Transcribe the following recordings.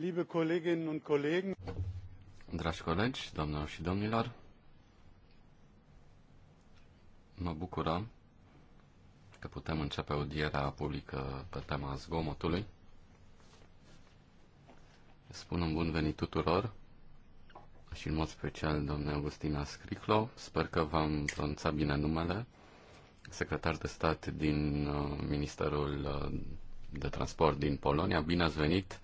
liebe Kolleginnen und Kollegen. Dragi colegi, doamnelor și domnilor, mă bucură că putem începe audierea publică pe tema zgomotului. Spun un bun venit tuturor și în mod special domnul Augustina Scriclo. Sper că v-am pronunțat bine numele, secretar de stat din uh, Ministerul uh, de Transport din Polonia. Bine ați venit!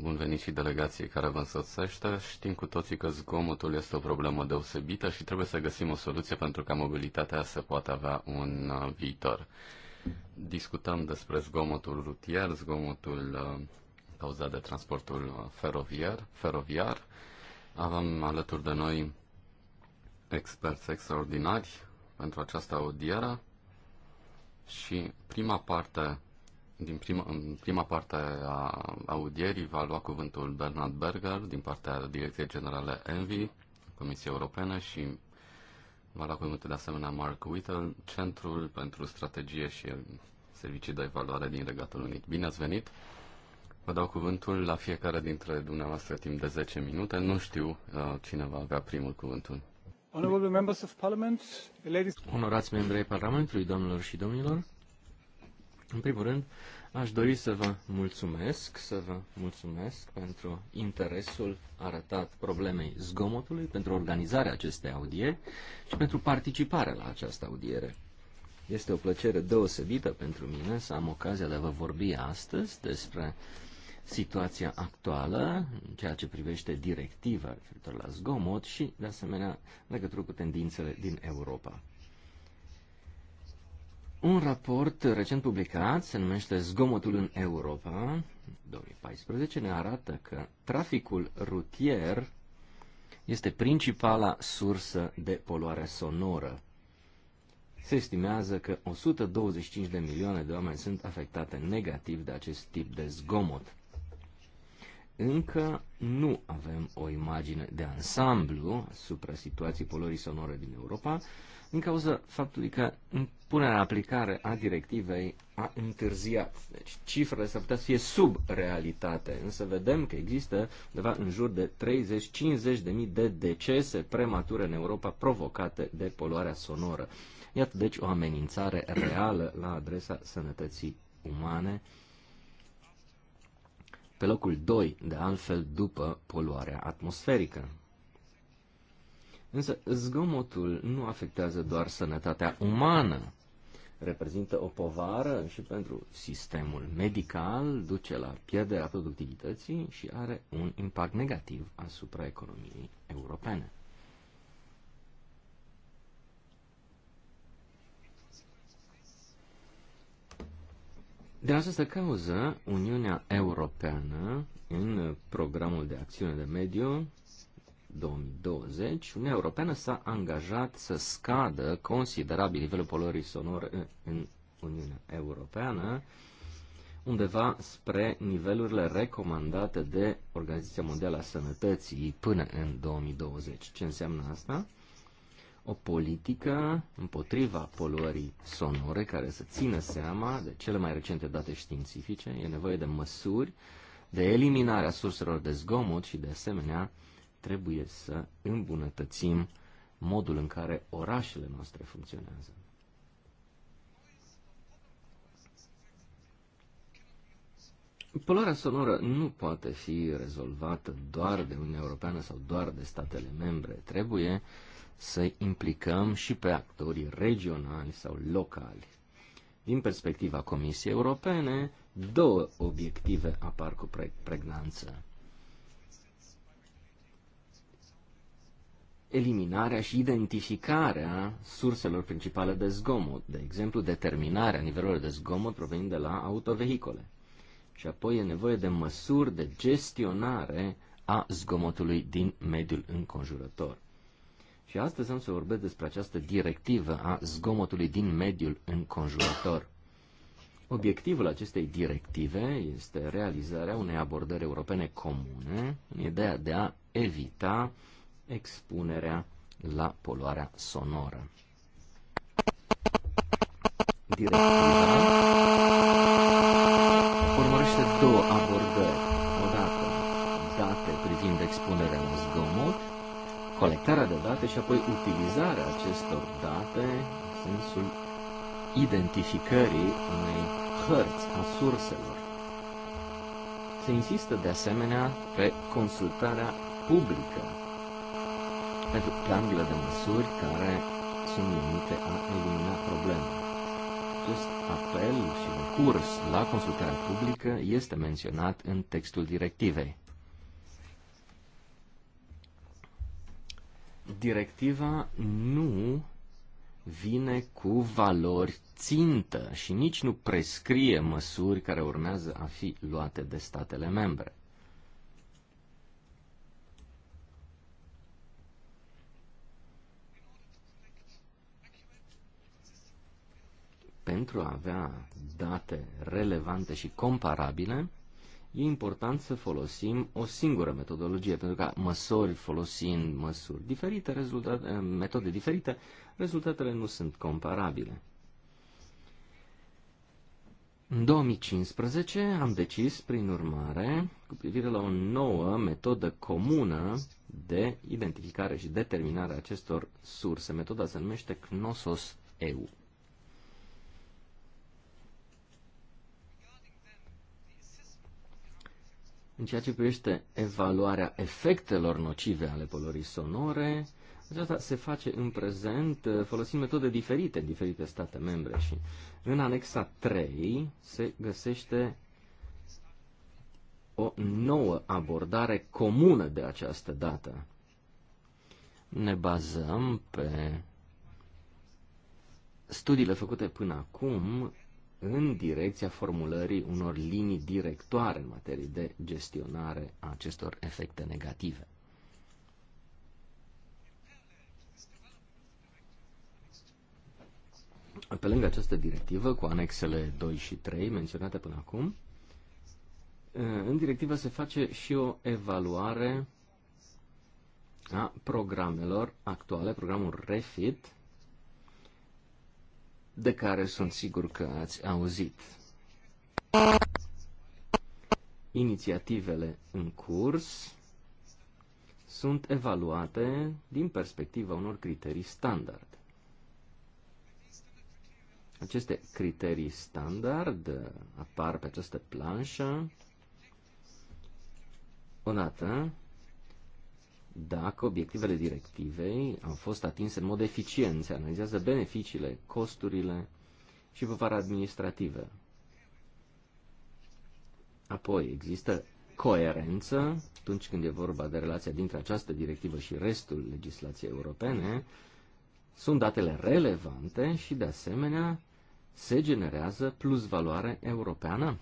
Bun venit și delegației care vă însoțește. Știm cu toții că zgomotul este o problemă deosebită și trebuie să găsim o soluție pentru ca mobilitatea să poată avea un uh, viitor. Discutăm despre zgomotul rutier, zgomotul uh, cauzat de transportul uh, feroviar. feroviar. Avem alături de noi experți extraordinari pentru această audieră și prima parte din prima, în prima parte a audierii va lua cuvântul Bernard Berger din partea Direcției Generale ENVI, Comisiei Europene și va lua cuvântul de asemenea Mark Whittle, Centrul pentru Strategie și Servicii de Evaluare din Regatul Unit. Bine ați venit! Vă dau cuvântul la fiecare dintre dumneavoastră timp de 10 minute. Nu știu uh, cine va avea primul cuvântul. Onorați membrii Parlamentului, domnilor și domnilor, în primul rând, aș dori să vă mulțumesc, să vă mulțumesc pentru interesul arătat problemei zgomotului, pentru organizarea acestei audieri și pentru participarea la această audiere. Este o plăcere deosebită pentru mine să am ocazia de a vă vorbi astăzi despre situația actuală în ceea ce privește directiva referitor la zgomot și, de asemenea, legătură cu tendințele din Europa. Un raport recent publicat se numește Zgomotul în Europa, 2014, ne arată că traficul rutier este principala sursă de poluare sonoră. Se estimează că 125 de milioane de oameni sunt afectate negativ de acest tip de zgomot. Încă nu avem o imagine de ansamblu asupra situației poluării sonore din Europa, din cauza faptului că punerea în aplicare a directivei a întârziat. Deci cifrele s-ar putea să fie sub realitate, însă vedem că există undeva în jur de 30-50 de mii de decese premature în Europa provocate de poluarea sonoră. Iată deci o amenințare reală la adresa sănătății umane, pe locul 2, de altfel, după poluarea atmosferică. Însă zgomotul nu afectează doar sănătatea umană, reprezintă o povară și pentru sistemul medical, duce la pierderea productivității și are un impact negativ asupra economiei europene. De această cauză, Uniunea Europeană, în programul de acțiune de mediu, 2020, Uniunea Europeană s-a angajat să scadă considerabil nivelul poluării sonore în Uniunea Europeană, undeva spre nivelurile recomandate de Organizația Mondială a Sănătății până în 2020. Ce înseamnă asta? O politică împotriva poluării sonore care să țină seama de cele mai recente date științifice. E nevoie de măsuri de eliminarea surselor de zgomot și de asemenea trebuie să îmbunătățim modul în care orașele noastre funcționează. Poluarea sonoră nu poate fi rezolvată doar de Uniunea Europeană sau doar de statele membre. Trebuie să implicăm și pe actorii regionali sau locali. Din perspectiva Comisiei Europene, două obiective apar cu pregnanță. eliminarea și identificarea surselor principale de zgomot, de exemplu determinarea nivelului de zgomot provenind de la autovehicole. Și apoi e nevoie de măsuri de gestionare a zgomotului din mediul înconjurător. Și astăzi am să vorbesc despre această directivă a zgomotului din mediul înconjurător. Obiectivul acestei directive este realizarea unei abordări europene comune, în ideea de a evita expunerea la poluarea sonoră. Directiva urmărește două abordări. Odată date privind expunerea la zgomot, colectarea de date și apoi utilizarea acestor date în sensul identificării unei hărți a surselor. Se insistă de asemenea pe consultarea publică pentru planurile de măsuri care sunt menite a elimina probleme. Acest apel și recurs la consultarea publică este menționat în textul directivei. Directiva nu vine cu valori țintă și nici nu prescrie măsuri care urmează a fi luate de statele membre. pentru a avea date relevante și comparabile, e important să folosim o singură metodologie, pentru că măsori folosind măsuri diferite, eh, metode diferite, rezultatele nu sunt comparabile. În 2015 am decis, prin urmare, cu privire la o nouă metodă comună de identificare și determinare a acestor surse. Metoda se numește Knossos EU. În ceea ce privește evaluarea efectelor nocive ale polorii sonore, aceasta se face în prezent uh, folosind metode diferite în diferite state membre și în anexa 3 se găsește o nouă abordare comună de această dată. Ne bazăm pe studiile făcute până acum în direcția formulării unor linii directoare în materie de gestionare a acestor efecte negative. Pe lângă această directivă, cu anexele 2 și 3 menționate până acum, în directivă se face și o evaluare a programelor actuale, programul REFIT, de care sunt sigur că ați auzit. Inițiativele în curs sunt evaluate din perspectiva unor criterii standard. Aceste criterii standard apar pe această planșă odată dacă obiectivele directivei au fost atinse în mod eficient. Se analizează beneficiile, costurile și povara administrativă. Apoi, există coerență atunci când e vorba de relația dintre această directivă și restul legislației europene. Sunt datele relevante și, de asemenea, se generează plus valoare europeană.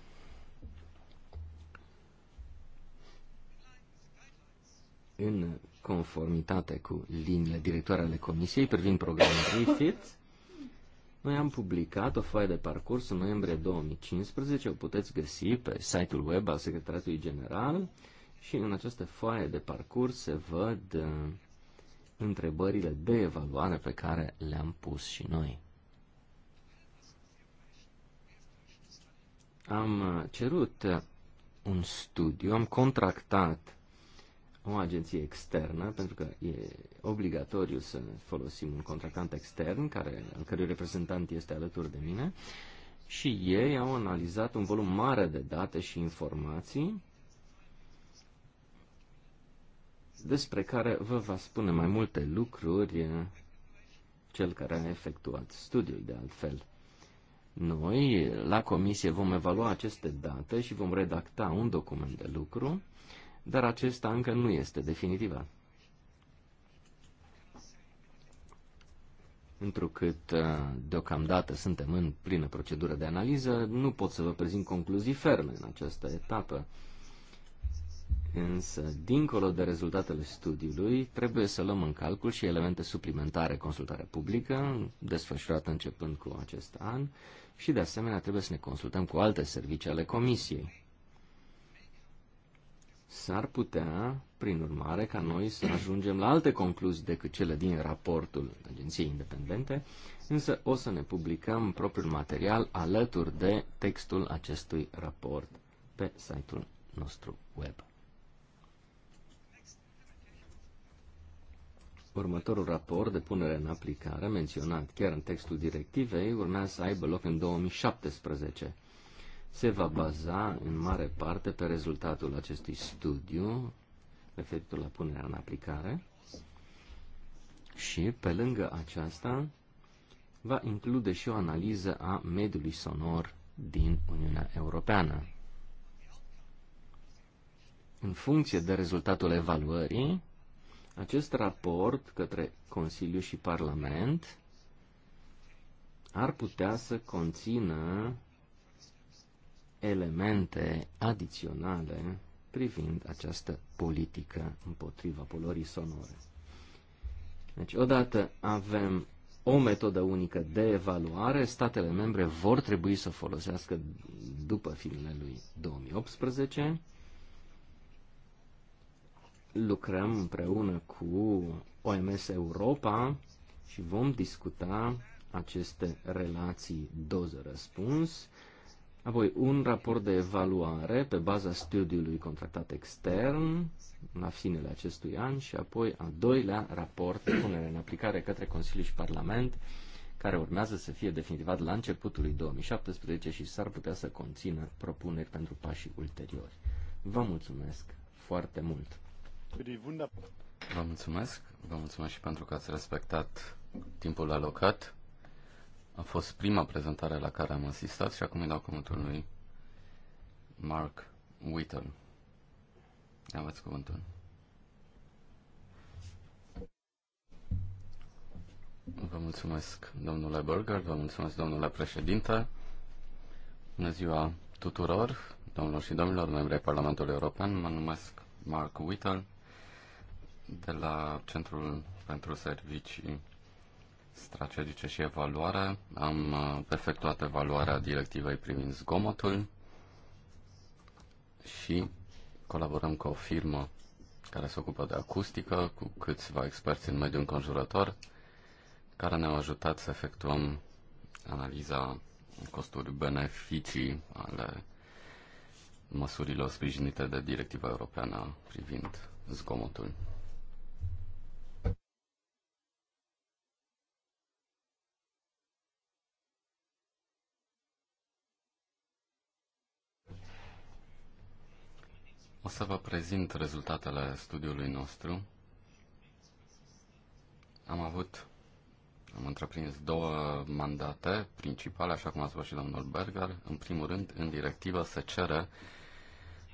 în conformitate cu liniile directoare ale Comisiei privind programul REFIT, noi am publicat o foaie de parcurs în noiembrie 2015, o puteți găsi pe site-ul web al Secretariatului General și în această foaie de parcurs se văd uh, întrebările de evaluare pe care le-am pus și noi. Am uh, cerut uh, un studiu, am contractat o agenție externă, pentru că e obligatoriu să folosim un contractant extern, care, al cărui reprezentant este alături de mine, și ei au analizat un volum mare de date și informații despre care vă va spune mai multe lucruri eh, cel care a efectuat studiul de altfel. Noi, la comisie, vom evalua aceste date și vom redacta un document de lucru dar acesta încă nu este definitivă. Întrucât uh, deocamdată suntem în plină procedură de analiză, nu pot să vă prezint concluzii ferme în această etapă. Însă, dincolo de rezultatele studiului, trebuie să luăm în calcul și elemente suplimentare, consultarea publică, desfășurată începând cu acest an, și de asemenea trebuie să ne consultăm cu alte servicii ale Comisiei. S-ar putea, prin urmare, ca noi să ajungem la alte concluzii decât cele din raportul Agenției Independente, însă o să ne publicăm propriul material alături de textul acestui raport pe site-ul nostru web. Următorul raport de punere în aplicare, menționat chiar în textul directivei, urmează să aibă loc în 2017 se va baza în mare parte pe rezultatul acestui studiu referitor la punerea în aplicare și, pe lângă aceasta, va include și o analiză a mediului sonor din Uniunea Europeană. În funcție de rezultatul evaluării, acest raport către Consiliu și Parlament ar putea să conțină elemente adiționale privind această politică împotriva polorii sonore. Deci, odată avem o metodă unică de evaluare, statele membre vor trebui să folosească după filmele lui 2018. Lucrăm împreună cu OMS Europa și vom discuta aceste relații doză-răspuns Apoi, un raport de evaluare pe baza studiului contractat extern la finele acestui an și apoi al doilea raport de punere în aplicare către Consiliu și Parlament, care urmează să fie definitivat la începutul lui 2017 și s-ar putea să conțină propuneri pentru pașii ulteriori. Vă mulțumesc foarte mult! Vă mulțumesc, vă mulțumesc și pentru că ați respectat timpul alocat. A fost prima prezentare la care am asistat și acum îi dau cuvântul lui Mark Whittle. Aveți cuvântul. Vă mulțumesc, domnule Burger, vă mulțumesc, domnule președinte. Bună ziua tuturor, domnilor și domnilor, membrii Parlamentului European. Mă numesc Mark Whittle de la Centrul pentru Servicii strategice și evaluare. Am uh, efectuat evaluarea directivei privind zgomotul și colaborăm cu o firmă care se ocupă de acustică, cu câțiva experți în mediul înconjurător, care ne-au ajutat să efectuăm analiza costuri-beneficii ale măsurilor sprijinite de directiva europeană privind zgomotul. O să vă prezint rezultatele studiului nostru. Am avut, am întreprins două mandate principale, așa cum a spus și domnul Berger. În primul rând, în directivă se cere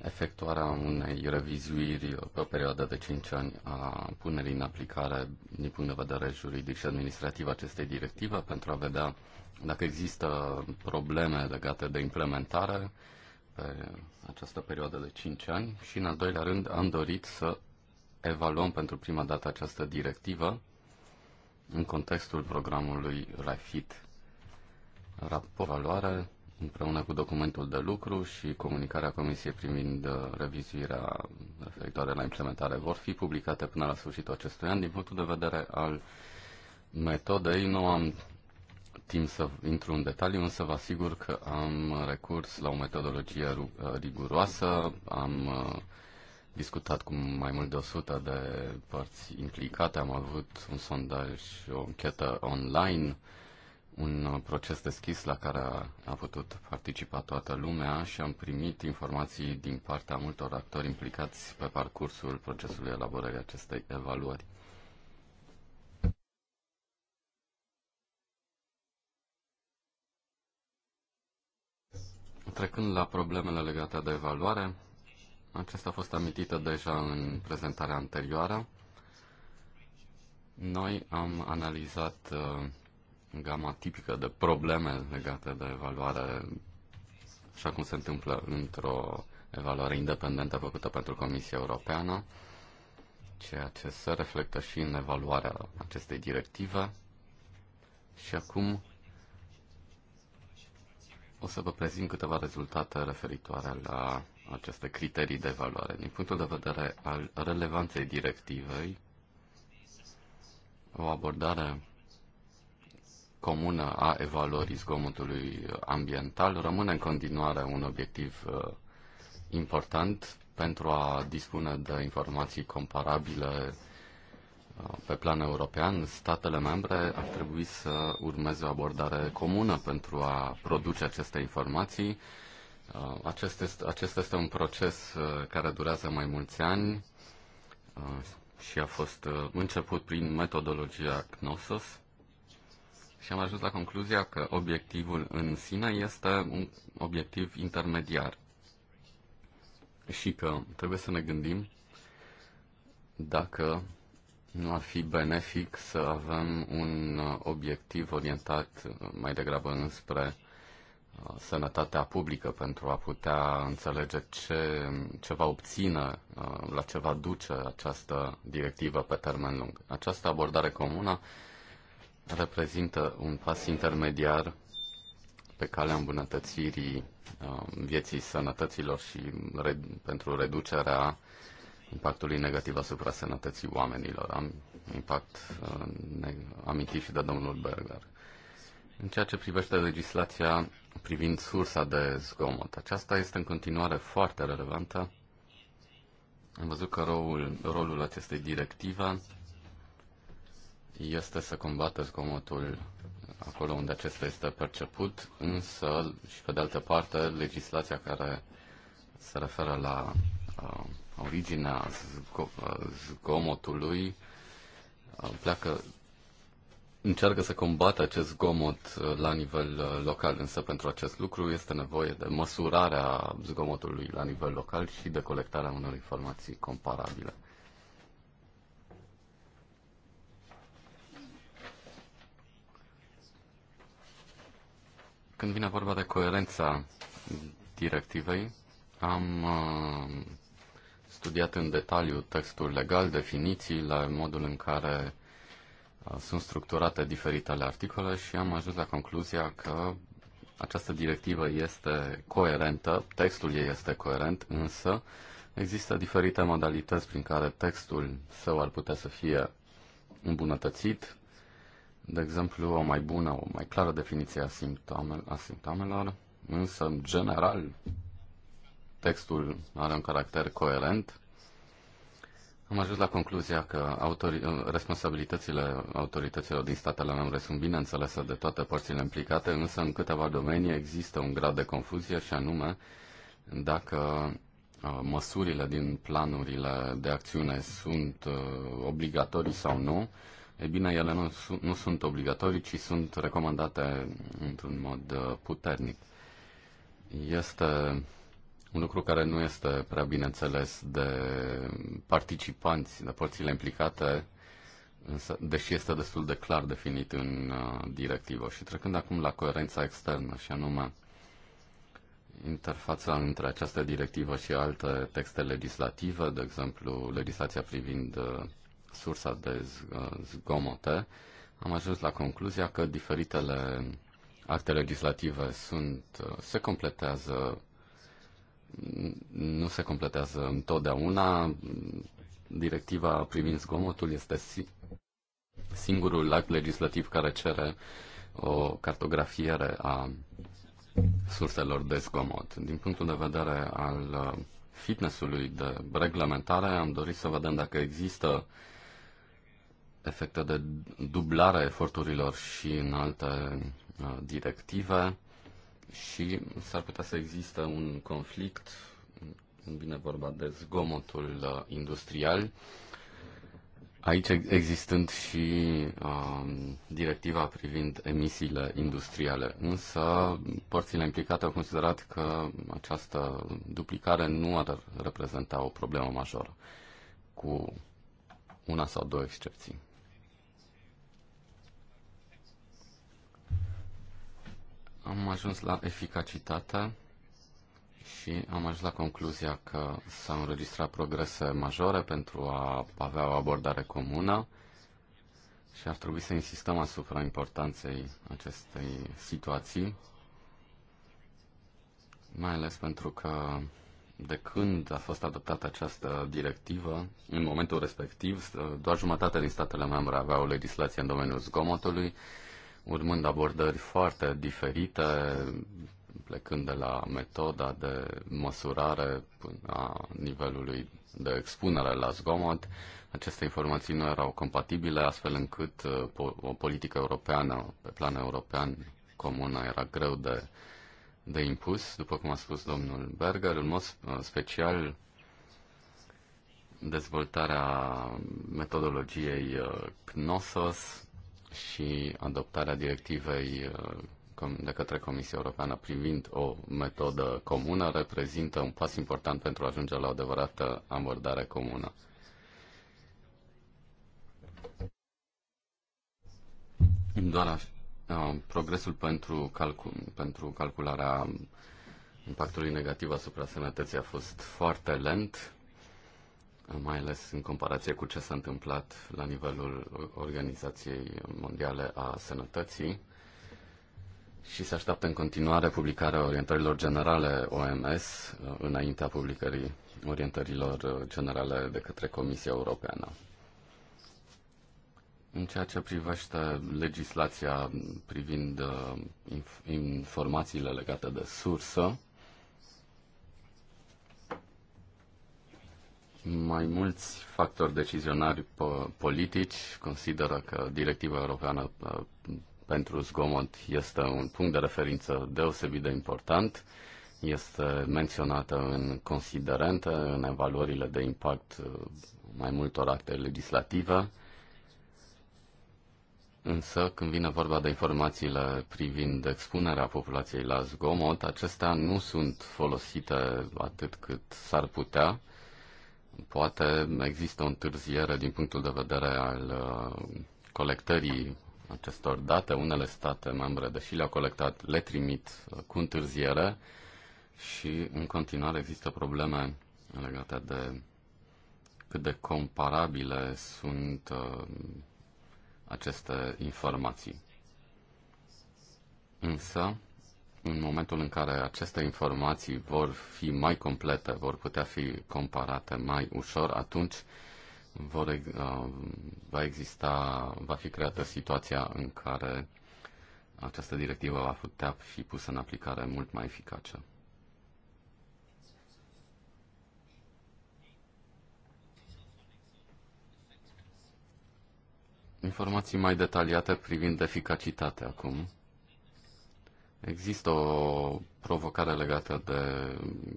efectuarea unei revizuiri pe o perioadă de 5 ani a punerii în aplicare din punct de vedere juridic și administrativ acestei directive pentru a vedea dacă există probleme legate de implementare, pe această perioadă de 5 ani și, în al doilea rând, am dorit să evaluăm pentru prima dată această directivă în contextul programului RAFIT. valoare împreună cu documentul de lucru și comunicarea Comisiei privind uh, revizuirea referitoare la implementare vor fi publicate până la sfârșitul acestui an. Din punctul de vedere al metodei, nu am timp să intru în detaliu, însă vă asigur că am recurs la o metodologie uh, riguroasă, am uh, discutat cu mai mult de 100 de părți implicate, am avut un sondaj și o închetă online, un uh, proces deschis la care a, a putut participa toată lumea și am primit informații din partea multor actori implicați pe parcursul procesului elaborării acestei evaluări. Trecând la problemele legate de evaluare, acesta a fost amintită deja în prezentarea anterioară. Noi am analizat uh, gama tipică de probleme legate de evaluare, așa cum se întâmplă într-o evaluare independentă făcută pentru Comisia Europeană, ceea ce se reflectă și în evaluarea acestei directive. Și acum o să vă prezint câteva rezultate referitoare la aceste criterii de evaluare. Din punctul de vedere al relevanței directivei, o abordare comună a evaluării zgomotului ambiental rămâne în continuare un obiectiv uh, important pentru a dispune de informații comparabile pe plan european, statele membre ar trebui să urmeze o abordare comună pentru a produce aceste informații. Uh, acest este, acest este un proces uh, care durează mai mulți ani uh, și a fost început prin metodologia Gnosos și am ajuns la concluzia că obiectivul în sine este un obiectiv intermediar și că trebuie să ne gândim dacă nu ar fi benefic să avem un uh, obiectiv orientat uh, mai degrabă înspre uh, sănătatea publică pentru a putea înțelege ce, ce va obține, la ce va duce această directivă pe termen lung. Această abordare comună reprezintă un pas intermediar pe calea îmbunătățirii vieții sănătăților și pentru reducerea impactului negativ asupra sănătății oamenilor. Am impact uh, amintit și de domnul Berger. În ceea ce privește legislația privind sursa de zgomot, aceasta este în continuare foarte relevantă. Am văzut că rolul, rolul acestei directive este să combată zgomotul acolo unde acesta este perceput, însă și pe de altă parte legislația care se referă la uh, originea zgomotului uh, pleacă încearcă să combată acest zgomot uh, la nivel uh, local, însă pentru acest lucru este nevoie de măsurarea zgomotului la nivel local și de colectarea unor informații comparabile. Când vine vorba de coerența directivei, am studiat în detaliu textul legal, definițiile, modul în care uh, sunt structurate diferitele articole și am ajuns la concluzia că această directivă este coerentă, textul ei este coerent, însă există diferite modalități prin care textul său ar putea să fie îmbunătățit, de exemplu, o mai bună, o mai clară definiție a simptomelor, însă, în general, textul are un caracter coerent. Am ajuns la concluzia că autori- responsabilitățile autorităților din statele membre sunt bine de toate părțile implicate, însă în câteva domenii există un grad de confuzie și anume dacă uh, măsurile din planurile de acțiune sunt uh, obligatorii sau nu, e bine, ele nu, nu sunt obligatorii, ci sunt recomandate într-un mod uh, puternic. Este un lucru care nu este prea bine înțeles de participanți, de părțile implicate, însă, deși este destul de clar definit în uh, directivă. Și trecând acum la coerența externă, și anume interfața între această directivă și alte texte legislative, de exemplu legislația privind uh, sursa de uh, zgomote, am ajuns la concluzia că diferitele acte legislative sunt, uh, se completează nu se completează întotdeauna. Directiva privind zgomotul este singurul act legislativ care cere o cartografiere a surselor de zgomot. Din punctul de vedere al uh, fitnessului de reglementare, am dorit să vedem dacă există efecte de dublare a eforturilor și în alte uh, directive și s-ar putea să existe un conflict, bine vorba de zgomotul uh, industrial, aici existând și um, directiva privind emisiile industriale. Însă părțile implicate au considerat că această duplicare nu ar reprezenta o problemă majoră, cu una sau două excepții. Am ajuns la eficacitate și am ajuns la concluzia că s-au înregistrat progrese majore pentru a avea o abordare comună și ar trebui să insistăm asupra importanței acestei situații, mai ales pentru că de când a fost adoptată această directivă, în momentul respectiv, doar jumătate din statele membre aveau o legislație în domeniul zgomotului, urmând abordări foarte diferite, plecând de la metoda de măsurare până a nivelului de expunere la zgomot. Aceste informații nu erau compatibile, astfel încât uh, o politică europeană, pe plan european, comună, era greu de, de impus, după cum a spus domnul Berger, în mod uh, special dezvoltarea metodologiei uh, Knossos, și adoptarea directivei uh, de către Comisia Europeană privind o metodă comună reprezintă un pas important pentru a ajunge la o adevărată abordare comună. Doar a uh, progresul pentru, calcul, pentru calcularea impactului negativ asupra sănătății a fost foarte lent mai ales în comparație cu ce s-a întâmplat la nivelul Organizației Mondiale a Sănătății. Și se așteaptă în continuare publicarea orientărilor generale OMS uh, înaintea publicării orientărilor uh, generale de către Comisia Europeană. În ceea ce privește legislația privind uh, informațiile legate de sursă, Mai mulți factori decizionari politici consideră că Directiva Europeană uh, pentru zgomot este un punct de referință deosebit de important. Este menționată în considerente, în evaluările de impact uh, mai multor acte legislative. Însă, când vine vorba de informațiile privind expunerea populației la zgomot, acestea nu sunt folosite atât cât s-ar putea poate există o întârziere din punctul de vedere al uh, colectării acestor date. Unele state membre, deși le-au colectat, le trimit uh, cu întârziere și în continuare există probleme legate de cât de comparabile sunt uh, aceste informații. Însă, în momentul în care aceste informații vor fi mai complete, vor putea fi comparate mai ușor, atunci vor, uh, va exista, va fi creată situația în care această directivă va putea fi pusă în aplicare mult mai eficace. Informații mai detaliate privind eficacitatea acum. Există o provocare legată de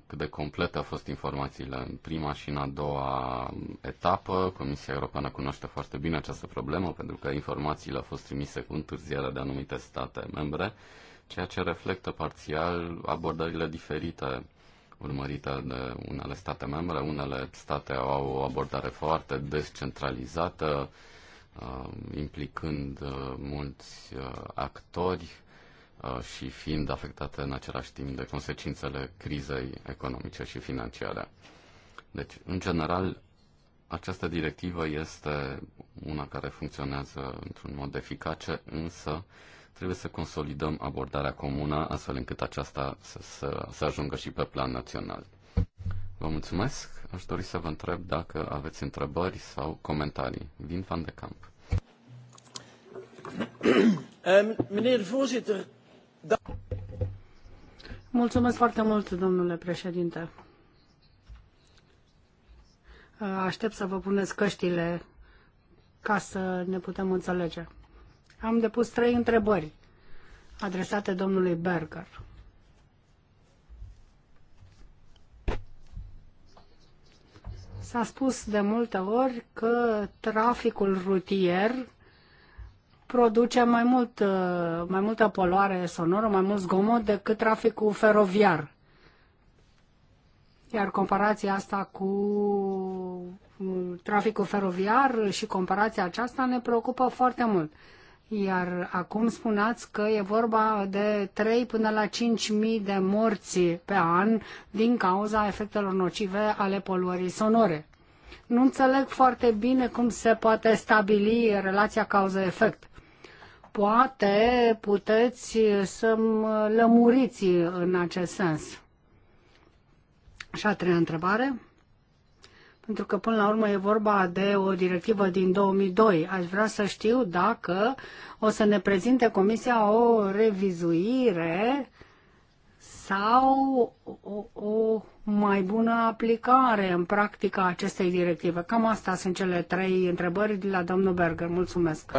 cât de complete au fost informațiile în prima și în a doua etapă. Comisia Europeană cunoaște foarte bine această problemă pentru că informațiile au fost trimise cu întârziere de anumite state membre, ceea ce reflectă parțial abordările diferite urmărite de unele state membre. Unele state au o abordare foarte descentralizată, uh, implicând uh, mulți uh, actori Uh, și fiind afectate în același timp de consecințele crizei economice și financiare. Deci, în general, această directivă este una care funcționează într-un mod eficace, însă trebuie să consolidăm abordarea comună astfel încât aceasta să, să, să ajungă și pe plan național. Vă mulțumesc. Aș dori să vă întreb dacă aveți întrebări sau comentarii. Vin van de Camp. Ehm, meneer de voorzitter, da. Mulțumesc foarte mult, domnule președinte. Aștept să vă puneți căștile ca să ne putem înțelege. Am depus trei întrebări adresate domnului Berger. S-a spus de multe ori că traficul rutier produce mai, mult, uh, mai multă poluare sonoră, mai mult zgomot decât traficul feroviar. Iar comparația asta cu traficul feroviar și comparația aceasta ne preocupă foarte mult. Iar acum spuneați că e vorba de 3 până la 5.000 de morți pe an din cauza efectelor nocive ale poluării sonore. Nu înțeleg foarte bine cum se poate stabili relația cauză-efect poate puteți să-mi lămuriți în acest sens. Și a treia întrebare. Pentru că până la urmă e vorba de o directivă din 2002. Aș vrea să știu dacă o să ne prezinte Comisia o revizuire sau o, o mai bună aplicare în practica acestei directive. Cam asta sunt cele trei întrebări de la domnul Berger. Mulțumesc.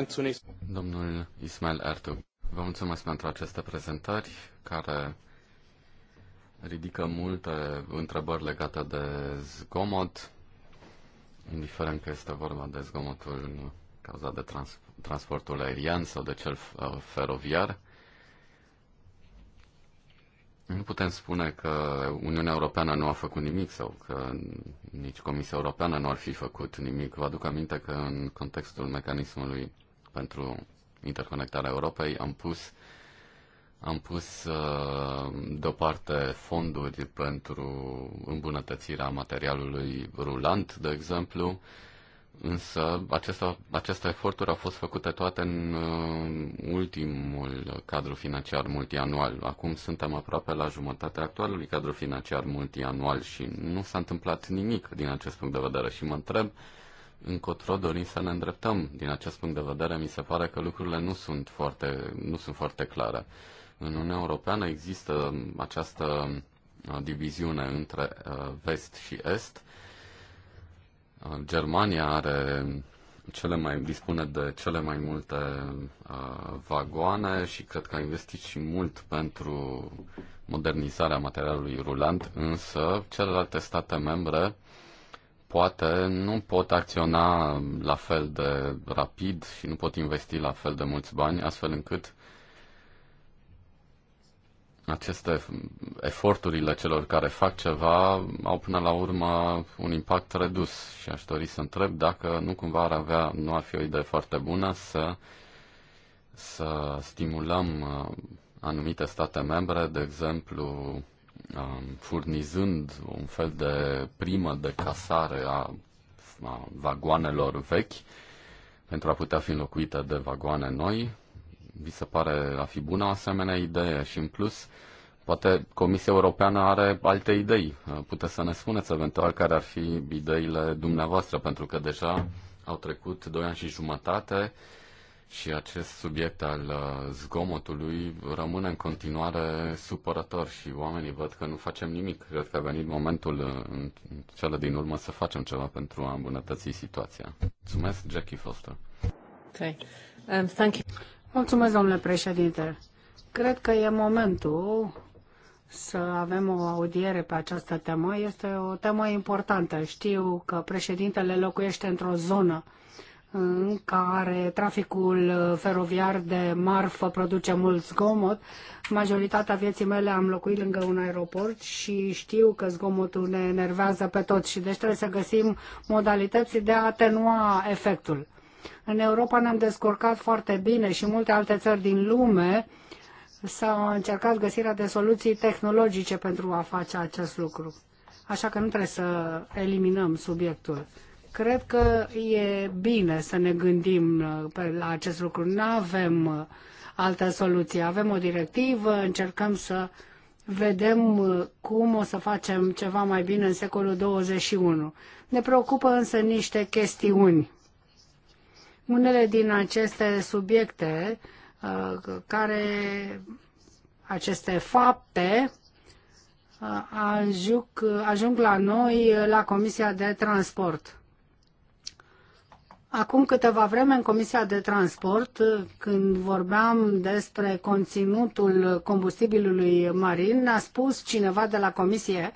Domnul Ismail Ertu, vă mulțumesc pentru aceste prezentări care ridică multe întrebări legate de zgomot, indiferent că este vorba de zgomotul cauzat de trans- transportul aerian sau de cel uh, feroviar. Nu putem spune că Uniunea Europeană nu a făcut nimic sau că nici Comisia Europeană nu ar fi făcut nimic. Vă aduc aminte că în contextul mecanismului pentru interconectarea Europei am pus am pus uh, deoparte fonduri pentru îmbunătățirea materialului rulant, de exemplu, Însă acesta, aceste eforturi au fost făcute toate în uh, ultimul cadru financiar multianual. Acum suntem aproape la jumătatea actualului cadru financiar multianual și nu s-a întâmplat nimic din acest punct de vedere și mă întreb încotro dorim să ne îndreptăm. Din acest punct de vedere, mi se pare că lucrurile nu sunt foarte, nu sunt foarte clare. În Uniunea Europeană există această uh, diviziune între uh, vest și est Germania are cele mai dispune de cele mai multe uh, vagoane și cred că a investit și mult pentru modernizarea materialului rulant, însă celelalte state membre poate nu pot acționa la fel de rapid și nu pot investi la fel de mulți bani, astfel încât aceste eforturile celor care fac ceva au până la urmă un impact redus și aș dori să întreb dacă nu cumva ar avea, nu ar fi o idee foarte bună să, să stimulăm uh, anumite state membre, de exemplu, um, furnizând un fel de primă de casare a, a vagoanelor vechi pentru a putea fi înlocuită de vagoane noi, vi se pare a fi bună asemenea idee și în plus poate Comisia Europeană are alte idei. Puteți să ne spuneți eventual care ar fi ideile dumneavoastră, pentru că deja au trecut doi ani și jumătate și acest subiect al uh, zgomotului rămâne în continuare supărător și oamenii văd că nu facem nimic. Cred că a venit momentul uh, în cele din urmă să facem ceva pentru a îmbunătăți situația. Mulțumesc, Jackie Foster. Okay. Um, thank you. Mulțumesc, domnule președinte. Cred că e momentul să avem o audiere pe această temă. Este o temă importantă. Știu că președintele locuiește într-o zonă în care traficul feroviar de marfă produce mult zgomot. Majoritatea vieții mele am locuit lângă un aeroport și știu că zgomotul ne enervează pe toți și deci trebuie să găsim modalități de a atenua efectul. În Europa ne-am descurcat foarte bine și multe alte țări din lume s-au încercat găsirea de soluții tehnologice pentru a face acest lucru. Așa că nu trebuie să eliminăm subiectul. Cred că e bine să ne gândim uh, la acest lucru. Nu avem uh, altă soluție. Avem o directivă, încercăm să vedem uh, cum o să facem ceva mai bine în secolul 21. Ne preocupă însă niște chestiuni unele din aceste subiecte uh, care aceste fapte uh, ajung, ajung la noi uh, la Comisia de Transport. Acum câteva vreme în Comisia de Transport, când vorbeam despre conținutul combustibilului marin, ne-a spus cineva de la Comisie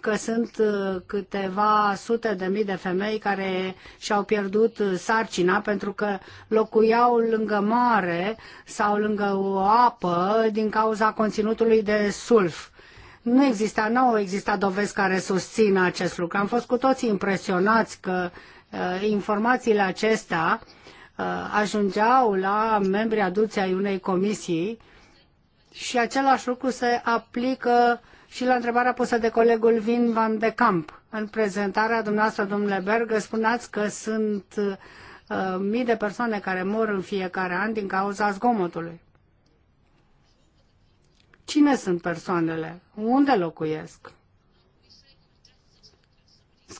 că sunt uh, câteva sute de mii de femei care și-au pierdut sarcina pentru că locuiau lângă mare sau lângă o apă din cauza conținutului de sulf. Nu exista, nu au existat dovezi care susțin acest lucru. Am fost cu toții impresionați că Uh, informațiile acestea uh, ajungeau la membrii aduți ai unei comisii și același lucru se aplică și la întrebarea pusă de colegul Vin Van de Camp. În prezentarea dumneavoastră, domnule Berg, spuneați că sunt uh, mii de persoane care mor în fiecare an din cauza zgomotului. Cine sunt persoanele? Unde locuiesc?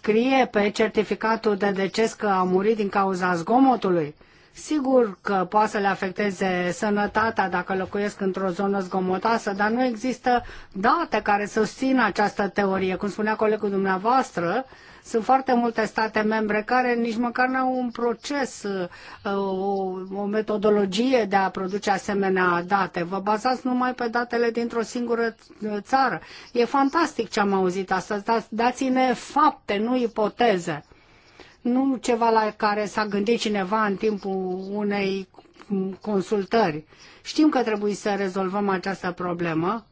scrie pe certificatul de deces că a murit din cauza zgomotului? Sigur că poate să le afecteze sănătatea dacă locuiesc într-o zonă zgomotoasă, dar nu există date care să susțină această teorie. Cum spunea colegul dumneavoastră, sunt foarte multe state membre care nici măcar nu au un proces, uh, o, o metodologie de a produce asemenea date. Vă bazați numai pe datele dintr-o singură țară. E fantastic ce am auzit astăzi. Dați-ne fapte, nu ipoteze nu ceva la care s-a gândit cineva în timpul unei consultări. Știm că trebuie să rezolvăm această problemă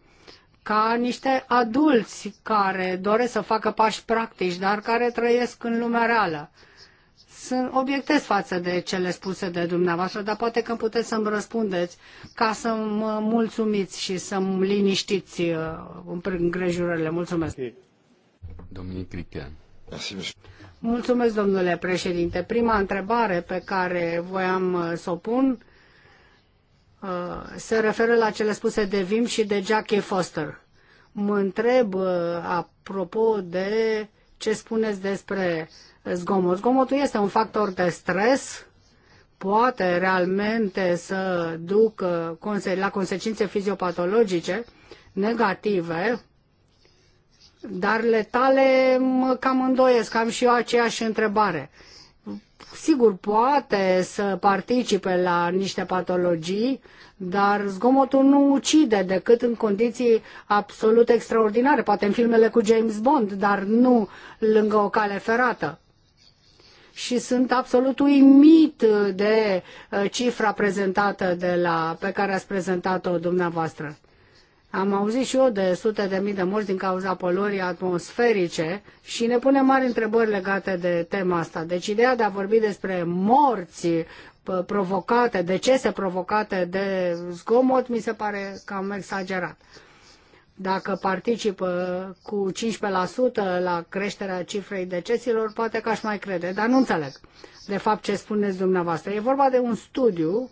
ca niște adulți care doresc să facă pași practici, dar care trăiesc în lumea reală. Sunt obiectez față de cele spuse de dumneavoastră, dar poate că puteți să-mi răspundeți ca să mă mulțumiți și să-mi liniștiți uh, în grejurile. Mulțumesc. Domnul Crichean. Mulțumesc, domnule președinte. Prima întrebare pe care voiam uh, să o pun uh, se referă la cele spuse de Vim și de Jackie Foster. Mă întreb uh, apropo de ce spuneți despre zgomot. Zgomotul este un factor de stres, poate realmente să ducă la consecințe fiziopatologice negative dar letale mă cam îndoiesc, am și eu aceeași întrebare. Sigur, poate să participe la niște patologii, dar zgomotul nu ucide decât în condiții absolut extraordinare, poate în filmele cu James Bond, dar nu lângă o cale ferată și sunt absolut uimit de uh, cifra prezentată de la, pe care ați prezentat-o dumneavoastră. Am auzit și eu de sute de mii de morți din cauza poluării atmosferice și ne pune mari întrebări legate de tema asta. Deci ideea de a vorbi despre morți provocate, decese provocate de zgomot, mi se pare cam exagerat. Dacă participă cu 15% la creșterea cifrei decesilor, poate că aș mai crede, dar nu înțeleg de fapt ce spuneți dumneavoastră. E vorba de un studiu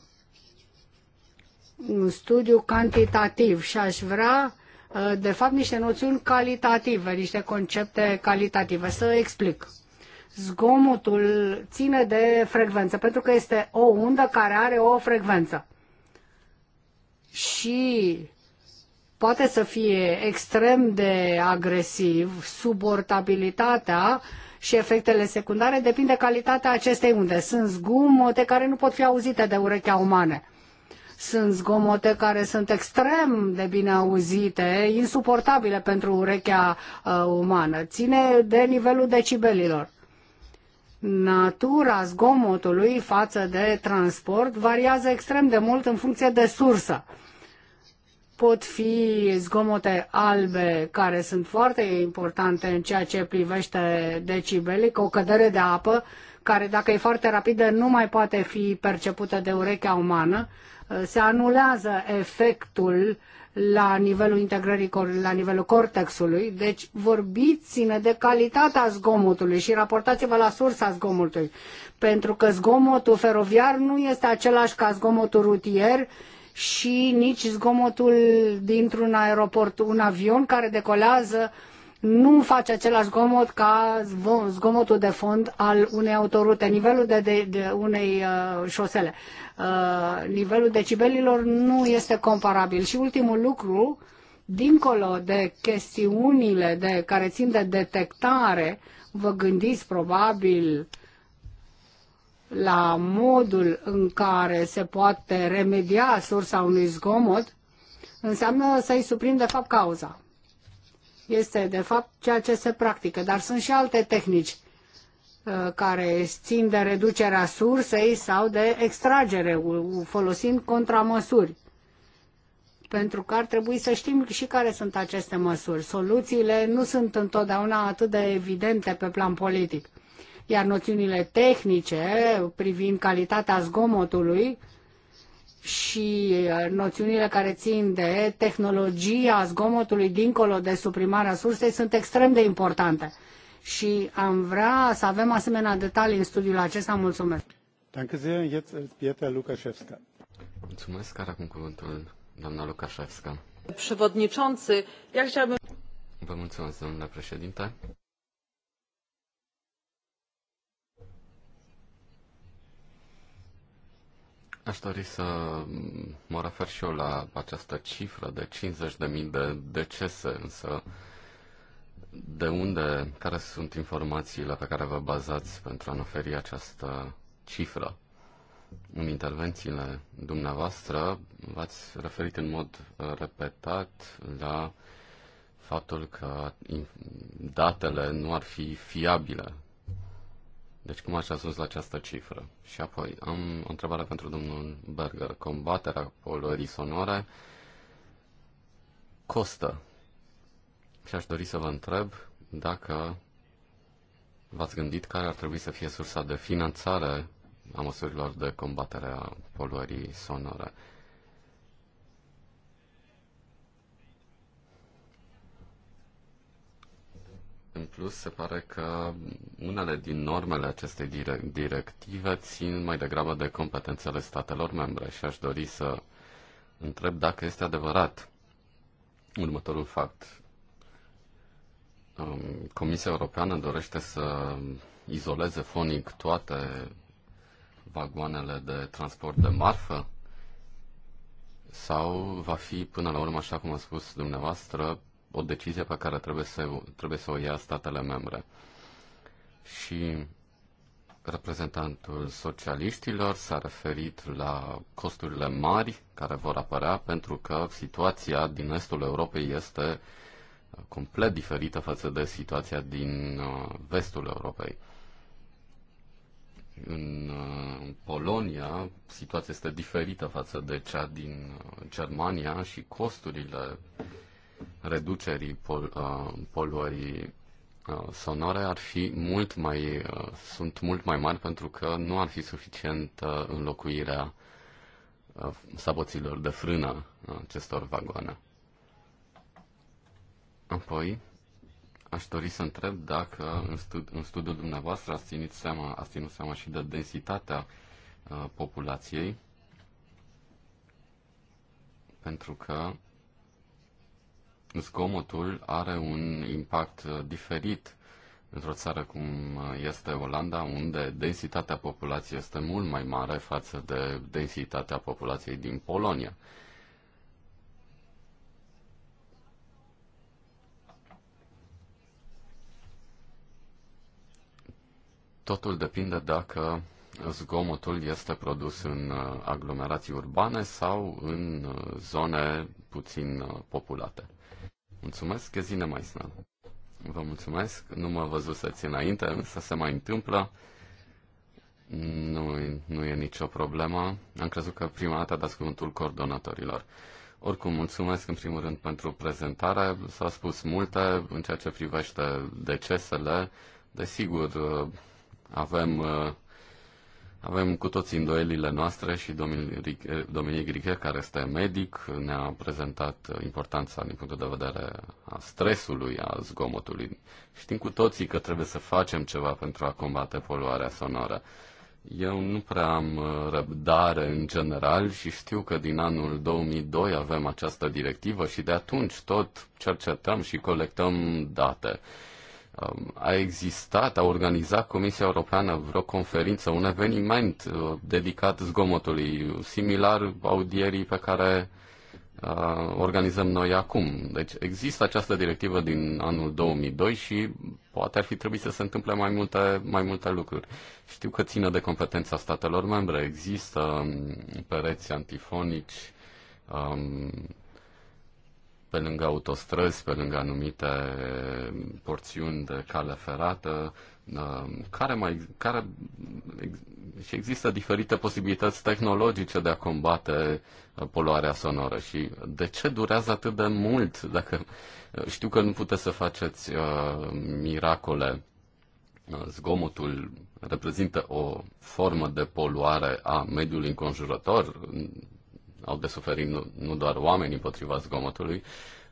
un studiu cantitativ și aș vrea, uh, de fapt, niște noțiuni calitative, niște concepte calitative. Să explic. Zgomotul ține de frecvență, pentru că este o undă care are o frecvență. Și poate să fie extrem de agresiv, suportabilitatea și efectele secundare depinde de calitatea acestei unde. Sunt zgomote care nu pot fi auzite de urechea umană sunt zgomote care sunt extrem de bine auzite, insuportabile pentru urechea uh, umană. Ține de nivelul decibelilor. Natura zgomotului față de transport variază extrem de mult în funcție de sursă pot fi zgomote albe care sunt foarte importante în ceea ce privește decibelii, cu o cădere de apă care dacă e foarte rapidă nu mai poate fi percepută de urechea umană, Uh, se anulează efectul la nivelul integrării, la nivelul cortexului, deci vorbiți-ne de calitatea zgomotului și raportați-vă la sursa zgomotului, pentru că zgomotul feroviar nu este același ca zgomotul rutier și nici zgomotul dintr-un aeroport, un avion care decolează uh, nu face același zgomot ca zgomotul de fond al unei autorute, nivelul de, de, de unei uh, șosele. Uh, nivelul decibelilor nu este comparabil. Și ultimul lucru, dincolo de chestiunile de, care țin de detectare, vă gândiți probabil la modul în care se poate remedia sursa unui zgomot, înseamnă să-i suprim de fapt cauza este de fapt ceea ce se practică, dar sunt și alte tehnici uh, care țin de reducerea sursei sau de extragere, folosind contramăsuri. Pentru că ar trebui să știm și care sunt aceste măsuri. Soluțiile nu sunt întotdeauna atât de evidente pe plan politic. Iar noțiunile tehnice privind calitatea zgomotului și uh, noțiunile care țin de tehnologia zgomotului dincolo de suprimarea sursei sunt extrem de importante. Și am vrea să avem asemenea detalii în studiul acesta. Mulțumesc! Danke sehr. Jetzt als Pietra Lukaszewska. Mulțumesc, care acum cuvântul doamna Lukaszewska. Przewodniczący, ja chciałbym... Vă mulțumesc, domnule președinte. Aș dori să mă refer și eu la această cifră de 50.000 de decese, însă de unde, care sunt informațiile pe care vă bazați pentru a ne oferi această cifră? În intervențiile dumneavoastră v-ați referit în mod uh, repetat la faptul că datele nu ar fi fiabile deci cum ați ajuns la această cifră? Și apoi, am o întrebare pentru domnul Berger. Combaterea poluării sonore costă. Și aș dori să vă întreb dacă v-ați gândit care ar trebui să fie sursa de finanțare a măsurilor de combatere a poluării sonore. plus, se pare că unele din normele acestei directive țin mai degrabă de competențele statelor membre și aș dori să întreb dacă este adevărat următorul fapt. Um, Comisia Europeană dorește să izoleze fonic toate vagoanele de transport de marfă? Sau va fi, până la urmă, așa cum a spus dumneavoastră, o decizie pe care trebuie să, trebuie să o ia statele membre. Și reprezentantul socialiștilor s-a referit la costurile mari care vor apărea pentru că situația din estul Europei este complet diferită față de situația din uh, vestul Europei. În uh, Polonia situația este diferită față de cea din uh, Germania și costurile reducerii pol, uh, poluării uh, sonore ar fi mult mai, uh, sunt mult mai mari pentru că nu ar fi suficient uh, înlocuirea uh, saboților de frână uh, acestor vagoane. Apoi, aș dori să întreb dacă în, studi- în studiul dumneavoastră ați ținut seama, ați ținut seama și de densitatea uh, populației, pentru că zgomotul are un impact uh, diferit într-o țară cum uh, este Olanda, unde densitatea populației este mult mai mare față de densitatea populației din Polonia. Totul depinde dacă zgomotul este produs în uh, aglomerații urbane sau în zone puțin populate. Mulțumesc, mai snă. Vă mulțumesc. Nu mă țin înainte, însă se mai întâmplă. Nu, nu e nicio problemă. Am crezut că prima dată dați cuvântul coordonatorilor. Oricum, mulțumesc în primul rând pentru prezentare. s a spus multe în ceea ce privește decesele. Desigur, avem uh, avem cu toții îndoielile noastre și Dominic Grighe, care este medic, ne-a prezentat importanța din punctul de vedere a stresului, a zgomotului. Știm cu toții că trebuie să facem ceva pentru a combate poluarea sonoră. Eu nu prea am uh, răbdare în general și știu că din anul 2002 avem această directivă și de atunci tot cercetăm și colectăm date. Um, a existat, a organizat Comisia Europeană vreo conferință, un eveniment uh, dedicat zgomotului, similar audierii pe care uh, organizăm noi acum. Deci există această directivă din anul 2002 și poate ar fi trebuit să se întâmple mai multe, mai multe lucruri. Știu că ține de competența statelor membre. Există um, pereți antifonici, um, pe lângă autostrăzi, pe lângă anumite porțiuni de cale ferată, um, care mai care și există diferite posibilități tehnologice de a combate uh, poluarea sonoră și de ce durează atât de mult dacă uh, știu că nu puteți să faceți uh, miracole uh, zgomotul reprezintă o formă de poluare a mediului înconjurător au de suferit nu, nu doar oamenii împotriva zgomotului.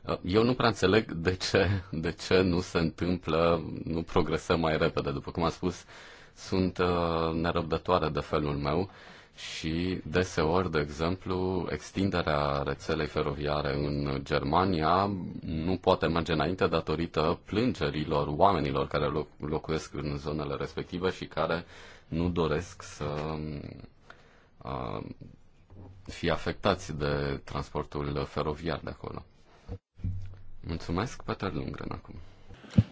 Uh, eu nu prea înțeleg de ce, de ce nu se întâmplă, nu progresăm mai repede. După cum am spus, sunt uh, nerăbdătoare de felul meu și deseori, de exemplu, extinderea rețelei feroviare în Germania nu poate merge înainte datorită plângerilor oamenilor care locuiesc în zonele respective și care nu doresc să uh, fi afectați de transportul feroviar de acolo. Mulțumesc, Peter Lundgren, acum.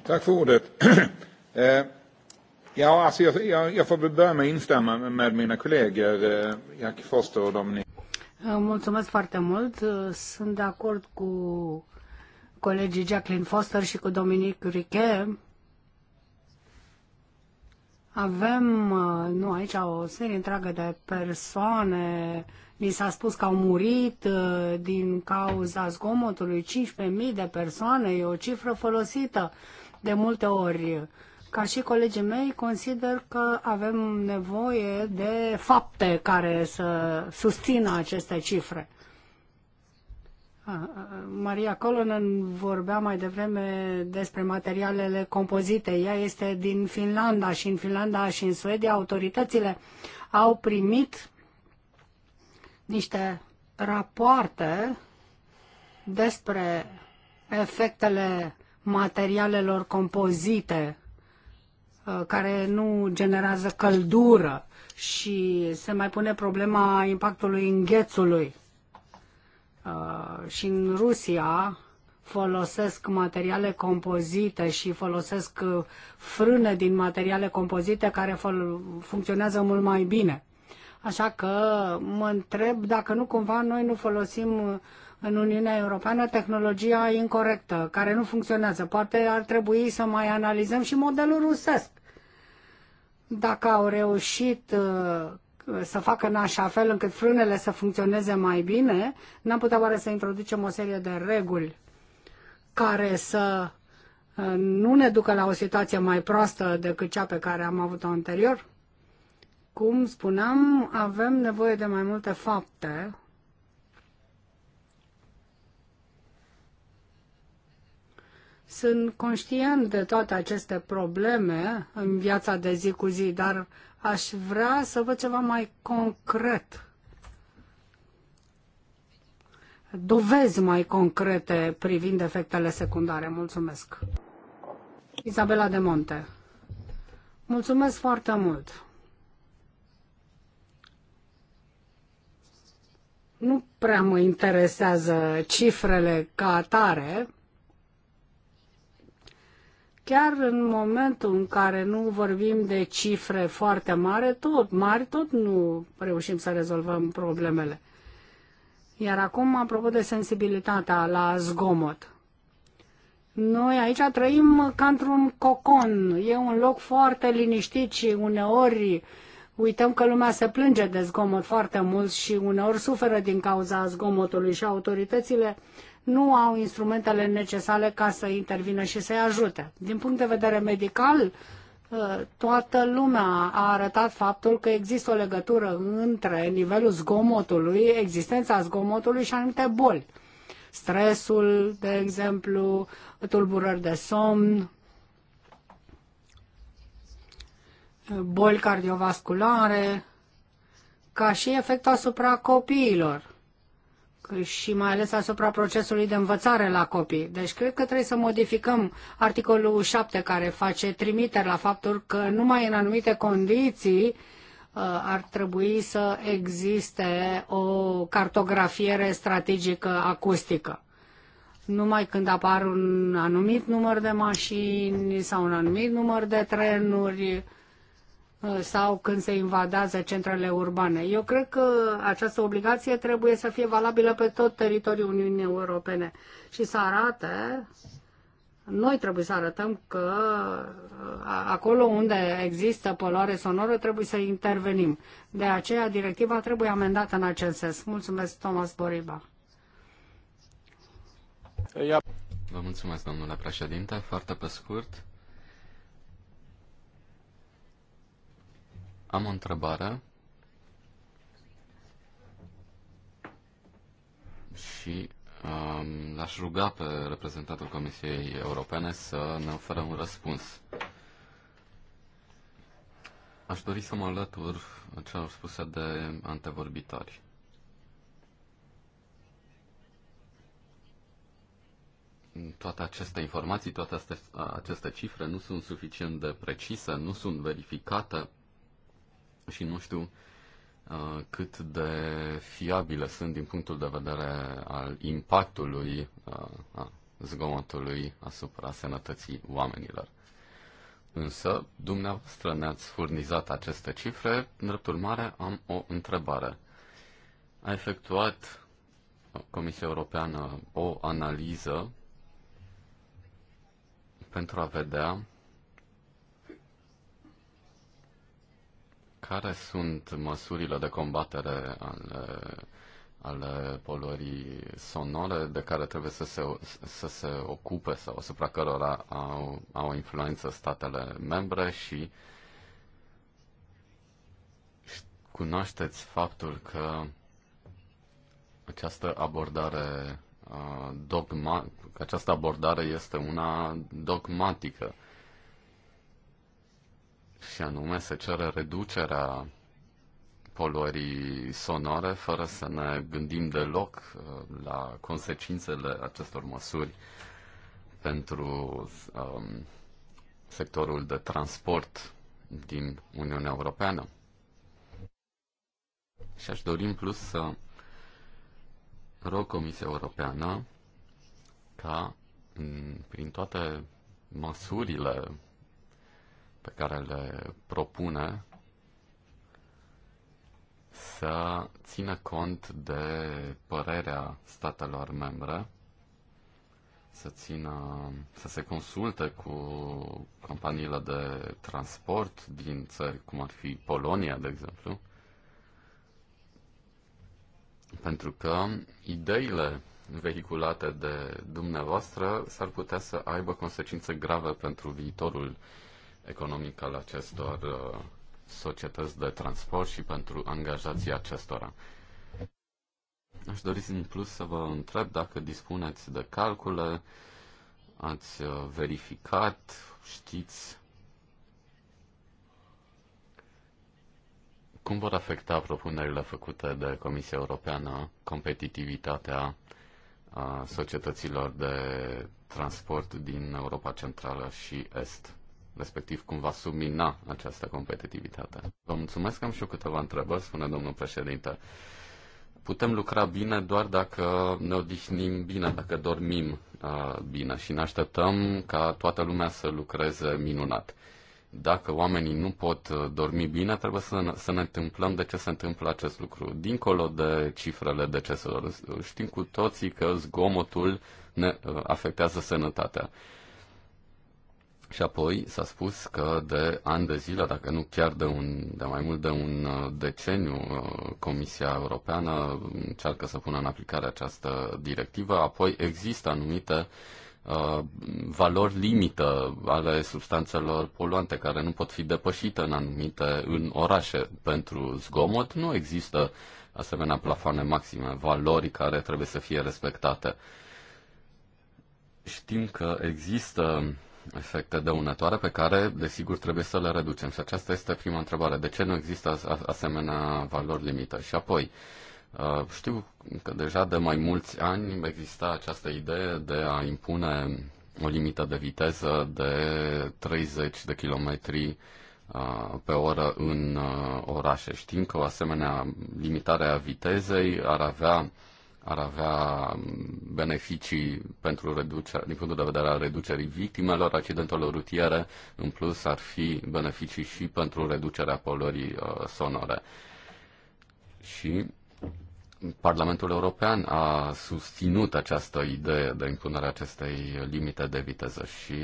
Tack för ordet. Eh, ja, alltså jag, jag, jag får börja med att instämma med mina kollegor eh, Jack Foster och Dominic. Eh, mulțumesc foarte mult. Sunt de acord cu colegii Jacqueline Foster și cu Dominic Riquet avem, uh, nu, aici o serie întreagă de persoane, mi s-a spus că au murit uh, din cauza zgomotului 15.000 de persoane, e o cifră folosită de multe ori. Ca și colegii mei, consider că avem nevoie de fapte care să susțină aceste cifre. Maria Colonen vorbea mai devreme despre materialele compozite. Ea este din Finlanda și în Finlanda și în Suedia autoritățile au primit niște rapoarte despre efectele materialelor compozite care nu generează căldură și se mai pune problema impactului înghețului Uh, și în Rusia folosesc materiale compozite și folosesc uh, frâne din materiale compozite care funcționează mult mai bine. Așa că mă întreb dacă nu cumva noi nu folosim uh, în Uniunea Europeană tehnologia incorrectă, care nu funcționează. Poate ar trebui să mai analizăm și modelul rusesc. Dacă au reușit să facă în așa fel încât frânele să funcționeze mai bine, n-am putea oare să introducem o serie de reguli care să uh, nu ne ducă la o situație mai proastă decât cea pe care am avut-o anterior? Cum spuneam, avem nevoie de mai multe fapte Sunt conștient de toate aceste probleme în viața de zi cu zi, dar aș vrea să văd ceva mai concret. Dovezi mai concrete privind efectele secundare. Mulțumesc. Isabela de Monte. Mulțumesc foarte mult. Nu prea mă interesează cifrele ca atare, Chiar în momentul în care nu vorbim de cifre foarte mari, tot mari, tot nu reușim să rezolvăm problemele. Iar acum, apropo de sensibilitatea la zgomot, noi aici trăim ca într-un cocon. E un loc foarte liniștit și uneori uităm că lumea se plânge de zgomot foarte mult și uneori suferă din cauza zgomotului și autoritățile nu au instrumentele necesare ca să intervină și să-i ajute. Din punct de vedere medical, uh, toată lumea a arătat faptul că există o legătură între nivelul zgomotului, existența zgomotului și anumite boli. Stresul, de exemplu, tulburări de somn, boli cardiovasculare, ca și efectul asupra copiilor și mai ales asupra procesului de învățare la copii. Deci cred că trebuie să modificăm articolul 7 care face trimiteri la faptul că numai în anumite condiții uh, ar trebui să existe o cartografiere strategică acustică. Numai când apar un anumit număr de mașini sau un anumit număr de trenuri, Uh, sau când se invadează centrele urbane. Eu cred că această obligație trebuie să fie valabilă pe tot teritoriul Uniunii Europene și să arate, noi trebuie să arătăm că uh, acolo unde există poluare sonoră trebuie să intervenim. De aceea directiva trebuie amendată în acest sens. Mulțumesc, Thomas Boriba. Vă mulțumesc, domnule președinte. Foarte pe scurt, Am o întrebare și um, l-aș ruga pe reprezentantul Comisiei Europene să ne ofere un răspuns. Aș dori să mă alătur celor spuse de antevorbitori. Toate aceste informații, toate aceste, aceste cifre nu sunt suficient de precise, nu sunt verificate și nu știu uh, cât de fiabile sunt din punctul de vedere al impactului uh, a zgomotului asupra sănătății oamenilor. Însă, dumneavoastră ne-ați furnizat aceste cifre, în drept urmare am o întrebare. A efectuat uh, Comisia Europeană o analiză pentru a vedea care sunt măsurile de combatere ale, ale poluării sonore de care trebuie să se, să se ocupe sau asupra cărora au, au influență statele membre și cunoașteți faptul că această abordare uh, dogma, această abordare este una dogmatică și anume se cere reducerea poluării sonore fără să ne gândim deloc uh, la consecințele acestor măsuri pentru um, sectorul de transport din Uniunea Europeană. Și aș dori în plus să rog Comisia Europeană ca prin toate măsurile pe care le propune să țină cont de părerea statelor membre, să, țină, să se consulte cu companiile de transport din țări, cum ar fi Polonia, de exemplu, pentru că ideile vehiculate de dumneavoastră s-ar putea să aibă consecințe grave pentru viitorul uh, economic al acestor uh, societăți de transport și pentru angajații acestora. Aș dori în plus să vă întreb dacă dispuneți de calcule, ați uh, verificat, știți cum vor afecta propunerile făcute de Comisia Europeană competitivitatea uh, societăților de transport din Europa Centrală și Est respectiv cum va submina această competitivitate. Vă mulțumesc, am și eu câteva întrebări, spune domnul președinte. Putem lucra bine doar dacă ne odihnim bine, dacă dormim uh, bine și ne așteptăm ca toată lumea să lucreze minunat. Dacă oamenii nu pot uh, dormi bine, trebuie să ne, să ne întâmplăm de ce se întâmplă acest lucru. Dincolo de cifrele deceselor, știm cu toții că zgomotul ne uh, afectează sănătatea. Uh, și apoi s-a spus că de ani de zile, dacă nu chiar de, un, de mai mult de un uh, deceniu, uh, Comisia Europeană încearcă să pună în aplicare această directivă. Apoi există anumite uh, valori limită ale substanțelor poluante care nu pot fi depășite în anumite în orașe. Pentru zgomot nu există asemenea plafoane maxime, valori care trebuie să fie respectate. Știm că există efecte dăunătoare pe care, desigur, trebuie să le reducem. Și aceasta este prima întrebare. De ce nu există asemenea valori limită? Și apoi, uh, știu că deja de mai mulți ani exista această idee de a impune o limită de viteză de 30 de kilometri uh, pe oră în uh, orașe. Știm că o asemenea limitare a vitezei ar avea ar avea beneficii pentru reducere, din punctul de vedere al reducerii victimelor accidentelor rutiere, în plus ar fi beneficii și pentru reducerea poluării uh, sonore. Și Parlamentul European a susținut această idee de impunerea acestei limite de viteză și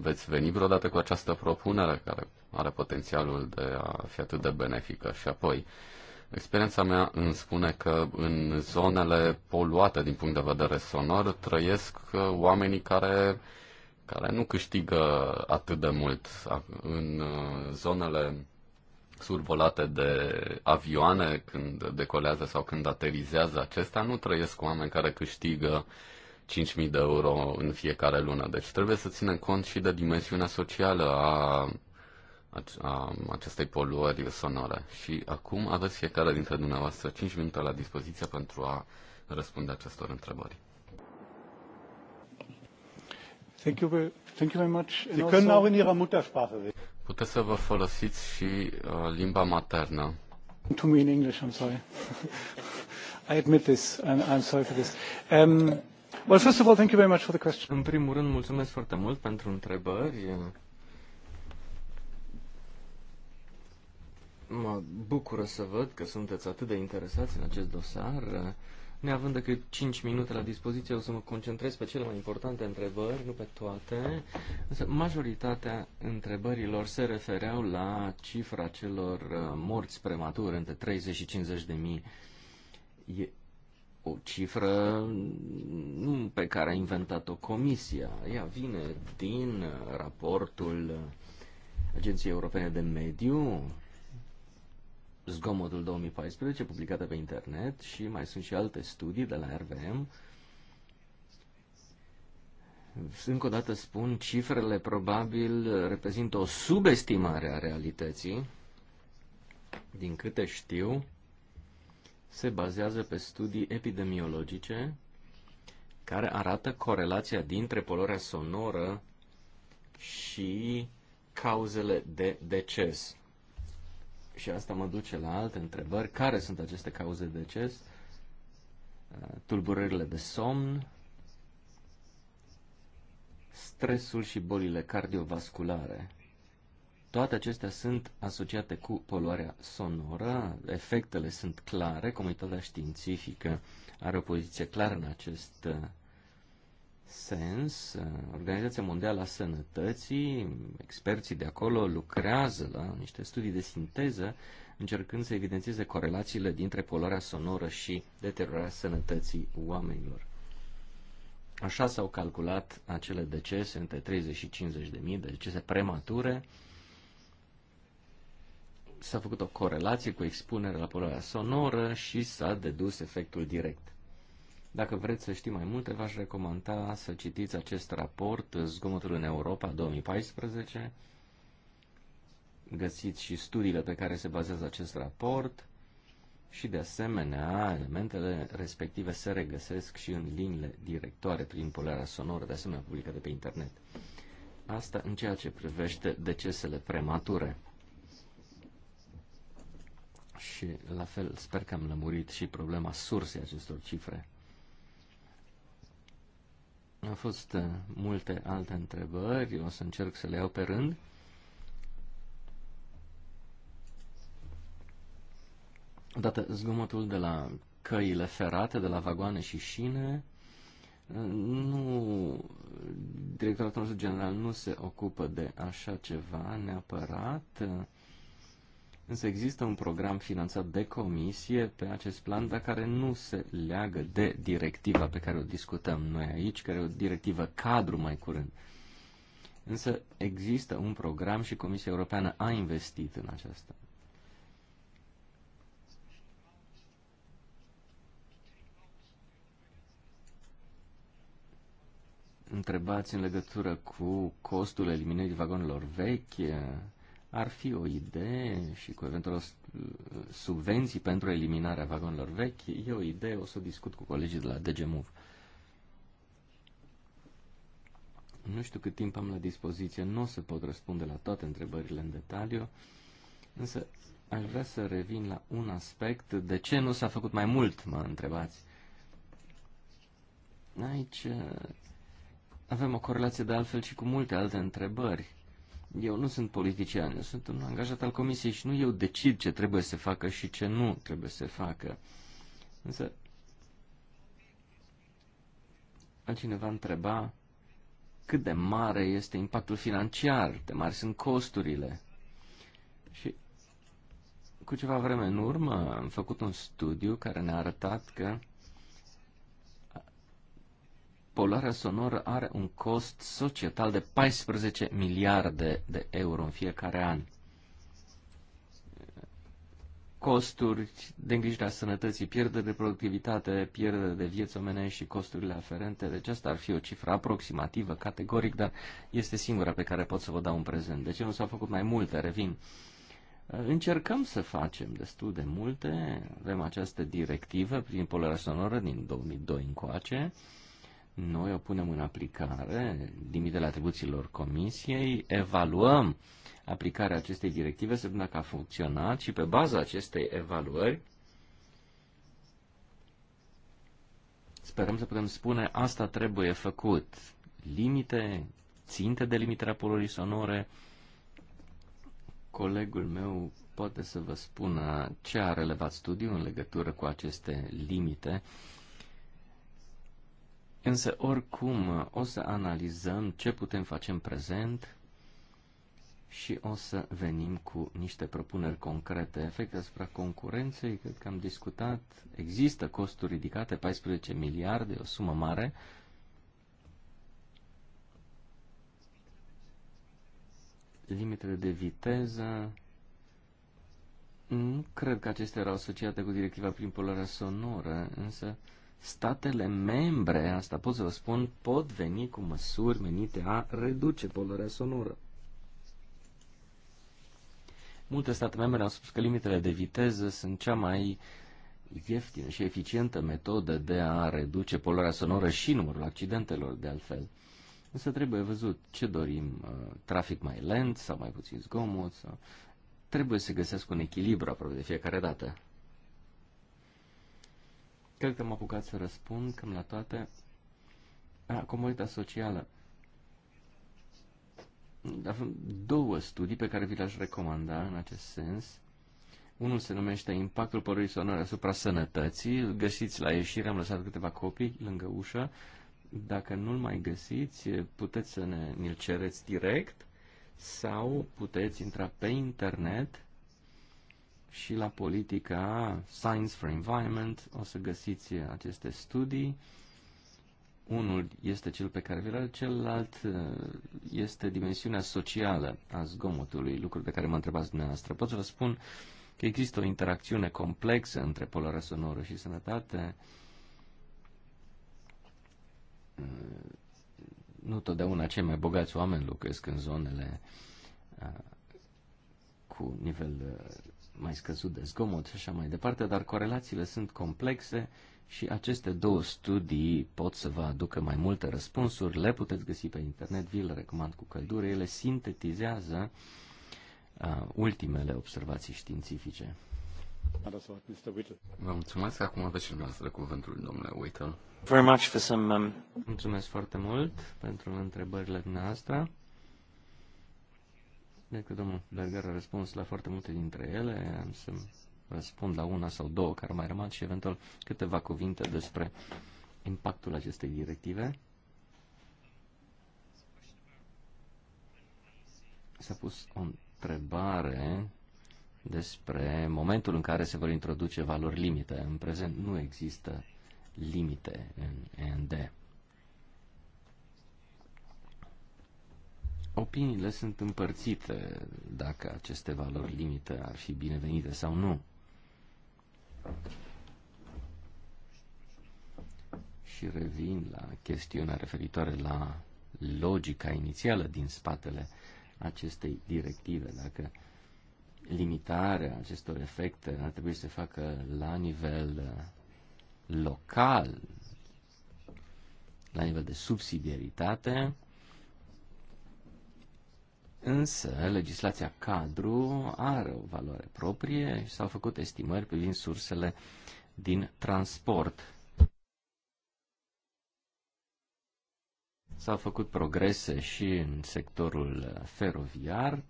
veți veni vreodată cu această propunere care are potențialul de a fi atât de benefică și apoi uh, Experiența mea îmi spune că în zonele poluate din punct de vedere sonor trăiesc uh, oamenii care, care nu câștigă atât de mult. În uh, zonele survolate de avioane când decolează sau când aterizează acestea, nu trăiesc oameni care câștigă 5.000 de euro în fiecare lună. Deci trebuie să ținem cont și de dimensiunea socială a a acestei poluări sonore. Și acum aveți fiecare dintre dumneavoastră 5 minute la dispoziție pentru a răspunde acestor întrebări. Thank you very, thank you very much. Sie können auch in Ihrer Muttersprache reden. Puteți să vă folosiți și uh, limba maternă. To me in English, I'm sorry. I admit this, and I'm sorry for this. Um, well, first of all, thank you very much for the question. În primul rând, mulțumesc foarte mult pentru întrebări. Mă bucură să văd că sunteți atât de interesați în acest dosar. Neavând decât 5 minute la dispoziție, o să mă concentrez pe cele mai importante întrebări, nu pe toate. Însă majoritatea întrebărilor se refereau la cifra celor uh, morți prematuri între 30 și 50 de mii. E o cifră nu pe care a inventat-o comisia. Ea vine din uh, raportul uh, Agenției Europene de Mediu, Zgomotul 2014, publicată pe internet și mai sunt și alte studii de la RVM. Încă o dată spun, cifrele probabil reprezintă o subestimare a realității. Din câte știu, se bazează pe studii epidemiologice care arată corelația dintre poluarea sonoră și cauzele de deces. Și asta mă duce la alte întrebări. Care sunt aceste cauze de deces? Uh, tulburările de somn, stresul și bolile cardiovasculare. Toate acestea sunt asociate cu poluarea sonoră, efectele sunt clare, comunitatea științifică are o poziție clară în acest uh, sens, Organizația Mondială a Sănătății, experții de acolo lucrează la niște studii de sinteză, încercând să evidențieze corelațiile dintre poluarea sonoră și deteriorarea sănătății oamenilor. Așa s-au calculat acele decese între 30 și 50 de mii de decese premature. S-a făcut o corelație cu expunerea la poluarea sonoră și s-a dedus efectul direct. Dacă vreți să știi mai multe, v-aș recomanda să citiți acest raport, Zgomotul în Europa 2014. Găsiți și studiile pe care se bazează acest raport și, de asemenea, elementele respective se regăsesc și în liniile directoare prin polarea sonoră, de asemenea publicate pe internet. Asta în ceea ce privește decesele premature. Și, la fel, sper că am lămurit și problema sursei acestor cifre. Au fost uh, multe alte întrebări, o să încerc să le iau pe rând. Odată zgomotul de la căile ferate, de la vagoane și șine, uh, nu, directorul general nu se ocupă de așa ceva neapărat. Însă există un program finanțat de comisie pe acest plan, dar care nu se leagă de directiva pe care o discutăm noi aici, care e o directivă cadru mai curând. Însă există un program și Comisia Europeană a investit în aceasta. Întrebați în legătură cu costul eliminării vagonelor vechi, ar fi o idee și cu eventual subvenții pentru eliminarea vagonilor vechi, e o idee, o să discut cu colegii de la DGMUV. Nu știu cât timp am la dispoziție, nu o să pot răspunde la toate întrebările în detaliu, însă aș vrea să revin la un aspect. De ce nu s-a făcut mai mult, mă întrebați? Aici uh, avem o corelație de altfel și cu multe alte întrebări eu nu sunt politician, eu sunt un angajat al comisiei și nu eu decid ce trebuie să facă și ce nu trebuie să facă. Însă, altcineva întreba cât de mare este impactul financiar, de mari sunt costurile. Și cu ceva vreme în urmă am făcut un studiu care ne-a arătat că polarea sonoră are un cost societal de 14 miliarde de euro în fiecare an. Costuri de îngrijire a sănătății, pierdere de productivitate, pierdere de vieți omenești și costurile aferente. Deci asta ar fi o cifră aproximativă, categoric, dar este singura pe care pot să vă dau un prezent. De deci ce nu s-au făcut mai multe? Revin. Încercăm să facem destul de multe. Avem această directivă prin polarea sonoră din 2002 încoace. Noi o punem în aplicare, limitele atribuțiilor comisiei, evaluăm aplicarea acestei directive, să vedem dacă a funcționat și pe baza acestei evaluări sperăm să putem spune asta trebuie făcut. Limite, ținte de limitarea polorii sonore. Colegul meu poate să vă spună ce a relevat studiul în legătură cu aceste limite Însă, oricum, o să analizăm ce putem face în prezent și o să venim cu niște propuneri concrete. efecte asupra concurenței, cred că am discutat, există costuri ridicate, 14 miliarde, o sumă mare. Limitele de viteză, nu cred că acestea erau asociate cu directiva prin polarea sonoră, însă statele membre, asta pot să vă spun, pot veni cu măsuri menite a reduce poluarea sonoră. Multe state membre au spus că limitele de viteză sunt cea mai ieftină și eficientă metodă de a reduce poluarea sonoră și numărul accidentelor, de altfel. Însă trebuie văzut ce dorim, uh, trafic mai lent sau mai puțin zgomot, sau... trebuie să găsească un echilibru aproape de fiecare dată. Cred că am apucat să răspund cam la toate. A, comunitatea socială. Avem două studii pe care vi le-aș recomanda în acest sens. Unul se numește Impactul părului sonor asupra sănătății. Îl găsiți la ieșire, am lăsat câteva copii lângă ușă. Dacă nu-l mai găsiți, puteți să ne, ne-l cereți direct sau puteți intra pe internet și la politica Science for Environment o să găsiți aceste studii. Unul este cel pe care vi-l celălalt uh, este dimensiunea socială a zgomotului, lucruri pe care mă întrebați dumneavoastră. Pot să vă spun că există o interacțiune complexă între poluarea sonoră și sănătate. Uh, nu totdeauna cei mai bogați oameni locuiesc în zonele uh, cu nivel mai scăzut de zgomot și așa mai departe, dar corelațiile sunt complexe și aceste două studii pot să vă aducă mai multe răspunsuri, le puteți găsi pe internet, vi le recomand cu căldură, ele sintetizează uh, ultimele observații științifice. Vă mulțumesc. Acum aveți și dumneavoastră cuvântul, domnule Whittle. Very much for some, um... Mulțumesc foarte mult pentru întrebările noastre. Cred că domnul Berger a răspuns la foarte multe dintre ele. Am să răspund la una sau două care mai rămas și eventual câteva cuvinte despre impactul acestei directive. S-a pus o întrebare despre momentul în care se vor introduce valori limite. În prezent nu există limite în END. opiniile sunt împărțite dacă aceste valori limite ar fi binevenite sau nu. Și revin la chestiunea referitoare la logica inițială din spatele acestei directive. Dacă limitarea acestor efecte ar trebui să se facă la nivel uh, local, la nivel de subsidiaritate, Însă, legislația cadru are o valoare proprie și s-au făcut estimări privind sursele din transport. S-au făcut progrese și în sectorul feroviar.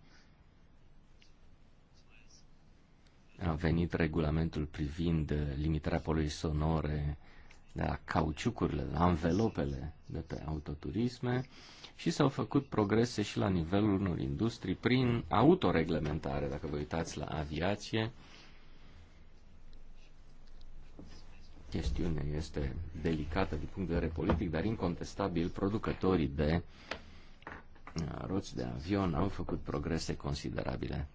A venit regulamentul privind limitarea poluării sonore de la cauciucurile, de la anvelopele de pe autoturisme și s-au făcut progrese și la nivelul unor industrii prin autoreglementare, dacă vă uitați la aviație. Chestiunea este delicată din punct de vedere politic, dar incontestabil producătorii de uh, roți de avion au făcut progrese considerabile.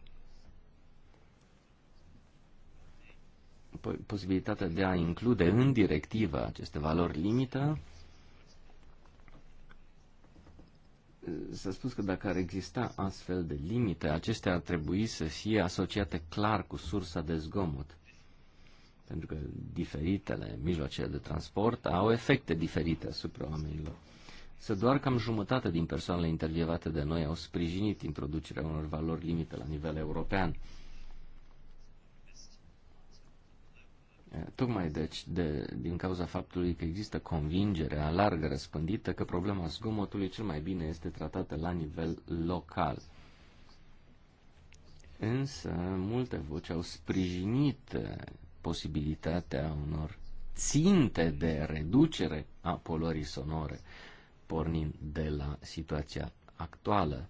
posibilitatea de a include în directivă aceste valori limită. S-a spus că dacă ar exista astfel de limite, acestea ar trebui să fie asociate clar cu sursa de zgomot. Pentru că diferitele mijloace de transport au efecte diferite asupra oamenilor. Să doar cam jumătate din persoanele intervievate de noi au sprijinit introducerea unor valori limite la nivel european. Tocmai deci, de, din cauza faptului că există convingerea largă răspândită că problema zgomotului cel mai bine este tratată la nivel local. Însă, multe voci au sprijinit eh, posibilitatea unor ținte de reducere a polorii sonore, pornind de la situația actuală.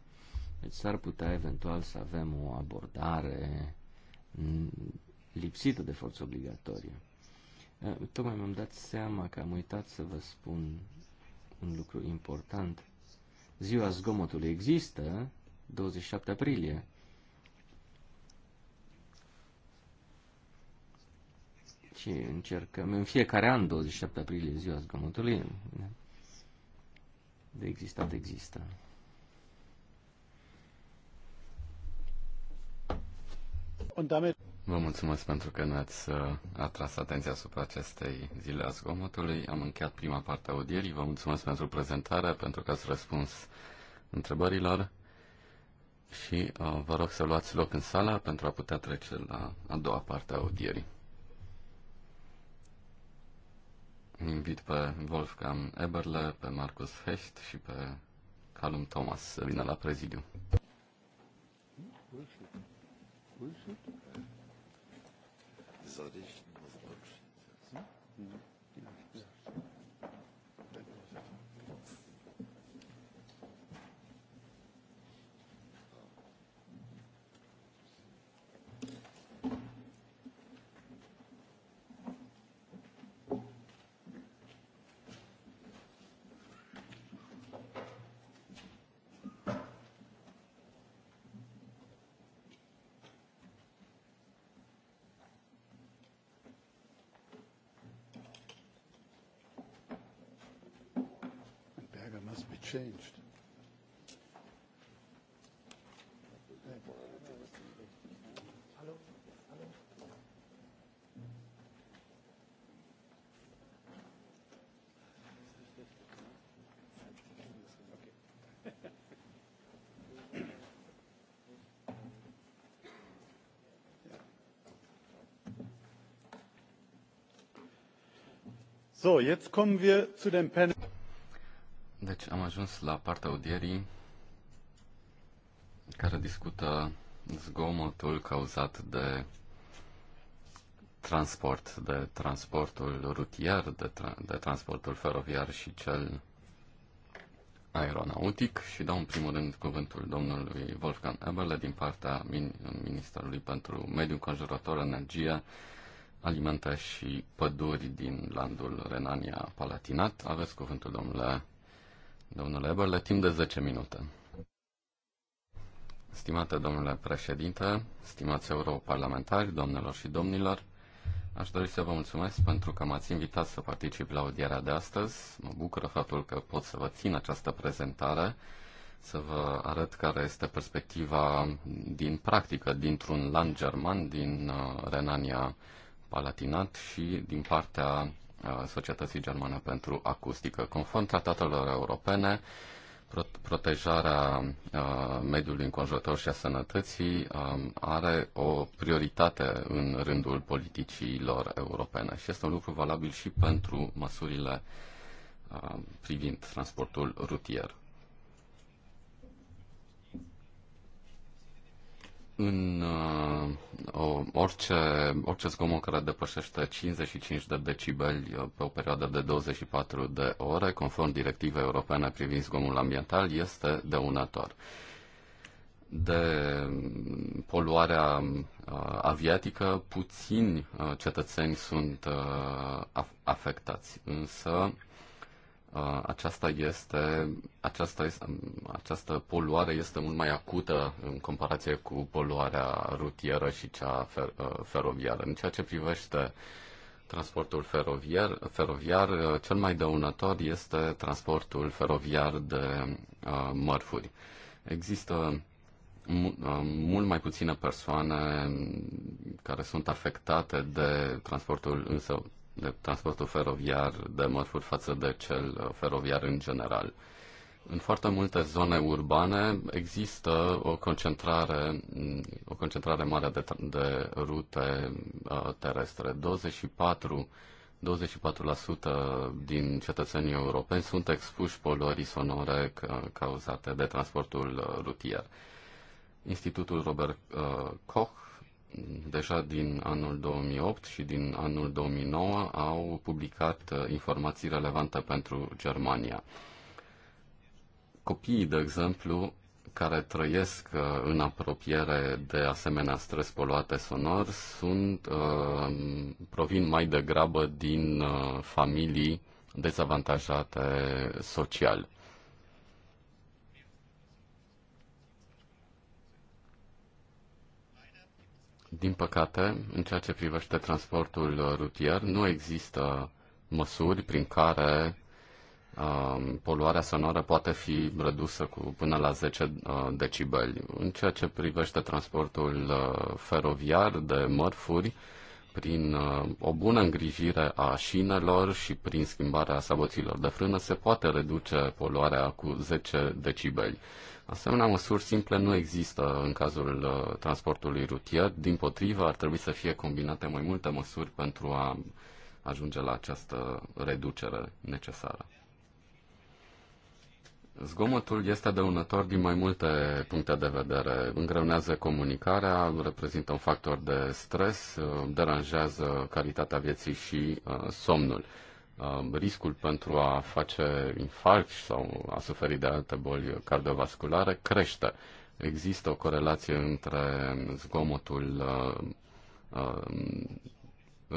Deci s-ar putea eventual să avem o abordare mm, lipsită de forță obligatorie. Da, tocmai mi-am dat seama că am uitat să vă spun un lucru important. Ziua zgomotului există, 27 aprilie. Și încercăm, în fiecare an, 27 aprilie, ziua zgomotului, de existat există. Und damit Vă mulțumesc pentru că ne-ați uh, atras atenția asupra acestei zile a zgomotului. Am încheiat prima parte a audierii. Vă mulțumesc pentru prezentare, pentru că ați răspuns întrebărilor și uh, vă rog să luați loc în sala pentru a putea trece la a doua parte a audierii. Invit pe Wolfgang Eberle, pe Marcus Hecht și pe Calum Thomas să vină la prezidiu. Bullshit. Bullshit sollte ich? changed. So, jetzt kommen wir zu dem Panel. Deci am ajuns la partea audierii care discută zgomotul cauzat de transport, de transportul rutier, de, tra- de transportul feroviar și cel aeronautic și dau în primul rând cuvântul domnului Wolfgang Eberle din partea Min- Ministerului pentru Mediu Conjurător, Energie, Alimente și Păduri din landul Renania-Palatinat. Aveți cuvântul, domnule domnule Eberle, timp de 10 minute. Stimate domnule președinte, stimați europarlamentari, domnilor și domnilor, aș dori să vă mulțumesc pentru că m-ați invitat să particip la audierea de astăzi. Mă bucură faptul că pot să vă țin această prezentare, să vă arăt care este perspectiva din practică, dintr-un land german, din uh, Renania Palatinat și din partea Societății Germane pentru Acustică. Conform tratatelor europene, protejarea mediului înconjurător și a sănătății are o prioritate în rândul politicilor europene și este un lucru valabil și pentru măsurile privind transportul rutier. în uh, orice, orice zgomot care depășește 55 de decibeli uh, pe o perioadă de 24 de ore, conform directivei europene privind zgomul ambiental, este dăunător. De poluarea uh, aviatică, puțini uh, cetățeni sunt uh, afectați, însă aceasta este, aceasta, este, această poluare este mult mai acută în comparație cu poluarea rutieră și cea fer, feroviară. În ceea ce privește transportul feroviar, feroviar, cel mai dăunător este transportul feroviar de uh, mărfuri. Există mult mai puține persoane care sunt afectate de transportul, însă de transportul feroviar de mărfuri față de cel uh, feroviar în general. În foarte multe zone urbane există o concentrare, mm, o concentrare mare de, de rute uh, terestre. 24 24% din cetățenii europeni sunt expuși poluării sonore cauzate de transportul uh, rutier. Institutul Robert Koch deja din anul 2008 și din anul 2009 au publicat uh, informații relevante pentru Germania. Copiii, de exemplu, care trăiesc uh, în apropiere de asemenea străzi poluate sonor sunt, uh, provin mai degrabă din uh, familii dezavantajate social. din păcate, în ceea ce privește transportul rutier, nu există măsuri prin care um, poluarea sonoră poate fi redusă cu până la 10 uh, decibeli. În ceea ce privește transportul uh, feroviar de mărfuri, prin uh, o bună îngrijire a șinelor și prin schimbarea saboților de frână se poate reduce poluarea cu 10 decibeli. Asemenea, măsuri simple nu există în cazul uh, transportului rutier. Din potrivă, ar trebui să fie combinate mai multe măsuri pentru a ajunge la această reducere necesară. Zgomotul este dăunător din mai multe puncte de vedere. Îngreunează comunicarea, reprezintă un factor de stres, uh, deranjează calitatea vieții și uh, somnul. Um, riscul pentru a face infarct sau a suferi de alte boli cardiovasculare crește. Există o corelație între zgomotul uh,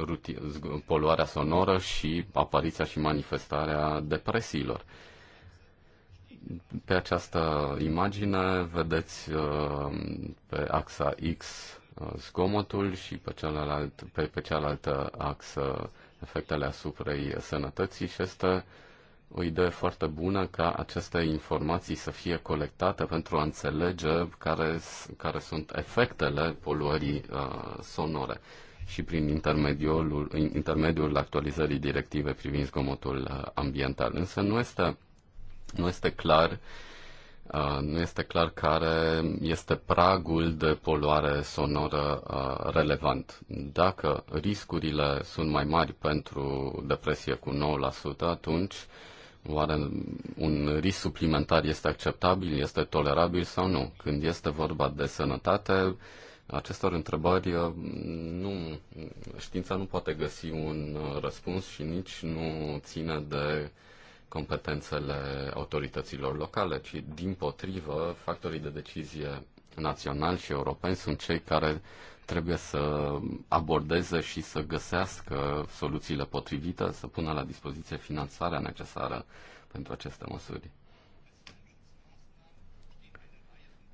um, poluarea sonoră și apariția și manifestarea depresiilor. Pe această imagine vedeți uh, pe axa X uh, zgomotul și pe, celălalt, pe, pe cealaltă axă efectele asupra sănătății și este o idee foarte bună ca aceste informații să fie colectate pentru a înțelege care, care sunt efectele poluării uh, sonore și prin intermediul, intermediul actualizării directive privind zgomotul uh, ambiental. Însă nu este, nu este clar uh, nu este clar care este pragul de poluare sonoră relevant. Dacă riscurile sunt mai mari pentru depresie cu 9%, atunci oare un risc suplimentar este acceptabil, este tolerabil sau nu? Când este vorba de sănătate, acestor întrebări nu, știința nu poate găsi un răspuns și nici nu ține de uh, competențele autorităților locale, ci din potrivă, factorii de decizie naționali și europeni sunt cei care trebuie să abordeze și să găsească soluțiile potrivite, să pună la dispoziție finanțarea necesară pentru aceste măsuri.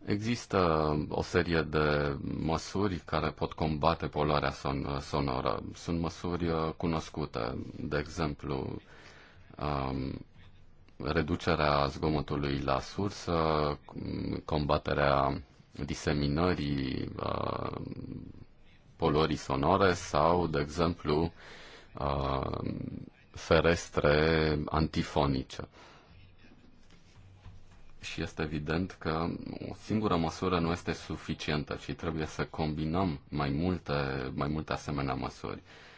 Există o serie de măsuri care pot combate poluarea son- sonoră. Sunt măsuri uh, cunoscute, de exemplu, Um, reducerea zgomotului la sursă, combaterea diseminării uh, polorii sonore sau, de exemplu, uh, ferestre antifonice. Și este evident că o singură măsură nu este suficientă, ci trebuie să combinăm mai multe, mai multe asemenea măsuri. Uh,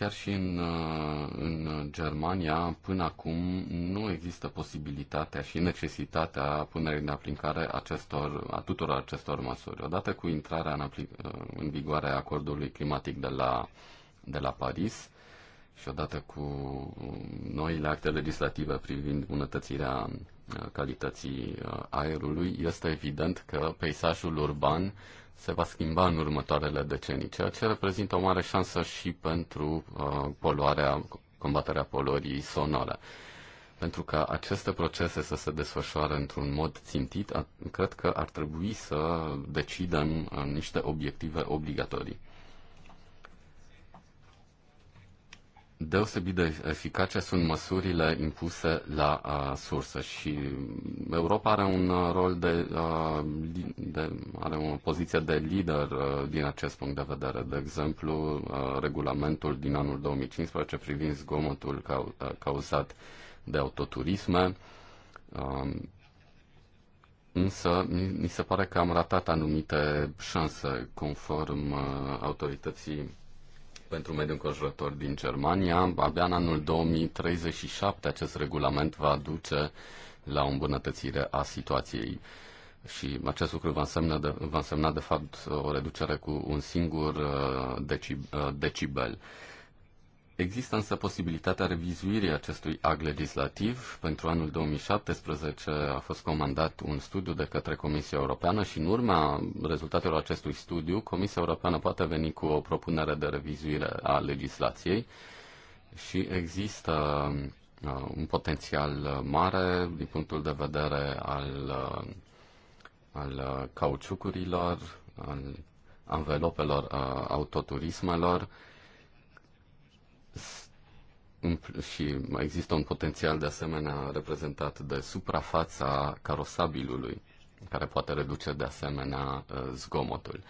Chiar și în, uh, în Germania, până acum, nu există posibilitatea și necesitatea punerii în aplicare acestor, a tuturor acestor măsuri. Odată cu intrarea în, aplic- uh, în vigoare a acordului climatic de la, de la Paris și odată cu uh, noile acte legislative privind bunătățirea calității aerului, este evident că peisajul urban uh, se va schimba în următoarele decenii, ceea ce reprezintă o mare șansă și pentru uh, poluarea, combaterea poluării sonore. Pentru că aceste procese să se desfășoare într-un mod țintit, cred că ar trebui să decidem niște obiective obligatorii. deosebit de eficace sunt măsurile impuse la a, sursă și Europa are un rol de, a, de are o poziție de lider a, din acest punct de vedere. De exemplu, a, regulamentul din anul 2015 privind zgomotul cau- a, cauzat de autoturisme. A, Însă, mi se pare că am ratat anumite șanse conform autorității pentru mediul înconjurător din Germania. Abia în anul 2037 acest regulament va duce la o îmbunătățire a situației. Și acest lucru va însemna, de, va însemna de fapt o reducere cu un singur uh, uh, decibel. Există însă posibilitatea revizuirii acestui act legislativ. Pentru anul 2017 a fost comandat un studiu de către Comisia Europeană și în urma rezultatelor acestui studiu, Comisia Europeană poate veni cu o propunere de revizuire a legislației și există uh, un potențial mare din punctul de vedere al, uh, al cauciucurilor, al anvelopelor uh, autoturismelor, și există un potențial de asemenea reprezentat de suprafața carosabilului, care poate reduce de asemenea uh, zgomotul.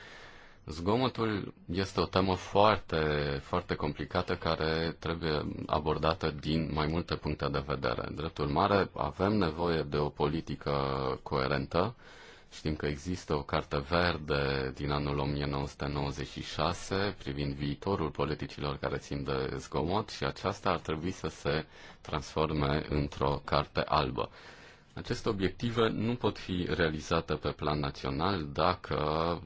Zgomotul este o temă foarte, foarte complicată care trebuie abordată din mai multe puncte de vedere. În dreptul mare avem nevoie de o politică coerentă, Știm că există o carte verde din anul 1996 privind viitorul politicilor care țin de zgomot și aceasta ar trebui să se transforme într-o carte albă. Aceste obiective nu pot fi realizate pe plan național dacă,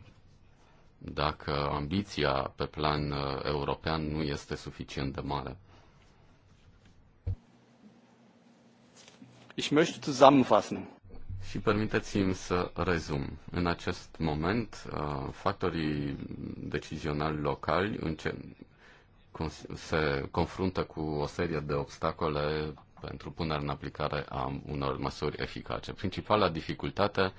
dacă ambiția pe plan uh, european nu este suficient de mare. Ich möchte zusammenfassen. Și permiteți-mi să rezum. În acest moment, uh, factorii decizionali locali se confruntă cu o serie de obstacole pentru punerea în aplicare a unor măsuri eficace. Principala dificultate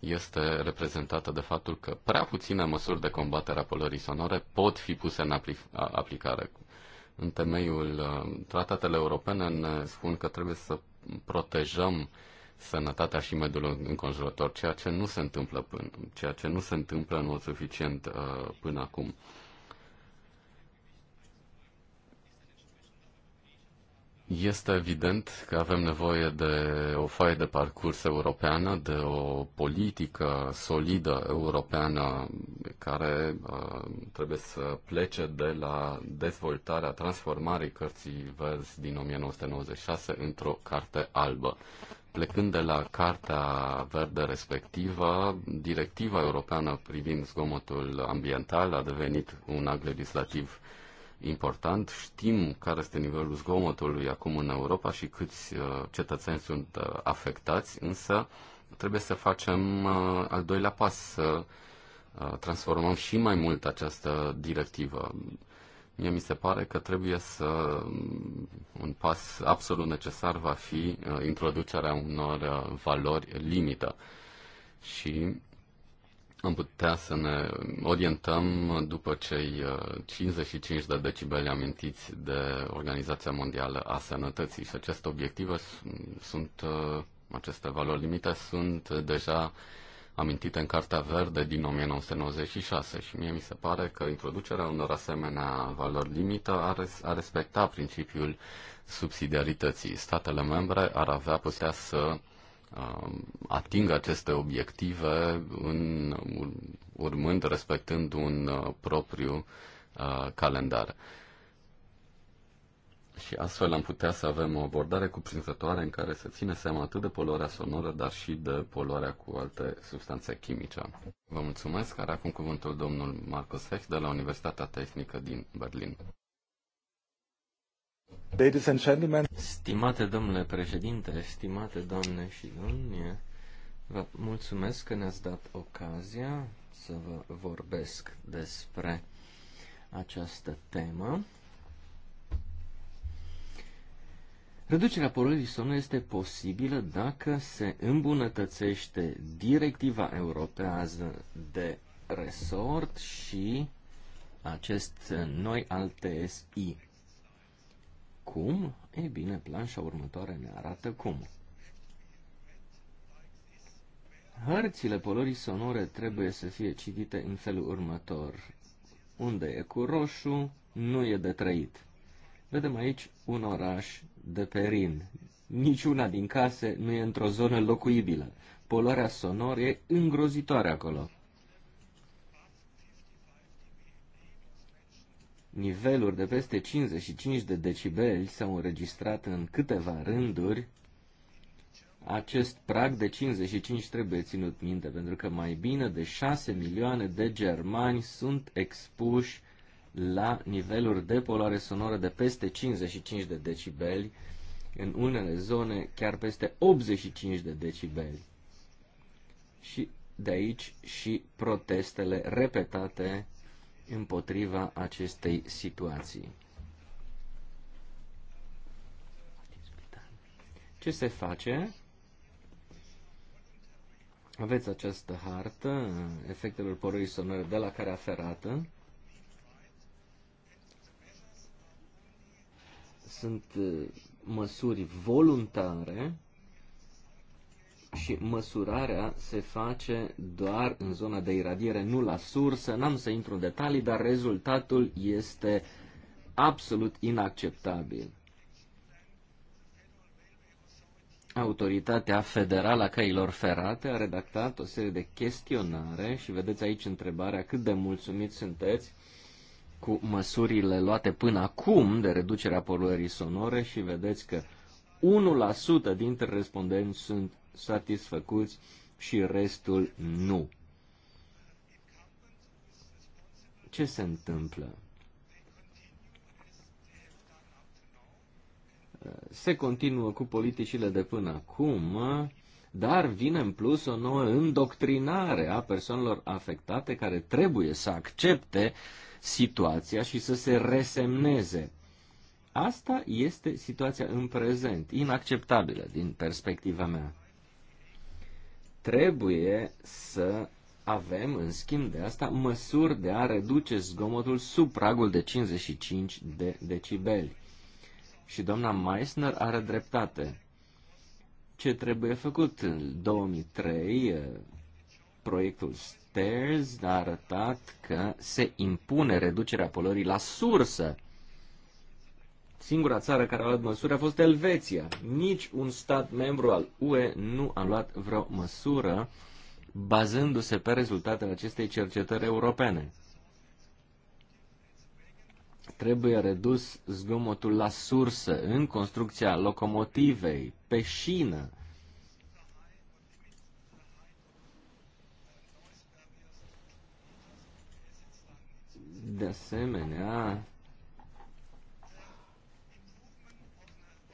este reprezentată de faptul că prea puține măsuri de combatere a polării sonore pot fi puse în aplicare. În temeiul uh, tratatelor europene ne spun că trebuie să protejăm uh, sănătatea și mediul înconjurător, ceea ce nu se întâmplă până, ceea ce nu se întâmplă în mod suficient uh, până acum. Este evident că avem nevoie de o foaie de parcurs europeană, de o politică solidă europeană care uh, trebuie să plece de la dezvoltarea, transformării cărții verzi din 1996 într-o carte albă plecând de la cartea verde respectivă, directiva europeană privind zgomotul ambiental a devenit un act legislativ important. Știm care este nivelul zgomotului acum în Europa și câți uh, cetățeni sunt uh, afectați, însă trebuie să facem uh, al doilea pas, să transformăm și mai mult această directivă. Mie mi se pare că trebuie să un pas absolut necesar va fi uh, introducerea unor uh, valori limită și am putea să ne orientăm după cei 55 uh, de decibeli amintiți de Organizația Mondială a Sănătății și aceste obiective sunt, aceste valori limite sunt deja uh, amintite în Cartea Verde din 1996 și mie mi se pare că introducerea unor asemenea valori limită ar, ar respecta principiul subsidiarității. Statele membre ar avea putea să um, atingă aceste obiective în, urmând, respectând un uh, propriu uh, calendar și astfel am putea să avem o abordare cuprinzătoare în care să ține seama atât de poluarea sonoră, dar și de poluarea cu alte substanțe chimice. Vă mulțumesc, are acum cuvântul domnul Marcus Hecht de la Universitatea Tehnică din Berlin. Ladies and gentlemen. Stimate domnule președinte, stimate doamne și domni, vă mulțumesc că ne-ați dat ocazia să vă vorbesc despre această temă Reducerea poluării sonore este posibilă dacă se îmbunătățește directiva europeană de resort și acest noi al TSI. Cum? Ei bine, planșa următoare ne arată cum. Hărțile polorii sonore trebuie să fie citite în felul următor. Unde e cu roșu, nu e de trăit. Vedem aici un oraș de pe Rin. Niciuna din case nu e într-o zonă locuibilă. Poluarea sonor e îngrozitoare acolo. Niveluri de peste 55 de decibeli s-au înregistrat în câteva rânduri. Acest prag de 55 trebuie ținut minte, pentru că mai bine de 6 milioane de germani sunt expuși la niveluri de poluare sonoră de peste 55 de decibeli, în unele zone chiar peste 85 de decibeli. Și de aici și protestele repetate împotriva acestei situații. Ce se face? Aveți această hartă efectelor poroii sonore de la care aferată. Sunt uh, măsuri voluntare și măsurarea se face doar în zona de iradiere, nu la sursă. N-am să intru în detalii, dar rezultatul este absolut inacceptabil. Autoritatea Federală a Căilor Ferate a redactat o serie de chestionare și vedeți aici întrebarea cât de mulțumiți sunteți cu măsurile luate până acum de reducerea poluării sonore și vedeți că 1% dintre respondenți sunt satisfăcuți și restul nu. Ce se întâmplă? Se continuă cu politicile de până acum, dar vine în plus o nouă îndoctrinare a persoanelor afectate care trebuie să accepte uh, situația și să se resemneze. Asta este situația în prezent, inacceptabilă din perspectiva mea. Trebuie să avem, în schimb de asta, măsuri de a reduce zgomotul sub pragul de 55 de decibeli. Și doamna Meissner are dreptate. Ce trebuie făcut în 2003? Proiectul Stairs a arătat că se impune reducerea poluării la sursă. Singura țară care a luat măsuri a fost Elveția. Nici un stat membru al UE nu a luat vreo măsură bazându-se pe rezultatele acestei cercetări europene. Trebuie redus zgomotul la sursă, în construcția locomotivei, pe șină, de asemenea,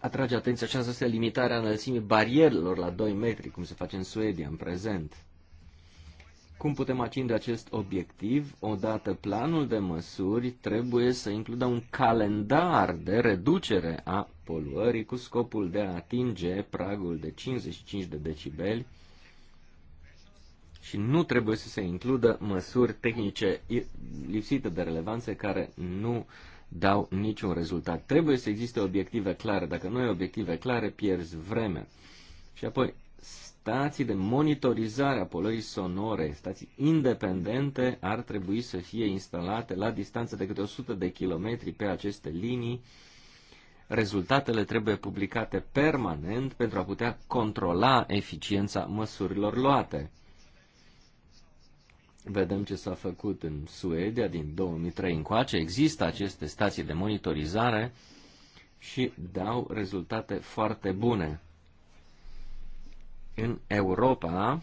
atrage atenția aceasta este limitarea înălțimii barierelor la 2 metri, cum se face în Suedia în prezent. Cum putem atinge acest obiectiv? Odată, planul de măsuri trebuie să includă un calendar de reducere a poluării cu scopul de a atinge pragul de 55 de decibeli și nu trebuie să se includă măsuri tehnice lipsite de relevanță care nu dau niciun rezultat. Trebuie să existe obiective clare. Dacă nu ai obiective clare, pierzi vreme. Și apoi, stații de monitorizare a poluării sonore, stații independente, ar trebui să fie instalate la distanță de câte 100 de kilometri pe aceste linii. Rezultatele trebuie publicate permanent pentru a putea controla eficiența măsurilor luate. Vedem ce s-a făcut în Suedia din 2003 încoace. Există aceste stații de monitorizare și dau rezultate foarte bune. În Europa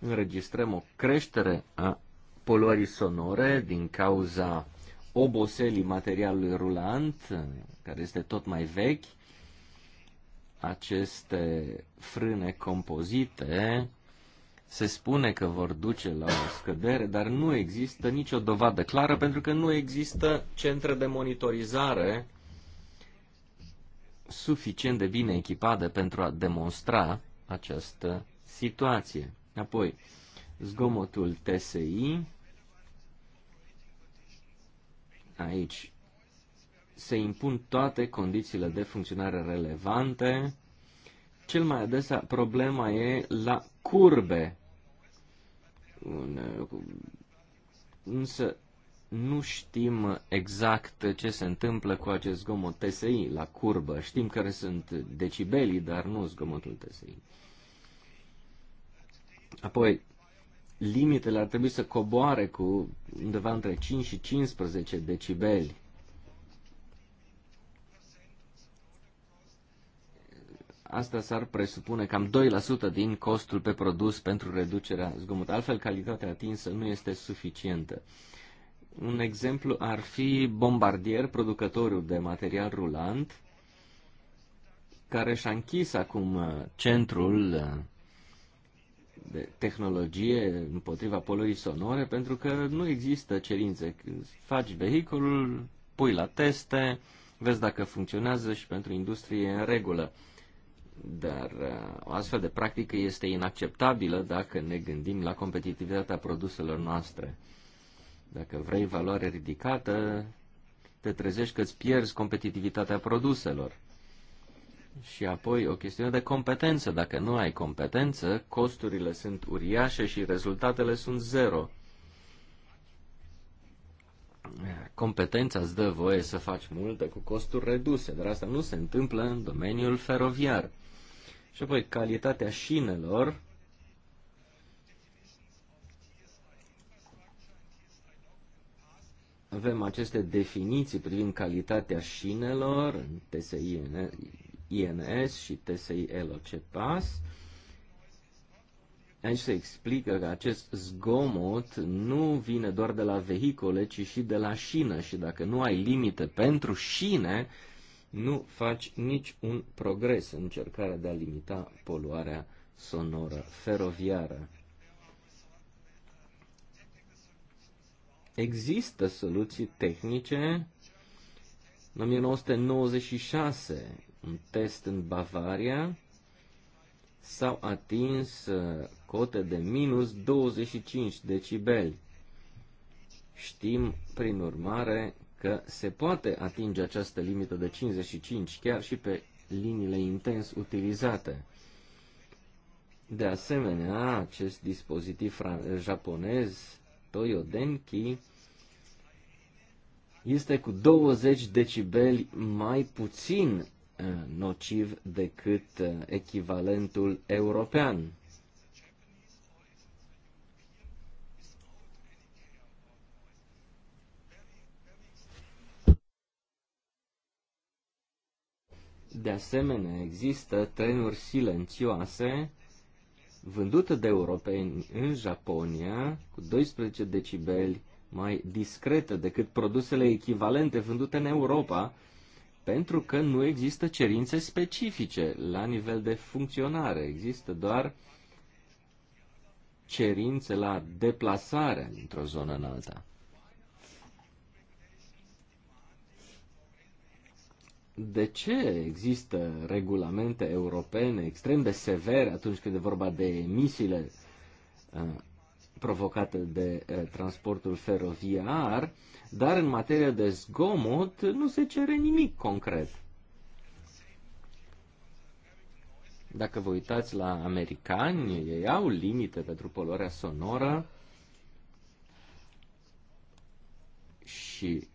înregistrăm o creștere a poluării sonore din cauza oboselii materialului rulant, care este tot mai vechi, aceste frâne compozite se spune că vor duce la o scădere, dar nu există nicio dovadă clară pentru că nu există centre de monitorizare suficient de bine echipate pentru a demonstra această situație. Apoi, zgomotul TSI. Aici se impun toate condițiile de funcționare relevante. Cel mai adesea problema e la curbe un, uh, însă nu știm exact ce se întâmplă cu acest zgomot TSI la curbă. Știm care sunt decibelii, dar nu zgomotul TSI. Apoi, limitele ar trebui să coboare cu undeva între 5 și 15 decibeli. Asta s-ar presupune cam 2% din costul pe produs pentru reducerea zgomotului. Altfel, calitatea atinsă nu este suficientă. Un exemplu ar fi bombardier, producătorul de material rulant, care și-a închis acum uh, centrul uh, de tehnologie împotriva poluării sonore, pentru că nu există cerințe. Faci vehiculul, pui la teste, vezi dacă funcționează și pentru industrie e în regulă. Dar uh, o astfel de practică este inacceptabilă dacă ne gândim la competitivitatea produselor noastre. Dacă vrei valoare ridicată, te trezești că îți pierzi competitivitatea produselor. Și apoi o chestiune de competență. Dacă nu ai competență, costurile sunt uriașe și rezultatele sunt zero. Competența îți dă voie să faci multe cu costuri reduse, dar asta nu se întâmplă în domeniul feroviar. Și apoi calitatea șinelor. Avem aceste definiții privind calitatea șinelor în TSI INS și TSI pas Aici se explică că acest zgomot nu vine doar de la vehicole, ci și de la șină și dacă nu ai limite pentru șine, nu faci nici un progres în încercarea de a limita poluarea sonoră feroviară. Există soluții tehnice. În 1996, un test în Bavaria, s-au atins uh, cote de minus 25 decibeli. Știm, prin urmare, că se poate atinge această limită de 55 chiar și pe liniile intens utilizate. De asemenea, acest dispozitiv japonez Toyo Denki este cu 20 decibeli mai puțin uh, nociv decât uh, echivalentul european. De asemenea, există trenuri silențioase vândute de europeni în Japonia cu 12 decibeli mai discrete decât produsele echivalente vândute în Europa, pentru că nu există cerințe specifice la nivel de funcționare. Există doar cerințe la deplasare dintr-o zonă în alta. de ce există regulamente europene extrem de severe atunci când e vorba de emisiile uh, provocate de uh, transportul feroviar, dar în materie de zgomot nu se cere nimic concret. Dacă vă uitați la americani, ei au limite pentru poluarea sonoră și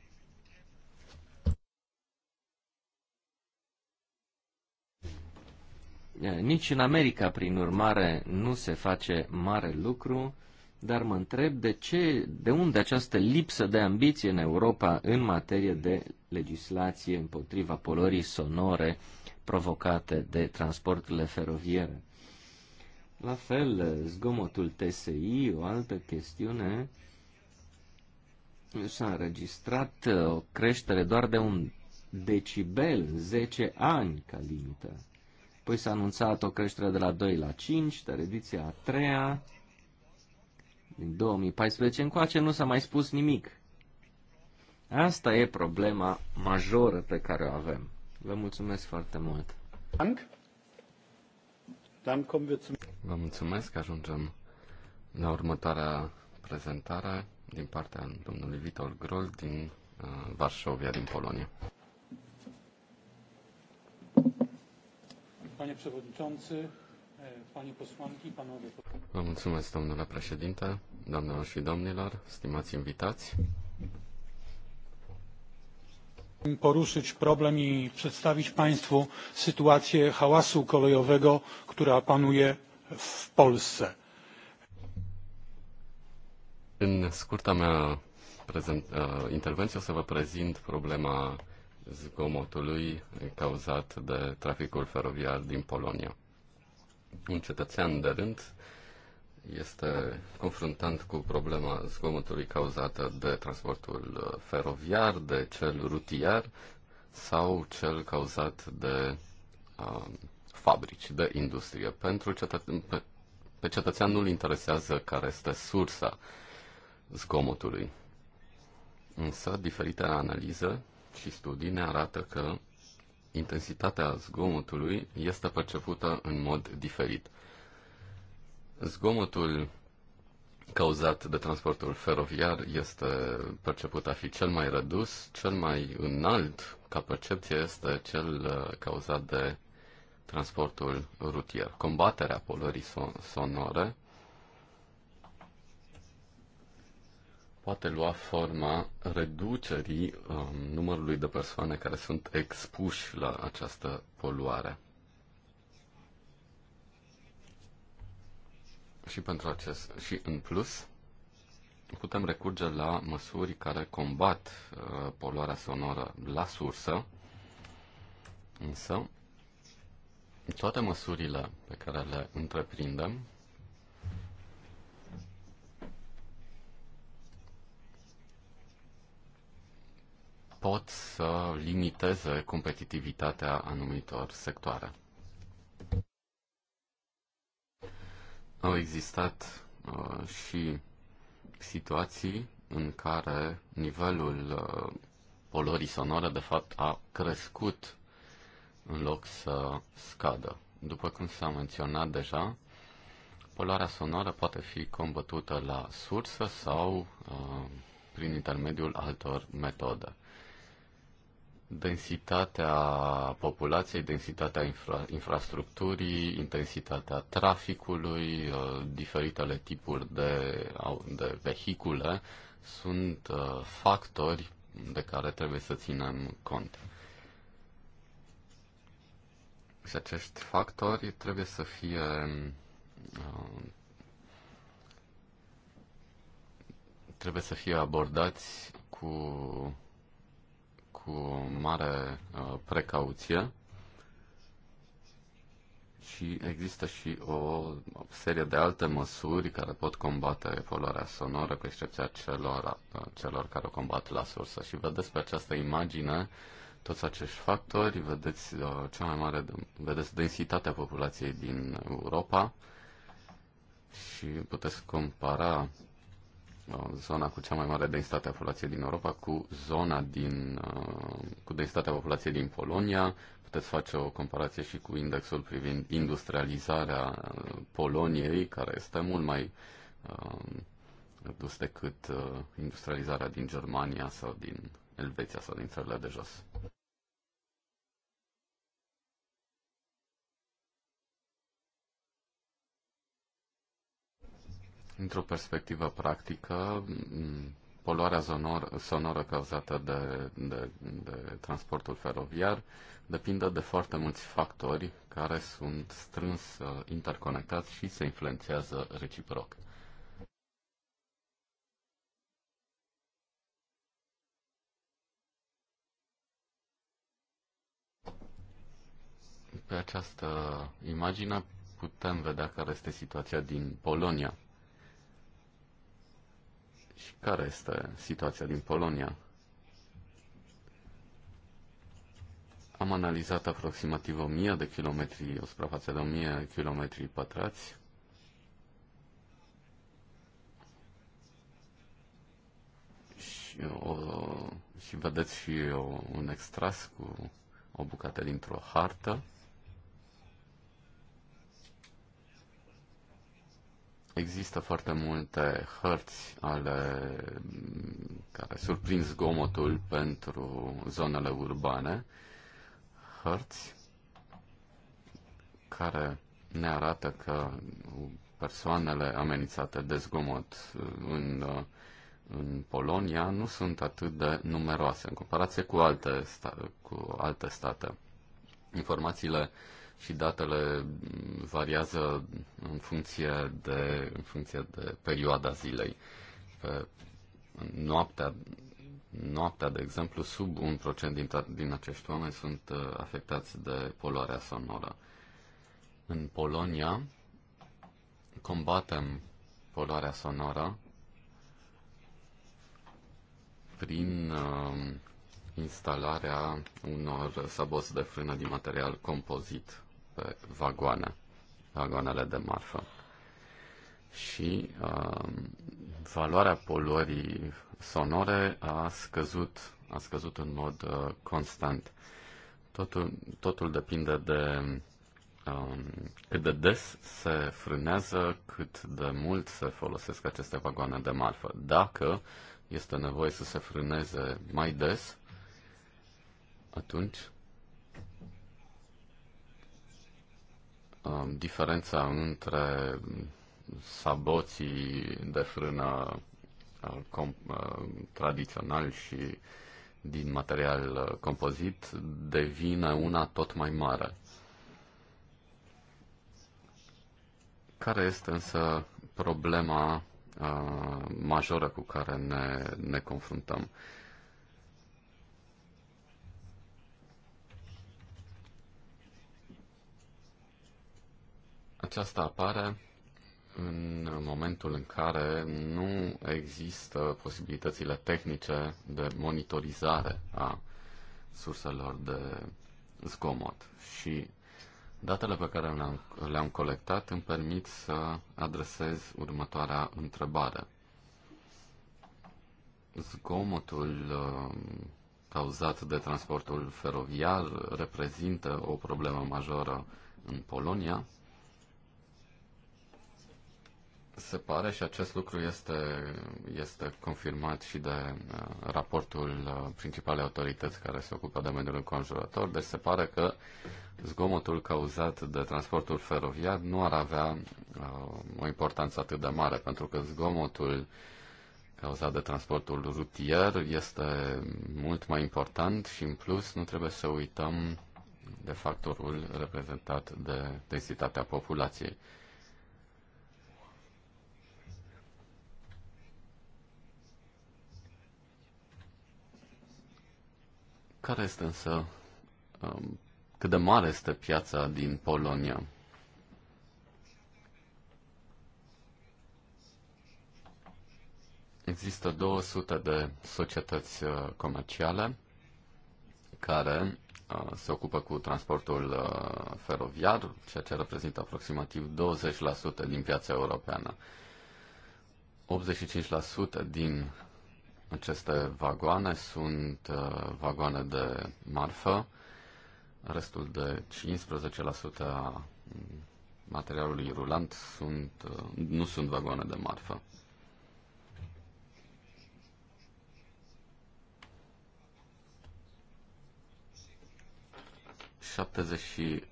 Nici în America, prin urmare, nu se face mare lucru, dar mă întreb de ce, de unde această lipsă de ambiție în Europa în materie de legislație împotriva polorii sonore provocate de transporturile feroviere. La fel, zgomotul TSI, o altă chestiune, s-a înregistrat uh, o creștere doar de un decibel, 10 ani ca limită. Păi s-a anunțat o creștere de la 2 la 5, dar ediția a treia, din 2014 încoace, nu s-a mai spus nimic. Asta e problema majoră pe care o avem. Vă mulțumesc foarte mult. Vă mulțumesc, ajungem la următoarea prezentare din partea domnului Vitor Grol din uh, Varșovia, din Polonia. Panie Przewodniczący, Panie Posłanki, Panowie... Vă mulțumesc, domnule președinte, doamnelor și domnilor, stimați invitați. Poruszyć problem i przedstawić Państwu sytuację hałasu kolejowego, która panuje w Polsce. În scurta mea prezent, uh, intervenție o să vă prezint problema zgomotului cauzat de traficul feroviar din Polonia. Un cetățean de rând este confruntat cu problema zgomotului cauzată de transportul feroviar, de cel rutier sau cel cauzat de uh, fabrici, de industrie. Pentru cetă- pe, pe cetățean nu-l interesează care este sursa zgomotului. Însă, diferite analize și studii ne arată că intensitatea zgomotului este percepută în mod diferit. Zgomotul cauzat de transportul feroviar este perceput a fi cel mai redus, cel mai înalt ca percepție este cel uh, cauzat de transportul rutier. Combaterea polării sonore poate lua forma reducerii um, numărului de persoane care sunt expuși la această poluare. Și pentru acest și în plus putem recurge la măsuri care combat uh, poluarea sonoră la sursă, însă toate măsurile pe care le întreprindem pot să limiteze competitivitatea anumitor sectoare. Au existat uh, și situații în care nivelul uh, polorii sonore, de fapt, a crescut în loc să scadă. După cum s-a menționat deja, poluarea sonoră poate fi combătută la sursă sau uh, prin intermediul altor metode densitatea populației, densitatea infra- infrastructurii, intensitatea traficului, uh, diferitele tipuri de, de vehicule sunt uh, factori de care trebuie să ținem cont. Și acești factori trebuie să fie uh, trebuie să fie abordați cu cu mare uh, precauție și există și o, serie de alte măsuri care pot combate poluarea sonoră, cu excepția celor, uh, celor care o combat la sursă. Și vedeți pe această imagine toți acești factori, vedeți uh, cea mai mare, vedeți densitatea populației din Europa și puteți compara Uh, zona cu cea mai mare densitate a populației din Europa, cu zona din, uh, cu densitatea populației din Polonia. Puteți face o comparație și cu indexul privind industrializarea uh, Poloniei, care este mult mai dus decât industrializarea din Germania sau din Elveția sau din țările de jos. Într-o perspectivă practică, poluarea sonoră cauzată de, de, de transportul feroviar depinde de foarte mulți factori care sunt strâns uh, interconectați și se influențează reciproc. Pe această imagine putem vedea care este situația din Polonia. Și care este situația din Polonia? Am analizat aproximativ 1000 de kilometri, o suprafață de 1000 kilometri pătrați. Și, o, și vedeți și o, un extras cu o bucată dintr-o hartă. Există foarte multe hărți ale care surprind zgomotul pentru zonele urbane, hărți care ne arată că persoanele amenințate de zgomot în, în Polonia nu sunt atât de numeroase în comparație cu alte, sta- cu alte state. Informațiile uh, și datele variază în funcție de, în funcție de perioada zilei. Pe noaptea, noaptea, de exemplu, sub 1% din, din acești oameni sunt uh, afectați de poluarea sonoră. În Polonia combatem poluarea sonoră prin uh, instalarea unor sabos de frână din material compozit pe vagoane, vagoanele de marfă. Și uh, valoarea poluării sonore a scăzut, a scăzut în mod uh, constant. Totul, totul depinde de uh, cât de des se frânează, cât de mult se folosesc aceste vagoane de marfă. Dacă este nevoie să se frâneze mai des, atunci Um, diferența între saboții de frână uh, uh, tradițional și din material uh, compozit devine una tot mai mare. Care este însă problema majoră cu care ne, ne confruntăm? Uh, Aceasta apare în momentul în care nu există posibilitățile tehnice de monitorizare a surselor de zgomot și datele pe care le-am, le-am colectat îmi permit să adresez următoarea întrebare. Zgomotul uh, cauzat de transportul feroviar reprezintă o problemă majoră în Polonia se pare, și acest lucru este, este confirmat și de uh, raportul uh, principalei autorități care se ocupă de mediul înconjurător, deci se pare că zgomotul cauzat de transportul feroviar nu ar avea uh, o importanță atât de mare, pentru că zgomotul cauzat de transportul rutier este mult mai important și, în plus, nu trebuie să uităm de factorul reprezentat de densitatea populației. Care este însă, um, cât de mare este piața din Polonia? Există 200 de societăți uh, comerciale care uh, se ocupă cu transportul uh, feroviar, ceea ce reprezintă aproximativ 20% din piața europeană. 85% din aceste vagoane sunt uh, vagoane de marfă, restul de 15% a materialului rulant sunt, uh, nu sunt vagoane de marfă. și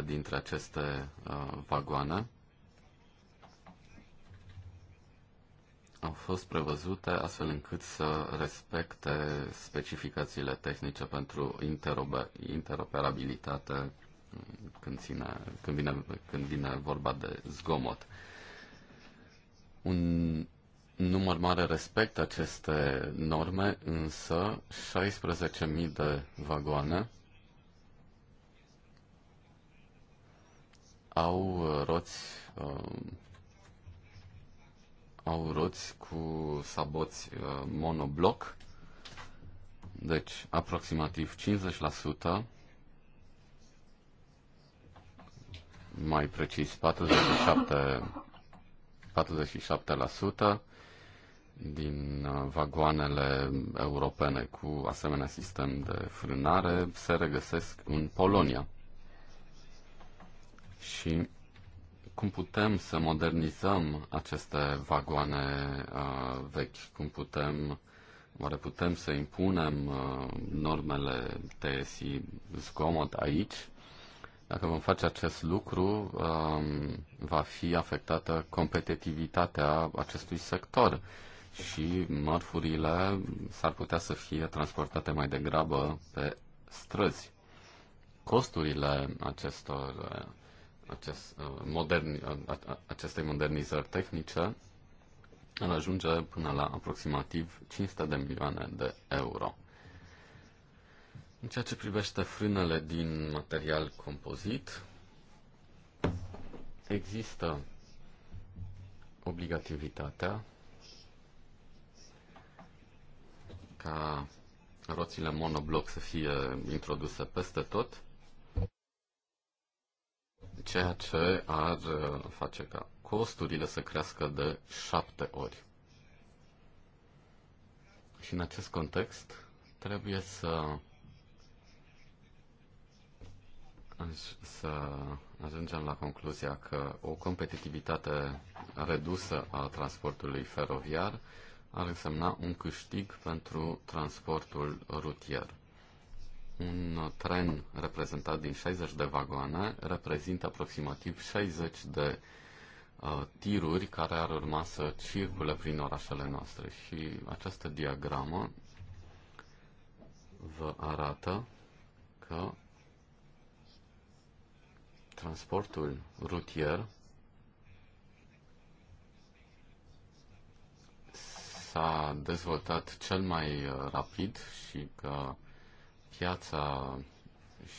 8% dintre aceste uh, vagoane au fost prevăzute astfel încât să respecte specificațiile tehnice pentru interoperabilitate când, ține, când, vine, când vine vorba de zgomot. Un număr mare respectă aceste norme, însă 16.000 de vagoane au roți um, au roți cu saboți uh, monobloc, deci aproximativ 50%, mai precis 47, 47% din uh, vagoanele europene cu asemenea sistem de frânare se regăsesc în Polonia. Și cum putem să modernizăm aceste vagoane uh, vechi, cum putem, oare putem să impunem uh, normele TSI zgomot aici. Dacă vom face acest lucru, uh, va fi afectată competitivitatea acestui sector și mărfurile s-ar putea să fie transportate mai degrabă pe străzi. Costurile acestor acest, uh, moderni, uh, acestei modernizări tehnice ar ajunge până la aproximativ 500 de milioane de euro. În ceea ce privește frânele din material compozit, există obligativitatea ca roțile monobloc să fie introduse peste tot ceea ce ar uh, face ca costurile să crească de șapte ori. Și în acest context trebuie să să ajungem la concluzia că o competitivitate redusă a transportului feroviar ar însemna un câștig pentru transportul rutier un tren reprezentat din 60 de vagoane reprezintă aproximativ 60 de uh, tiruri care ar urma să circule prin orașele noastre. Și această diagramă vă arată că transportul rutier s-a dezvoltat cel mai uh, rapid și că piața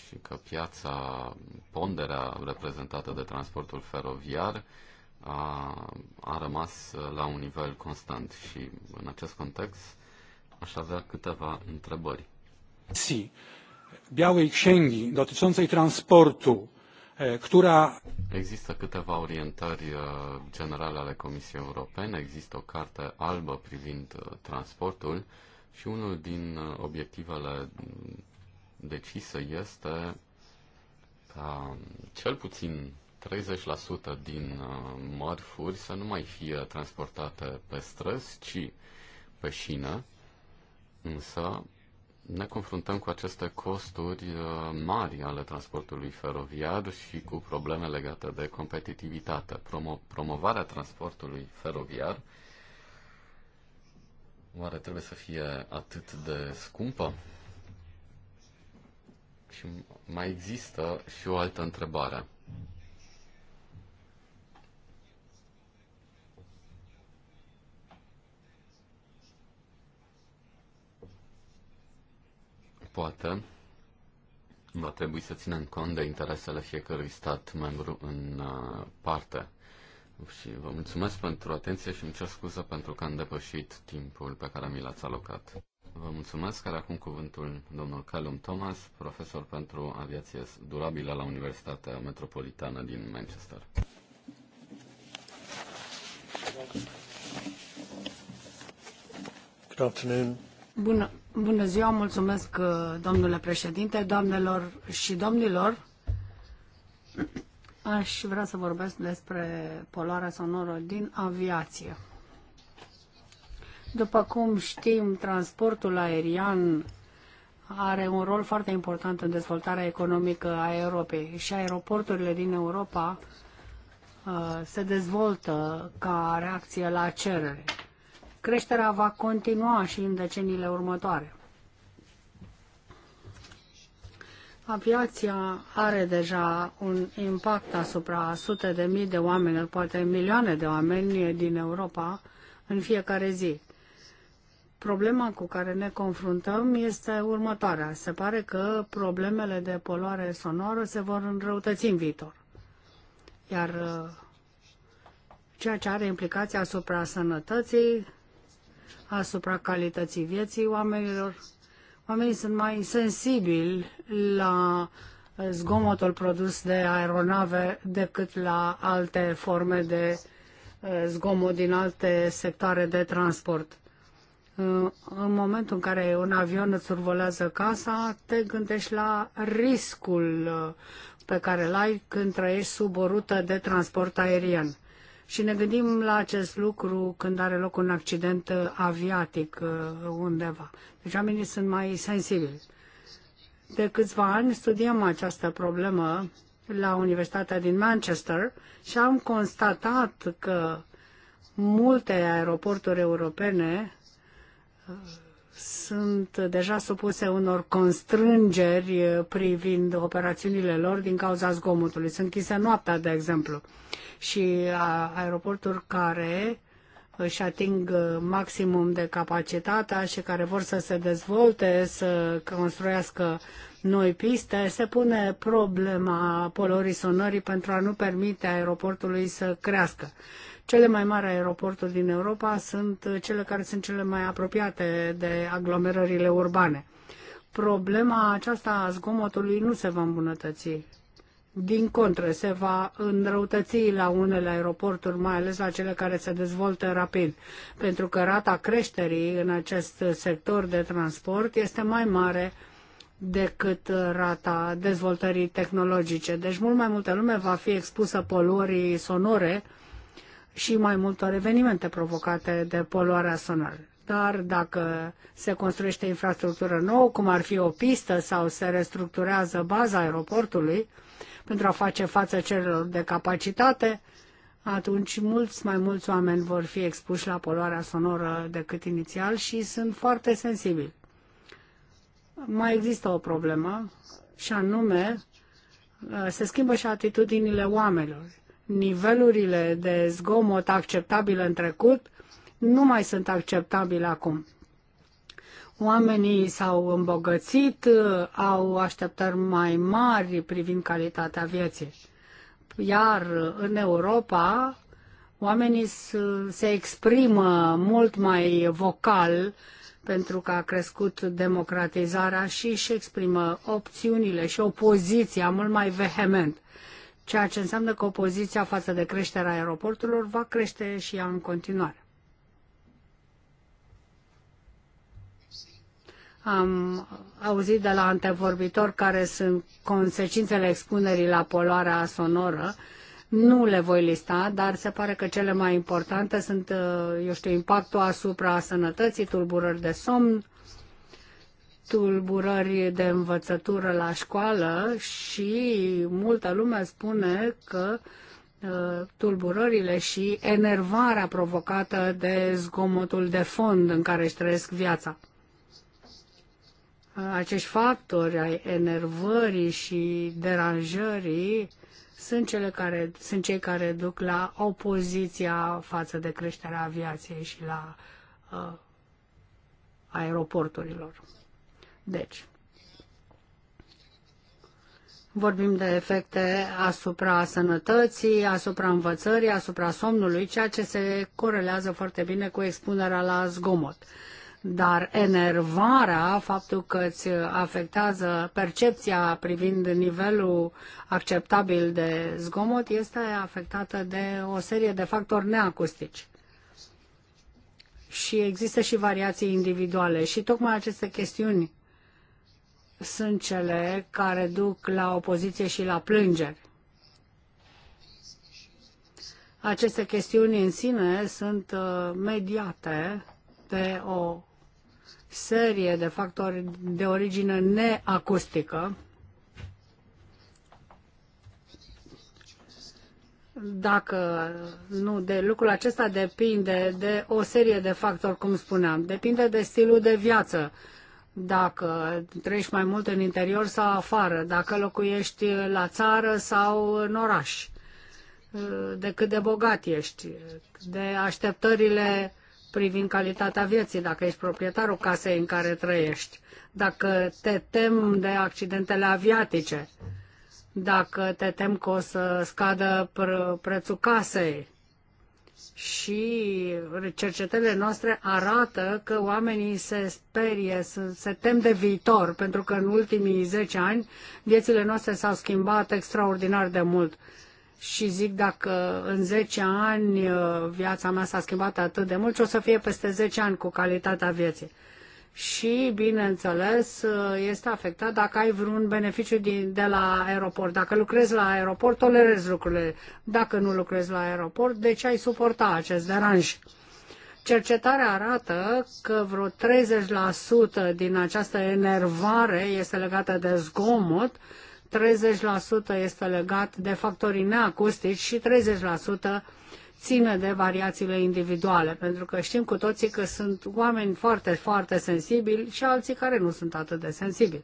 și că piața, ponderea reprezentată de transportul feroviar a, a rămas la un nivel constant și în acest context aș avea câteva întrebări. Si. Białej Księgi dotyczącej transportu, która... Există câteva orientări generale ale Comisiei Europene, există o carte albă privind transportul, și unul din uh, obiectivele mm, decise este ca cel puțin 30% din uh, mărfuri să nu mai fie transportate pe străzi, ci pe șină, însă ne confruntăm cu aceste costuri uh, mari ale transportului feroviar și cu probleme legate de competitivitate. Promo- promovarea transportului feroviar Oare trebuie să fie atât de scumpă? Și mai există și o altă întrebare. Poate va trebui să ținem cont de interesele fiecărui stat membru în uh, parte și vă mulțumesc pentru atenție și îmi cer scuză pentru că am depășit timpul pe care mi l-ați alocat. Vă mulțumesc, care acum cuvântul domnul Calum Thomas, profesor pentru aviație durabilă la Universitatea Metropolitană din Manchester. Good afternoon. Bună, bună ziua, mulțumesc domnule președinte, doamnelor și domnilor. Aș vrea să vorbesc despre poluarea sonoră din aviație. După cum știm, transportul aerian are un rol foarte important în dezvoltarea economică a Europei și aeroporturile din Europa uh, se dezvoltă ca reacție la cerere. Creșterea va continua și în deceniile următoare. Aviația are deja un impact asupra sute de mii de oameni, poate milioane de oameni din Europa în fiecare zi. Problema cu care ne confruntăm este următoarea. Se pare că problemele de poluare sonoră se vor înrăutăți în viitor. Iar uh, ceea ce are implicații asupra sănătății, asupra calității vieții oamenilor, Oamenii sunt mai sensibili la zgomotul produs de aeronave decât la alte forme de eh, zgomot din alte sectoare de transport. Eh, în momentul în care un avion îți urvolează casa, te gândești la riscul eh, pe care îl ai când trăiești sub o rută de transport aerian și ne gândim la acest lucru când are loc un accident aviatic uh, undeva. Deci oamenii sunt mai sensibili. De câțiva ani studiem această problemă la Universitatea din Manchester și am constatat că multe aeroporturi europene uh, sunt deja supuse unor constrângeri privind operațiunile lor din cauza zgomotului. Sunt închise noaptea, de exemplu, și aeroporturi care își ating maximum de capacitatea și care vor să se dezvolte, să construiască noi piste, se pune problema polorii sonării pentru a nu permite aeroportului să crească. Cele mai mari aeroporturi din Europa sunt cele care sunt cele mai apropiate de aglomerările urbane. Problema aceasta a zgomotului nu se va îmbunătăți. Din contră, se va înrăutăți la unele aeroporturi, mai ales la cele care se dezvoltă rapid, pentru că rata creșterii în acest sector de transport este mai mare decât rata dezvoltării tehnologice. Deci mult mai multă lume va fi expusă poluării sonore și mai multor evenimente provocate de poluarea sonoră. Dar dacă se construiește infrastructură nouă, cum ar fi o pistă sau se restructurează baza aeroportului pentru a face față cererilor de capacitate, atunci mulți mai mulți oameni vor fi expuși la poluarea sonoră decât inițial și sunt foarte sensibili. Mai există o problemă și anume se schimbă și atitudinile oamenilor nivelurile de zgomot acceptabile în trecut nu mai sunt acceptabile acum. Oamenii s-au îmbogățit, au așteptări mai mari privind calitatea vieții. Iar în Europa, oamenii se exprimă mult mai vocal pentru că a crescut democratizarea și își exprimă opțiunile și opoziția mult mai vehement ceea ce înseamnă că opoziția față de creșterea aeroporturilor va crește și ea în continuare. Am auzit de la antevorbitori care sunt consecințele expunerii la poluarea sonoră. Nu le voi lista, dar se pare că cele mai importante sunt, uh, eu știu, impactul asupra sănătății, tulburări de somn, tulburări de învățătură la școală și multă lume spune că uh, tulburările și enervarea provocată de zgomotul de fond în care își trăiesc viața. Uh, acești factori ai enervării și deranjării sunt, cele care, sunt cei care duc la opoziția față de creșterea aviației și la uh, aeroporturilor. Deci, vorbim de efecte asupra sănătății, asupra învățării, asupra somnului, ceea ce se corelează foarte bine cu expunerea la zgomot. Dar enervarea, faptul că îți afectează percepția privind nivelul acceptabil de zgomot, este afectată de o serie de factori neacustici și există și variații individuale. Și tocmai aceste chestiuni sunt cele care duc la opoziție și la plângeri. Aceste chestiuni în sine sunt uh, mediate de o serie de factori de origine neacustică. Dacă nu, de lucrul acesta depinde de o serie de factori, cum spuneam. Depinde de stilul de viață, dacă trăiești mai mult în interior sau afară, dacă locuiești la țară sau în oraș, de cât de bogat ești, de așteptările privind calitatea vieții, dacă ești proprietarul casei în care trăiești, dacă te tem de accidentele aviatice, dacă te tem că o să scadă prețul casei, și cercetările noastre arată că oamenii se sperie, se, tem de viitor, pentru că în ultimii 10 ani viețile noastre s-au schimbat extraordinar de mult. Și zic, dacă în 10 ani uh, viața mea s-a schimbat atât de mult, ce o să fie peste 10 ani cu calitatea vieții și, bineînțeles, este afectat dacă ai vreun beneficiu din, de la aeroport. Dacă lucrezi la aeroport, tolerezi lucrurile. Dacă nu lucrezi la aeroport, de ce ai suporta acest deranj. Cercetarea arată că vreo 30% din această enervare este legată de zgomot, 30% este legat de factorii neacustici și 30% ține de variațiile individuale, pentru că știm cu toții că sunt oameni foarte, foarte sensibili și alții care nu sunt atât de sensibili.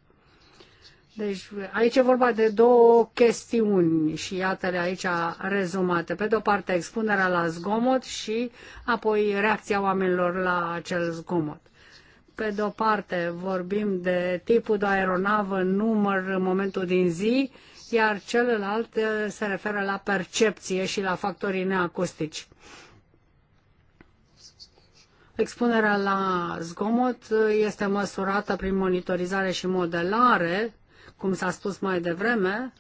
Deci aici e vorba de două chestiuni și iată-le aici rezumate. Pe de o parte expunerea la zgomot și apoi reacția oamenilor la acel zgomot. Pe de o parte vorbim de tipul de aeronavă, număr în momentul din zi iar celălalt uh, se referă la percepție și la factorii neacustici. Expunerea la zgomot uh, este măsurată prin monitorizare și modelare, cum s-a spus mai devreme,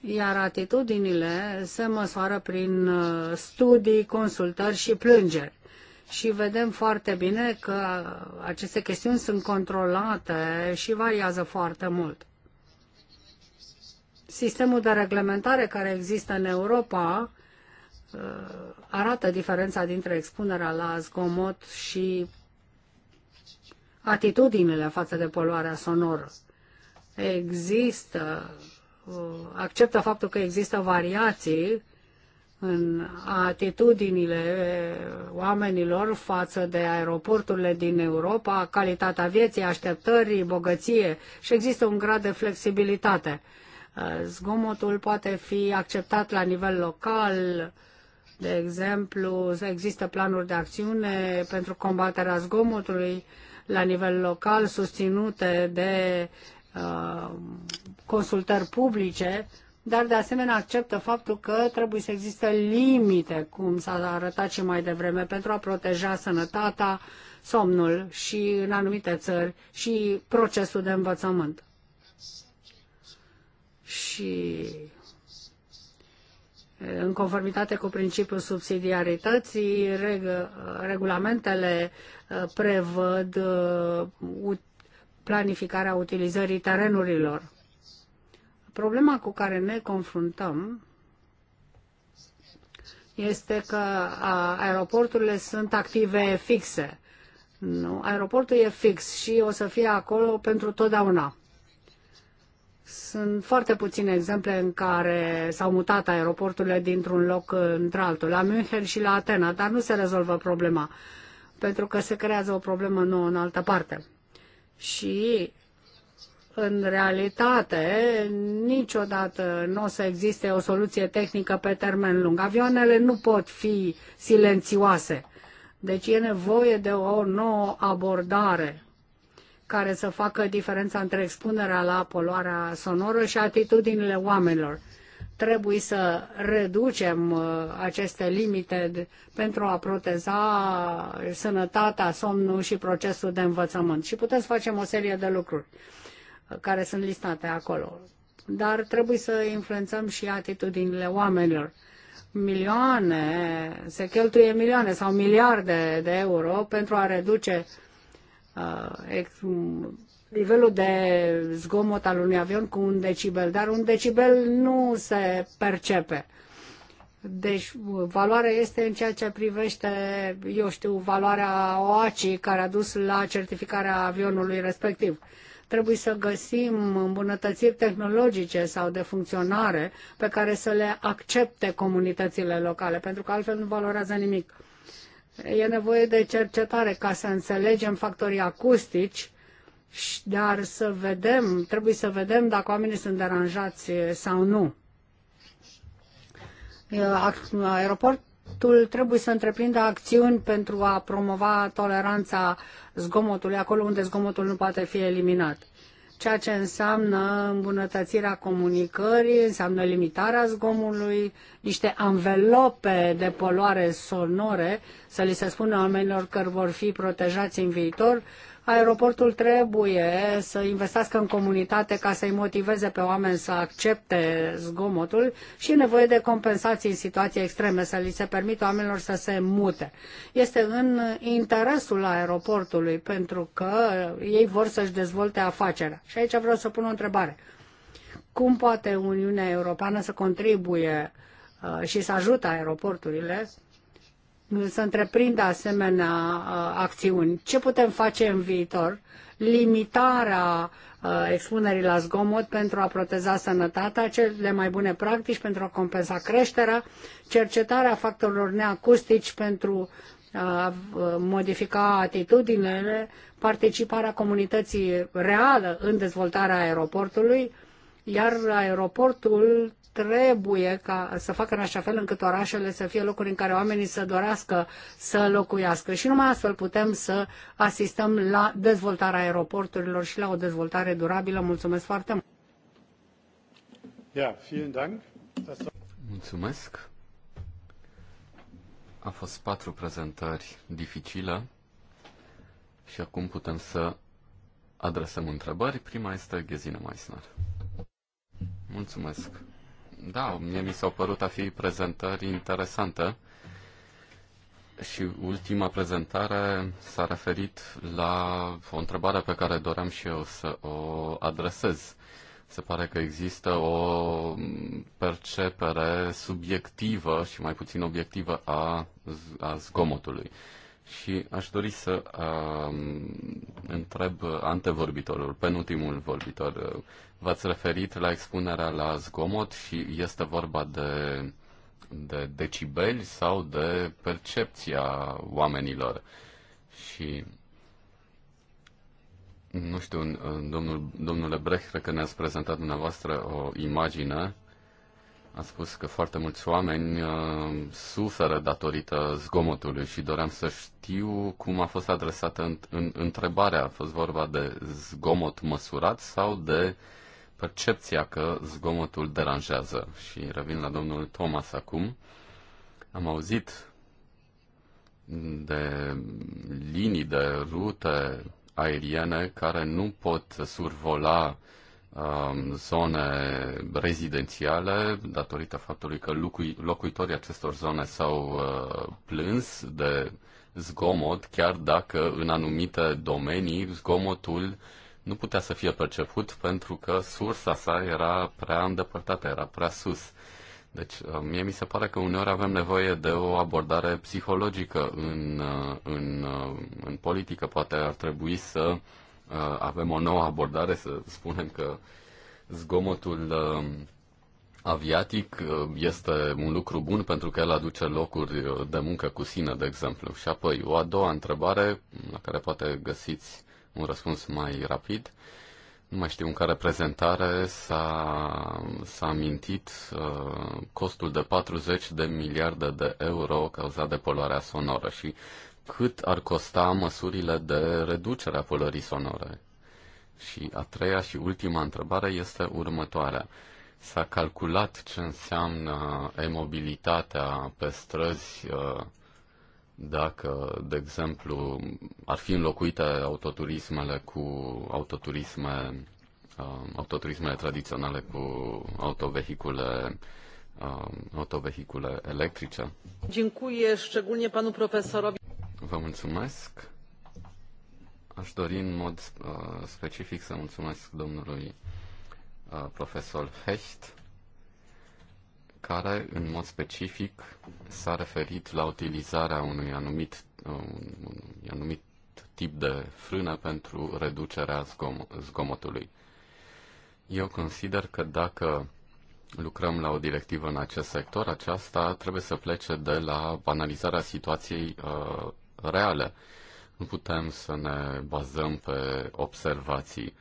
iar atitudinile se măsoară prin uh, studii, consultări și plângeri. Și vedem foarte bine că aceste chestiuni sunt controlate și variază foarte mult. Sistemul de reglementare care există în Europa uh, arată diferența dintre expunerea la zgomot și atitudinile față de poluarea sonoră. Există, uh, acceptă faptul că există variații în atitudinile oamenilor față de aeroporturile din Europa, calitatea vieții, așteptării, bogăție și există un grad de flexibilitate. Uh, zgomotul poate fi acceptat la nivel local, de exemplu, există planuri de acțiune pentru combaterea zgomotului la nivel local, susținute de uh, consultări publice, dar de asemenea acceptă faptul că trebuie să existe limite, cum s-a arătat și mai devreme, pentru a proteja sănătatea, somnul și, în anumite țări, și procesul de învățământ și în conformitate cu principiul subsidiarității, reg regulamentele uh, prevăd uh, planificarea utilizării terenurilor. Problema cu care ne confruntăm este că aeroporturile sunt active fixe. Nu, aeroportul e fix și o să fie acolo pentru totdeauna. Sunt foarte puține exemple în care s-au mutat aeroporturile dintr-un loc într-altul, la München și la Atena, dar nu se rezolvă problema, pentru că se creează o problemă nouă în altă parte. Și în realitate, niciodată nu o să existe o soluție tehnică pe termen lung. Avioanele nu pot fi silențioase. Deci e nevoie de o nouă abordare care să facă diferența între expunerea la poluarea sonoră și atitudinile oamenilor. Trebuie să reducem uh, aceste limite pentru a proteja sănătatea, somnul și procesul de învățământ. Și putem să facem o serie de lucruri uh, care sunt listate acolo. Dar trebuie să influențăm și atitudinile oamenilor. Milioane, se cheltuie milioane sau miliarde de euro pentru a reduce Uh, nivelul de zgomot al unui avion cu un decibel, dar un decibel nu se percepe. Deci uh, valoarea este în ceea ce privește, eu știu, valoarea OACI care a dus la certificarea avionului respectiv. Trebuie să găsim îmbunătățiri tehnologice sau de funcționare pe care să le accepte comunitățile locale, pentru că altfel nu valorează nimic E nevoie de cercetare ca să înțelegem factorii acustici, dar să vedem, trebuie să vedem dacă oamenii sunt deranjați sau nu. Aeroportul trebuie să întreprindă acțiuni pentru a promova toleranța zgomotului, acolo unde zgomotul nu poate fi eliminat ceea ce înseamnă îmbunătățirea comunicării, înseamnă limitarea zgomului, niște anvelope de poluare sonore, să li se spună oamenilor că vor fi protejați în viitor, aeroportul trebuie să investească în comunitate ca să-i motiveze pe oameni să accepte zgomotul și e nevoie de compensații în situații extreme, să li se permită oamenilor să se mute. Este în interesul aeroportului pentru că ei vor să-și dezvolte afacerea. Și aici vreau să pun o întrebare. Cum poate Uniunea Europeană să contribuie uh, și să ajute aeroporturile să întreprindă asemenea uh, acțiuni. Ce putem face în viitor? Limitarea uh, expunerii la zgomot pentru a proteza sănătatea, cele mai bune practici pentru a compensa creșterea, cercetarea factorilor neacustici pentru a uh, modifica atitudinile, participarea comunității reală în dezvoltarea aeroportului, iar aeroportul trebuie ca să facă în așa fel încât orașele să fie locuri în care oamenii să dorească să locuiască și numai astfel putem să asistăm la dezvoltarea aeroporturilor și la o dezvoltare durabilă. Mulțumesc foarte mult! Ja, vielen Dank. Mulțumesc! A fost patru prezentări dificile și acum putem să adresăm întrebări. Prima este Ghezina Meissner. Mulțumesc! Da, mie mi s-au părut a fi prezentări interesante și ultima prezentare s-a referit la o întrebare pe care doream și eu să o adresez. Se pare că există o percepere subiectivă și mai puțin obiectivă a, a zgomotului. Și aș dori să uh, întreb antevorbitorul, penultimul vorbitor, V-ați referit la expunerea la zgomot și este vorba de, de decibeli sau de percepția oamenilor. Și nu știu, domnul, domnule Brecht, cred că ne-ați prezentat dumneavoastră o imagine. A spus că foarte mulți oameni uh, suferă datorită zgomotului și doream să știu cum a fost adresată în, în, întrebarea. A fost vorba de zgomot măsurat sau de uh, percepția că zgomotul deranjează. Și revin la domnul Thomas acum. Am auzit de linii de rute aeriene care nu pot survola um, zone rezidențiale datorită faptului că locuitorii acestor zone s-au uh, plâns de zgomot, chiar dacă în anumite domenii zgomotul nu putea să fie perceput pentru că sursa sa era prea îndepărtată, era prea sus. Deci, uh, mie mi se pare că uneori avem nevoie de o abordare psihologică în, uh, în, uh, în politică. Poate ar trebui să avem o nouă abordare, să spunem că zgomotul aviatic este un lucru bun pentru că el aduce locuri de muncă cu sine, de exemplu. Și apoi, o a doua întrebare, la care poate găsiți un răspuns mai rapid. Nu mai știu în care prezentare s-a, s-a amintit uh, costul de 40 de miliarde de euro cauzat de poluarea sonoră și cât ar costa măsurile de reducere a poluării sonore. Și a treia și ultima întrebare este următoarea. S-a calculat ce înseamnă e-mobilitatea pe străzi uh, dacă, de exemplu, ar fi înlocuite autoturismele cu autoturisme, um, autoturismele tradiționale cu autovehicule um, autovehicule electrice. Dziękuję szczególnie panu profesorowi. Vă mulțumesc. Aș dori în mod uh, specific să mulțumesc domnului uh, profesor Hecht care, în mod specific, s-a referit la utilizarea unui anumit, uh, un, anumit tip de frână pentru reducerea zgom- zgomotului. Eu consider că dacă lucrăm la o directivă în acest sector, aceasta trebuie să plece de la analizarea situației uh, reale. Nu putem să ne bazăm pe observații. Uh,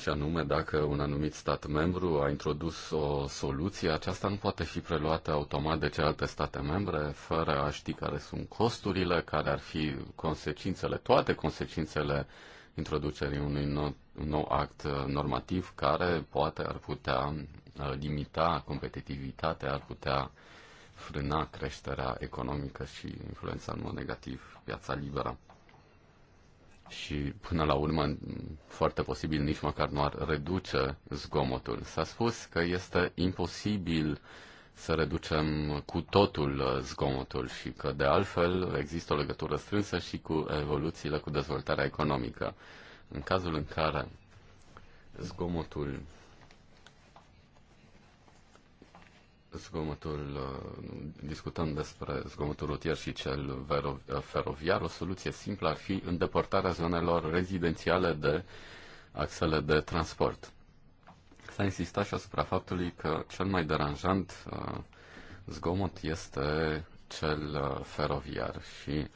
și anume dacă un anumit stat membru a introdus o soluție, aceasta nu poate fi preluată automat de celelalte state membre fără a ști care sunt costurile, care ar fi consecințele, toate consecințele introducerii unui nou, nou act uh, normativ care poate ar putea uh, limita competitivitatea, ar putea frâna creșterea economică și influența în mod negativ piața liberă și până la urmă foarte posibil nici măcar nu ar reduce zgomotul. S-a spus că este imposibil să reducem cu totul uh, zgomotul și că de altfel există o legătură strânsă și cu evoluțiile, cu dezvoltarea economică. În cazul în care zgomotul zgomotul, uh, discutăm despre zgomotul rutier și cel feroviar, o soluție simplă ar fi îndepărtarea zonelor rezidențiale de axele de transport. S-a insistat și asupra faptului că cel mai deranjant uh, zgomot este cel uh, feroviar și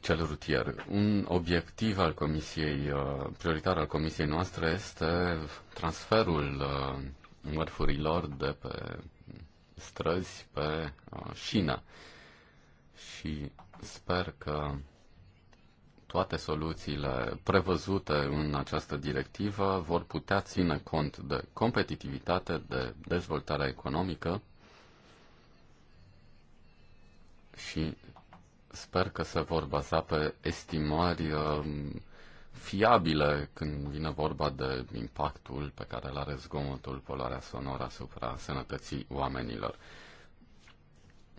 cel rutier. Un obiectiv al comisiei, prioritar al comisiei noastre este transferul mărfurilor de pe străzi, pe uh, șină. Și sper că toate soluțiile prevăzute în această directivă vor putea ține cont de competitivitate, de dezvoltarea economică și sper că se vor baza pe estimări um, fiabile când vine vorba de impactul pe care îl are zgomotul, poluarea sonoră asupra sănătății oamenilor.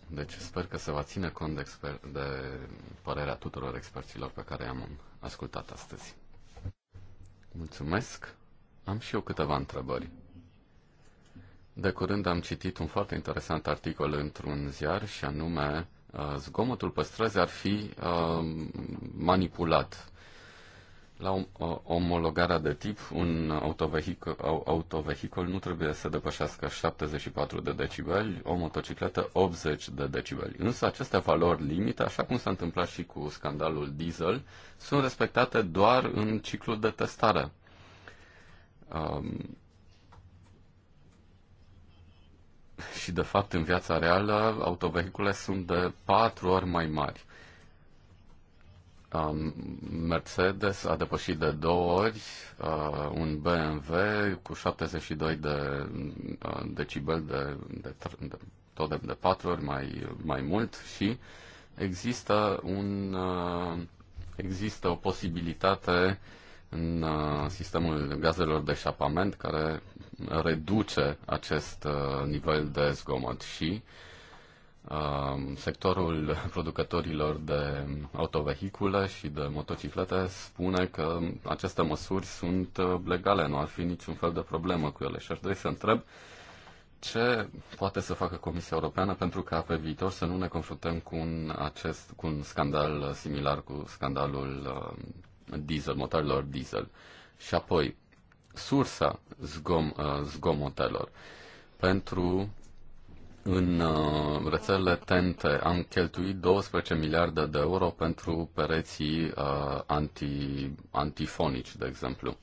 Deci sper că se va ține cont de, exper- de părerea tuturor experților pe care am ascultat astăzi. Mulțumesc. Am și eu câteva întrebări. De curând am citit un foarte interesant articol într-un ziar și anume uh, zgomotul păstrăzi ar fi uh, manipulat la omologarea de tip, un autovehicul, autovehicul nu trebuie să depășească 74 de decibeli, o motocicletă 80 de decibeli. Însă aceste valori limite, așa cum s-a întâmplat și cu scandalul diesel, sunt respectate doar în ciclul de testare. Um, și de fapt în viața reală autovehiculele sunt de patru ori mai mari. Mercedes a depășit de două ori uh, un BMW cu 72 de uh, decibel de, de, de, tot de, de patru ori mai, mai mult și există, un, uh, există o posibilitate în uh, sistemul gazelor de șapament care reduce acest uh, nivel de zgomot și uh, Um, sectorul producătorilor de autovehicule și de motociclete spune că aceste măsuri sunt uh, legale, nu ar fi niciun fel de problemă cu ele. Și aș dori să întreb ce poate să facă Comisia Europeană pentru ca pe viitor să nu ne confruntăm cu un, acest, cu un scandal similar cu scandalul uh, diesel, motorilor diesel. Și apoi, sursa zgom, uh, zgomotelor pentru în uh, rețelele TNT am cheltuit 12 miliarde de euro pentru pereții uh, anti, antifonici, de exemplu.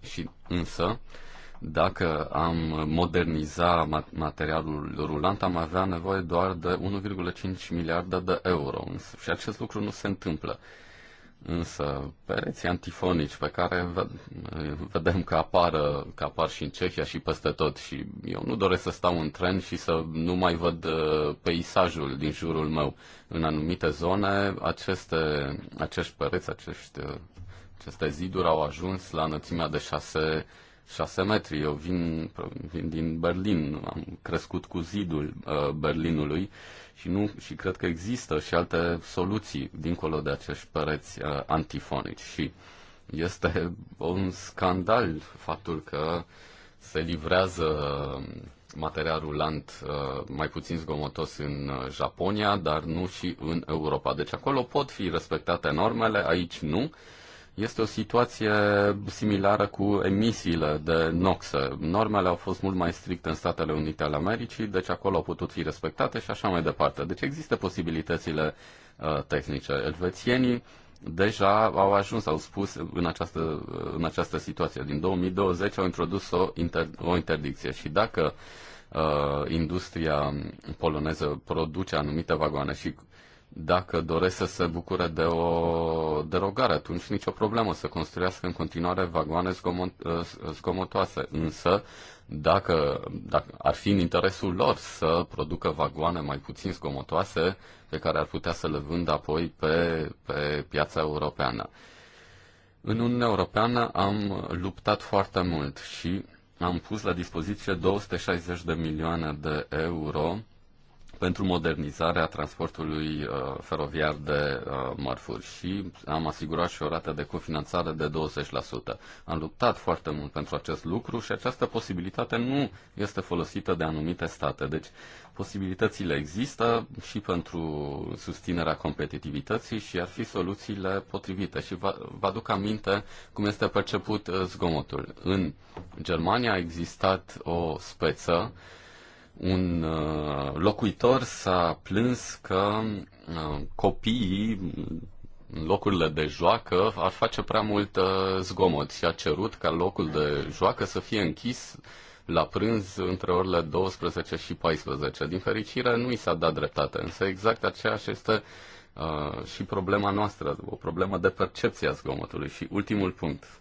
Și însă, dacă am moderniza materialul rulant, am avea nevoie doar de 1,5 miliarde de euro. Și acest lucru nu se întâmplă. Însă pereții antifonici pe care vedem că, apară, că apar și în Cehia și peste tot și eu nu doresc să stau în tren și să nu mai văd uh, peisajul din jurul meu. În anumite zone aceste, acești pereți, acești, uh, aceste ziduri au ajuns la înălțimea de 6, 6 metri. Eu vin, vin din Berlin, am crescut cu zidul uh, Berlinului și, nu, și cred că există și alte soluții dincolo de acești pereți uh, antifonici. Și este un scandal faptul că se livrează material rulant uh, mai puțin zgomotos în uh, Japonia, dar nu și în Europa. Deci acolo pot fi respectate normele, aici nu. Este o situație similară cu emisiile de NOx. Normele au fost mult mai stricte în Statele Unite ale Americii, deci acolo au putut fi respectate și așa mai departe. Deci există posibilitățile uh, tehnice. Elvețienii deja au ajuns, au spus în această, în această situație. Din 2020 au introdus o, inter, o interdicție și dacă uh, industria poloneză produce anumite vagoane și dacă doresc să se bucure de o derogare, atunci nicio problemă să construiască în continuare vagoane zgomot- ă, zgomotoase. Însă, dacă, dacă ar fi în interesul lor să producă vagoane mai puțin zgomotoase, pe care ar putea să le vândă apoi pe, pe piața europeană. În Uniunea Europeană am luptat foarte mult și am pus la dispoziție 260 de milioane de euro pentru modernizarea transportului uh, feroviar de uh, mărfuri și am asigurat și o rată de cofinanțare de 20%. Am luptat foarte mult pentru acest lucru și această posibilitate nu este folosită de anumite state. Deci posibilitățile există și pentru susținerea competitivității și ar fi soluțiile potrivite. Și vă, aduc aminte cum este perceput uh, zgomotul. În Germania a existat o speță un uh, locuitor s-a plâns că uh, copiii în locurile de joacă ar face prea mult uh, zgomot și a cerut ca locul de joacă să fie închis la prânz între orele 12 și 14. Din fericire nu i s-a dat dreptate, însă exact aceeași este uh, și problema noastră, o problemă de percepție a zgomotului. Și ultimul punct,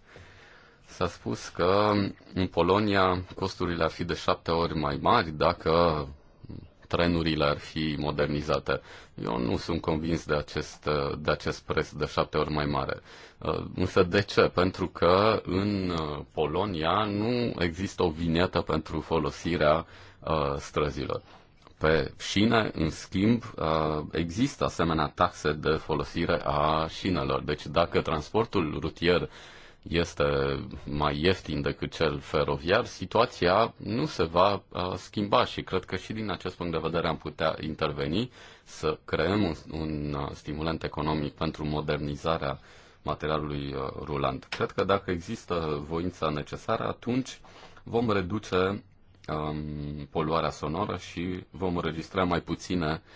S-a spus că în Polonia costurile ar fi de șapte ori mai mari dacă trenurile ar fi modernizate. Eu nu sunt convins de acest, de acest preț de șapte ori mai mare. Uh, însă de ce? Pentru că în uh, Polonia nu există o vinetă pentru folosirea uh, străzilor. Pe șine, în schimb, există asemenea taxe de folosire a șinelor. Deci dacă transportul rutier este mai ieftin decât cel feroviar, situația nu se va schimba și cred că și din acest punct de vedere am putea interveni să creăm un, un stimulant economic pentru modernizarea materialului rulant. Cred că dacă există voința necesară, atunci vom reduce um, poluarea sonoră și vom înregistra mai puține uh,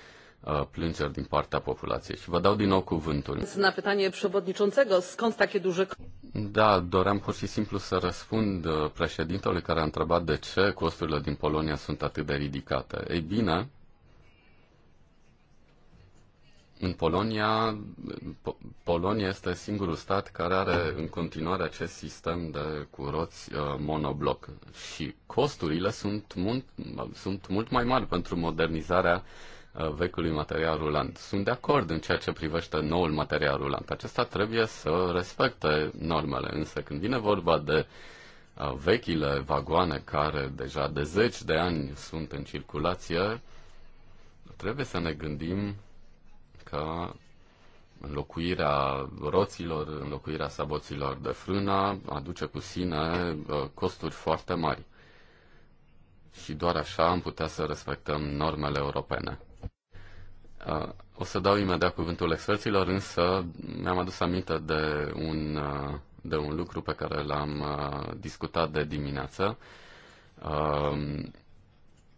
Uh, plângeri din partea populației. Și vă dau din nou cuvântul. Na pytanie przewodniczącego, skąd takie duże... Da, doream pur și simplu să răspund uh, președintelui care a întrebat de ce costurile din Polonia sunt atât de ridicate. Ei bine, în Polonia, Polonia este singurul stat care are în continuare acest sistem de curoți uh, monobloc și costurile sunt mult, sunt mult mai mari pentru modernizarea Uh, vecului material rulant. Sunt de acord în ceea ce privește noul material rulant. Acesta trebuie să respecte normele, însă când vine vorba de uh, vechile vagoane care deja de zeci de ani sunt în circulație, trebuie să ne gândim că înlocuirea roților, înlocuirea saboților de frână aduce cu sine uh, costuri foarte mari. Și doar așa am putea să respectăm normele europene. Uh, o să dau imediat cuvântul experților, însă mi-am adus aminte de un, uh, de un lucru pe care l-am uh, discutat de dimineață.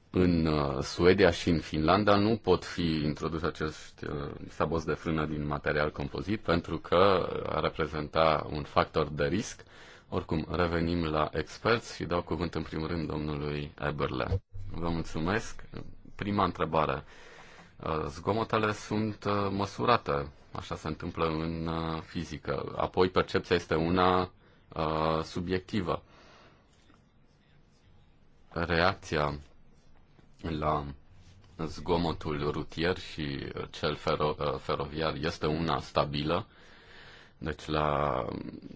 În Suedia și în Finlanda nu pot fi introdus acești saboți de frână din material compozit pentru că ar reprezenta un factor de risc. Oricum, revenim la experți și dau cuvânt în primul rând domnului Eberle. Vă mulțumesc. Prima întrebare Uh, zgomotele sunt uh, măsurate, așa se întâmplă în uh, fizică. Apoi percepția este una subiectivă. Reacția la zgomotul rutier și cel fero- feroviar este una stabilă, deci la,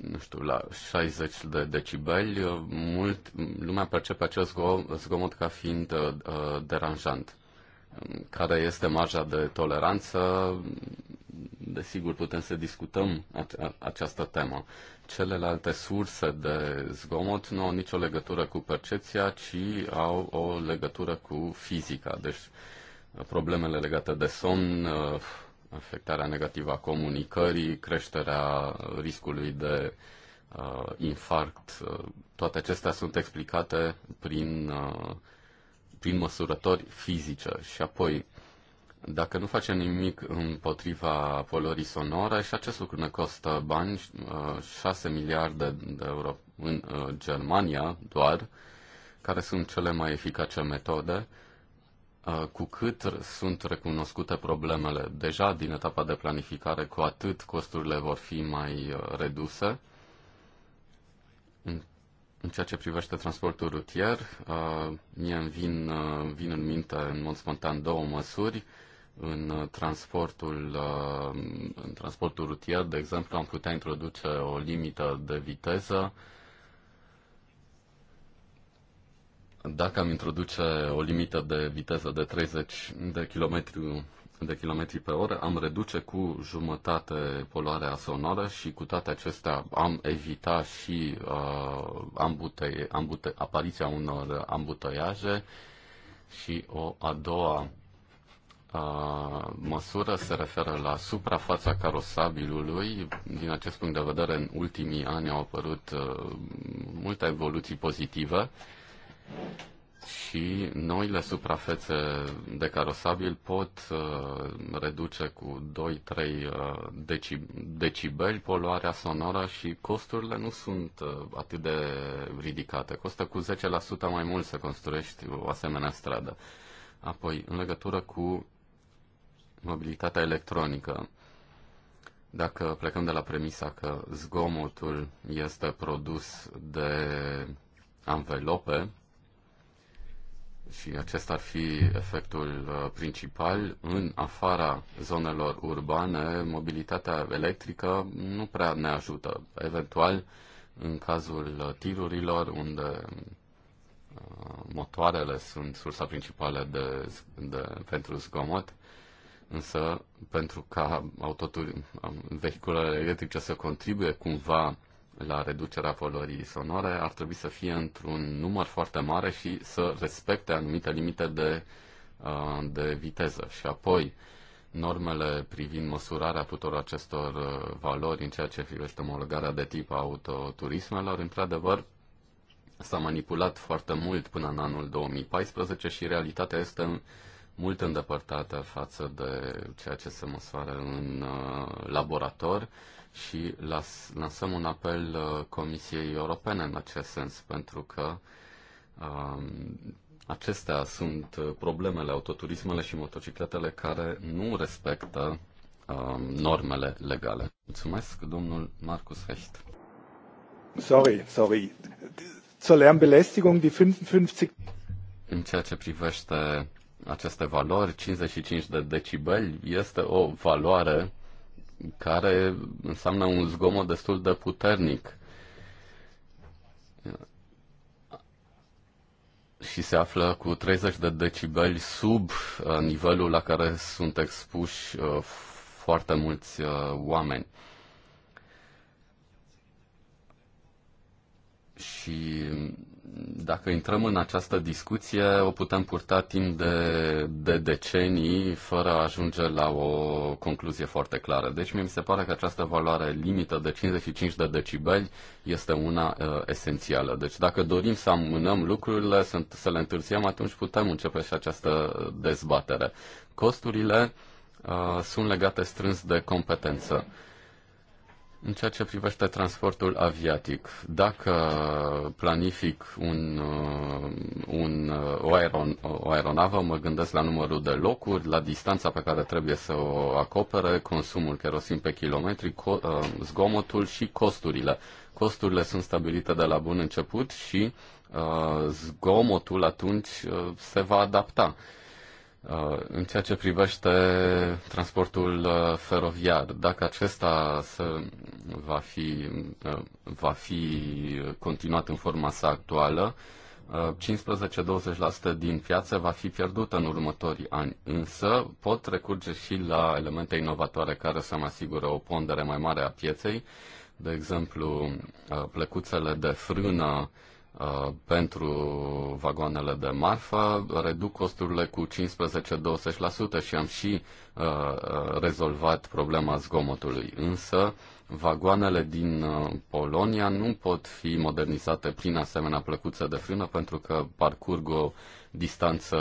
nu știu, la 60 de decibeli, mult, lumea percepe acest zgomot ca fiind uh, deranjant care este marja de toleranță, desigur putem să discutăm această temă. Celelalte surse de zgomot nu au nicio legătură cu percepția, ci au o legătură cu fizica. Deci problemele legate de somn, uh, afectarea negativă a comunicării, creșterea riscului de uh, infarct, uh, toate acestea sunt explicate prin prin măsurători fizice și apoi dacă nu facem nimic împotriva polorii sonore și acest lucru ne costă bani, 6 uh, miliarde de euro în uh, Germania doar, care sunt cele mai eficace metode, uh, cu cât sunt recunoscute problemele deja din etapa de planificare, cu atât costurile vor fi mai reduse. În ceea ce privește transportul rutier, uh, mie îmi vin, uh, vin în minte în mod spontan două măsuri. În transportul, uh, în transportul rutier, de exemplu, am putea introduce o limită de viteză dacă am introduce o limită de viteză de 30 de km de km pe oră, am reduce cu jumătate poluarea sonoră și cu toate acestea am evita și uh, ambute, ambute, apariția unor ambutăiaje și o a doua uh, măsură se referă la suprafața carosabilului. Din acest punct de vedere, în ultimii ani au apărut uh, multe evoluții pozitive și noile suprafețe de carosabil pot uh, reduce cu 2-3 uh, deci, decibeli poluarea sonoră și costurile nu sunt uh, atât de ridicate. Costă cu 10% mai mult să construiești o asemenea stradă. Apoi, în legătură cu mobilitatea electronică, dacă plecăm de la premisa că zgomotul este produs de anvelope, și acesta ar fi efectul uh, principal. În afara zonelor urbane, mobilitatea electrică nu prea ne ajută. Eventual, în cazul tirurilor, unde uh, motoarele sunt sursa principală de, de, pentru zgomot, însă pentru ca autoturi, um, vehiculele electrice să contribuie cumva la reducerea poluării sonore ar trebui să fie într-un număr foarte mare și să respecte anumite limite de, uh, de viteză. Și apoi, normele privind măsurarea tuturor acestor uh, valori în ceea ce privește omologarea de tip autoturismelor, într-adevăr, s-a manipulat foarte mult până în anul 2014 și realitatea este mult îndepărtată față de ceea ce se măsoară în uh, laborator și lansăm un apel uh, Comisiei Europene în acest sens, pentru că uh, acestea sunt uh, problemele, autoturismele și motocicletele care nu respectă uh, normele legale. Mulțumesc, domnul Marcus Hecht. Sorry, sorry. Zur Lärmbelästigung, die 55... În ceea ce privește aceste valori, 55 de decibeli este o valoare care înseamnă un zgomot destul de puternic. și se află cu 30 de decibeli sub uh, nivelul la care sunt expuși uh, foarte mulți uh, oameni. Și dacă intrăm în această discuție, o putem purta timp de, de decenii fără a ajunge la o concluzie foarte clară. Deci mi se pare că această valoare limită de 55 de decibeli este una uh, esențială. Deci dacă dorim să amânăm lucrurile, să, să le întârziem, atunci putem începe și această dezbatere. Costurile uh, sunt legate strâns de competență. Uh, în ceea ce privește transportul aviatic, dacă planific un, uh, un, uh, o, aeron, o aeronavă, mă gândesc la numărul de locuri, la distanța pe care trebuie să o acopere, consumul kerosin pe kilometri, co- uh, zgomotul și costurile. Costurile sunt stabilite de la bun început și uh, zgomotul atunci uh, se va adapta. Uh, Uh, în ceea ce privește transportul uh, feroviar, dacă acesta se va, fi, uh, va fi continuat în forma sa actuală, 15-20% din piață va fi pierdută în următorii ani, însă pot recurge și la elemente inovatoare care să mă asigură o pondere mai mare a pieței, de exemplu plăcuțele de frână Uh, pentru vagoanele de marfă, reduc costurile cu 15-20% și am și uh, uh, rezolvat problema zgomotului. Însă, vagoanele din uh, Polonia nu pot fi modernizate prin asemenea plăcuță de frână pentru că parcurg o distanță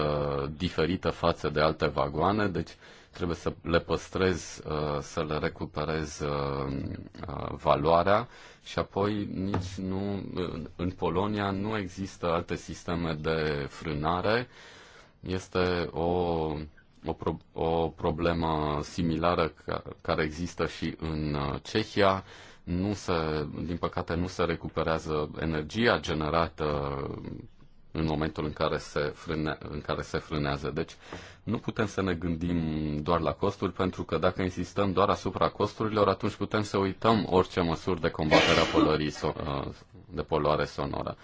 diferită față de alte vagoane, deci uh, trebuie să le păstrez, uh, să le recuperez uh, uh, valoarea și apoi nici nu, în Polonia nu există alte sisteme de frânare. Este o, o, pro, o problemă similară care există și în Cehia. Nu se, din păcate nu se recuperează energia generată în momentul în care, se frâne, în care se frânează. Deci nu putem să ne gândim doar la costuri, pentru că dacă insistăm doar asupra costurilor, atunci putem să uităm orice măsuri de combatere a poluării uh, de poluare sonoră.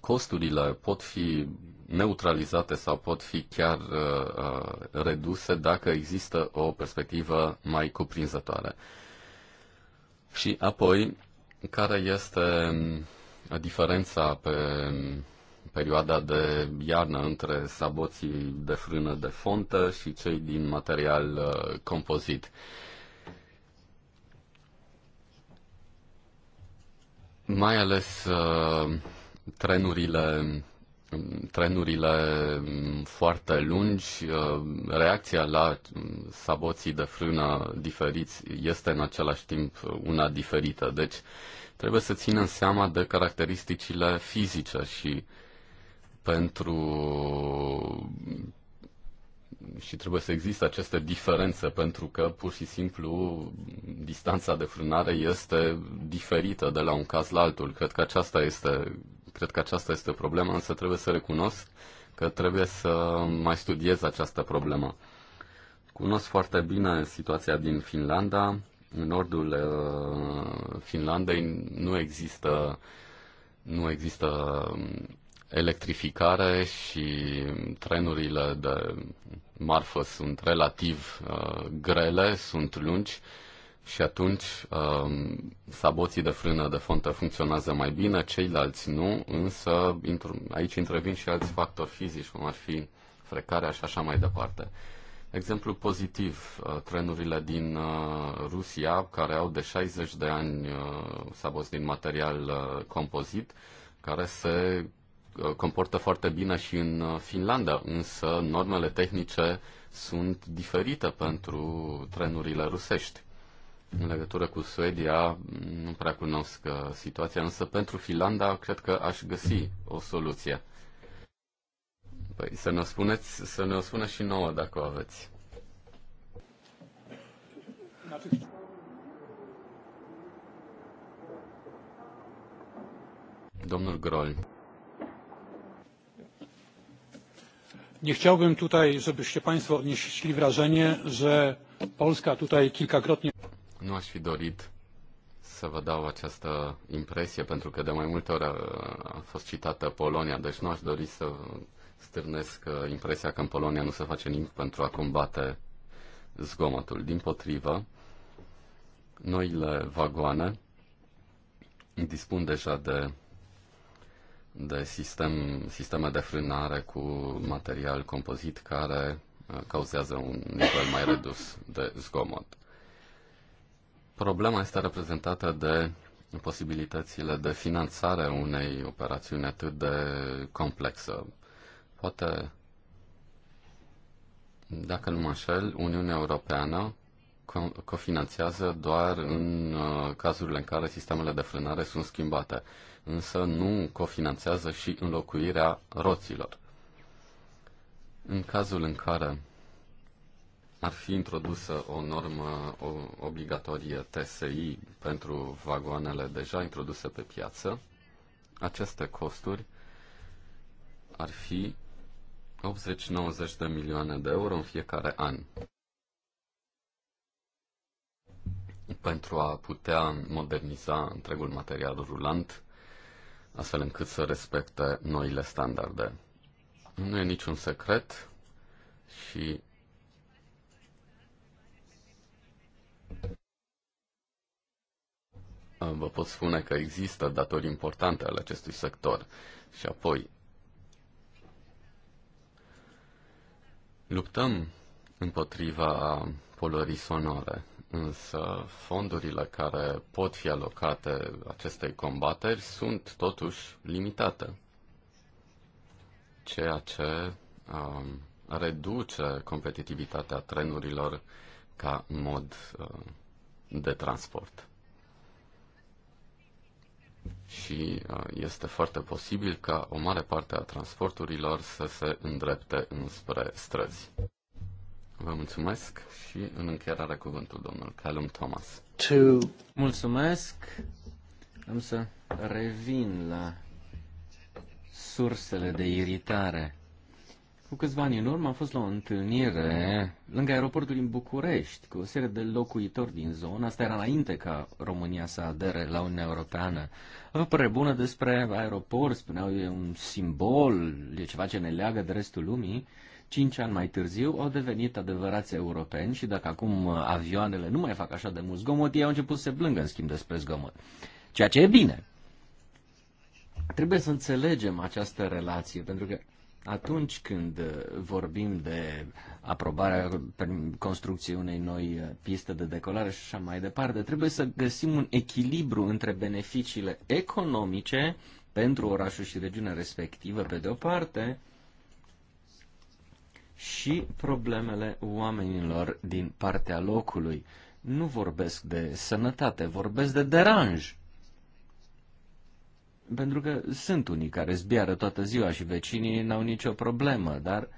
Costurile pot fi neutralizate sau pot fi chiar uh, uh reduse dacă există o perspectivă mai cuprinzătoare. Și apoi, care este diferența pe perioada de iarnă între saboții de frână de fontă și cei din material uh, compozit. Mai ales uh, trenurile trenurile mm, foarte lungi, uh, reacția la mm, saboții de frână diferiți este în același timp una diferită. Deci trebuie să în seama de caracteristicile fizice și pentru și trebuie să existe aceste diferențe pentru că pur și simplu distanța de frânare este diferită de la un caz la altul. Cred că aceasta este, cred că aceasta este problema, însă trebuie să recunosc că trebuie să mai studiez această problemă. Cunosc foarte bine situația din Finlanda, în nordul uh, Finlandei nu există nu există um, electrificare și trenurile de marfă sunt relativ uh, grele, sunt lungi și atunci uh, saboții de frână de fontă funcționează mai bine, ceilalți nu, însă aici intervin și alți factori fizici, cum ar fi frecarea și așa mai departe. Exemplu pozitiv, uh, trenurile din uh, Rusia, care au de 60 de ani uh, s-au văzut din material compozit, care se comportă foarte bine și în Finlanda, însă normele tehnice sunt diferite pentru trenurile rusești. În legătură cu Suedia, mm, nu prea cunosc situația, însă pentru Finlanda cred că aș găsi o soluție. Păi să ne-o spuneți, să ne-o spuneți și nouă dacă o aveți. Domnul Grol. Nie chciałbym tutaj, żebyście Państwo odnieśli wrażenie, że Polska tutaj kilkakrotnie... Nu aș fi dorit să vă dau această impresie, pentru că de mai multe ori a fost citată Polonia, deci nu aș dori să stârnesc uh, impresia că în Polonia nu se face nimic pentru a combate zgomotul. Din potrivă, noile vagoane dispun deja de, de sistem, sisteme de frânare cu material compozit care uh, cauzează un nivel mai redus de zgomot. Problema este reprezentată de posibilitățile de finanțare unei operațiuni atât de complexă. Poate, dacă nu mă înșel, Uniunea Europeană cofinanțează doar în uh, cazurile în care sistemele de frânare sunt schimbate, însă nu cofinanțează și înlocuirea roților. În cazul în care ar fi introdusă o normă o, obligatorie TSI pentru vagoanele deja introduse pe piață, aceste costuri ar fi 80-90 de milioane de euro în fiecare an pentru a putea moderniza întregul material rulant, astfel încât să respecte noile standarde. Nu e niciun secret și vă pot spune că există datori importante ale acestui sector. Și apoi, Luptăm împotriva polării sonore, însă fondurile care pot fi alocate acestei combateri sunt totuși limitate, ceea ce um, reduce competitivitatea trenurilor ca mod uh, de transport și uh, este foarte posibil ca o mare parte a transporturilor să se îndrepte înspre străzi. Vă mulțumesc și în încheiere are cuvântul domnul Calum Thomas. To... Mulțumesc. Am să revin la sursele de iritare cu câțiva ani în urmă am fost la o întâlnire lângă aeroportul din București cu o serie de locuitori din zonă. Asta era înainte ca România să adere la Uniunea Europeană. Aveau părere bună despre aeroport, spuneau e un simbol, e ceva ce ne leagă de restul lumii. Cinci ani mai târziu au devenit adevărați europeni și dacă acum avioanele nu mai fac așa de mult zgomot, ei au început să se plângă în schimb despre zgomot. Ceea ce e bine. Trebuie să înțelegem această relație, pentru că atunci când uh, vorbim de aprobarea construcției unei noi uh, piste de decolare și așa mai departe, trebuie să găsim un echilibru între beneficiile economice pentru orașul și regiunea respectivă, pe de o parte, și problemele oamenilor din partea locului. Nu vorbesc de sănătate, vorbesc de deranj. Pentru că sunt unii care zbiară toată ziua și vecinii n-au nicio problemă, dar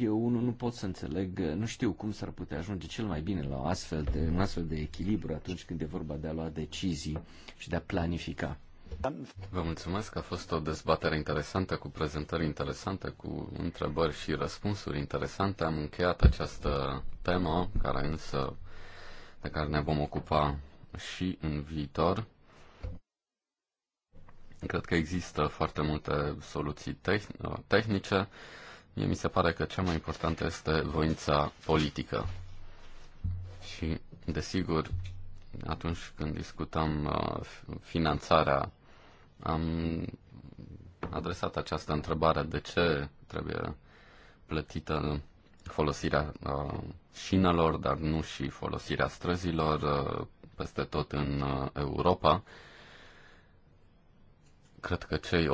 eu unul nu pot să înțeleg, nu știu cum s-ar putea ajunge cel mai bine la astfel de, un astfel de echilibru atunci când e vorba de a lua decizii și de a planifica. Vă mulțumesc că a fost o dezbatere interesantă, cu prezentări interesante, cu întrebări și răspunsuri interesante. Am încheiat această temă, care însă, de care ne vom ocupa și în viitor. Cred că există foarte multe soluții uh, tehnice. Mie mi se pare că cea mai importantă este voința politică. Și, desigur, atunci când discutam uh, finanțarea, am adresat această întrebare de ce trebuie plătită folosirea uh, șinelor, dar nu și folosirea străzilor peste tot în Europa cred că cei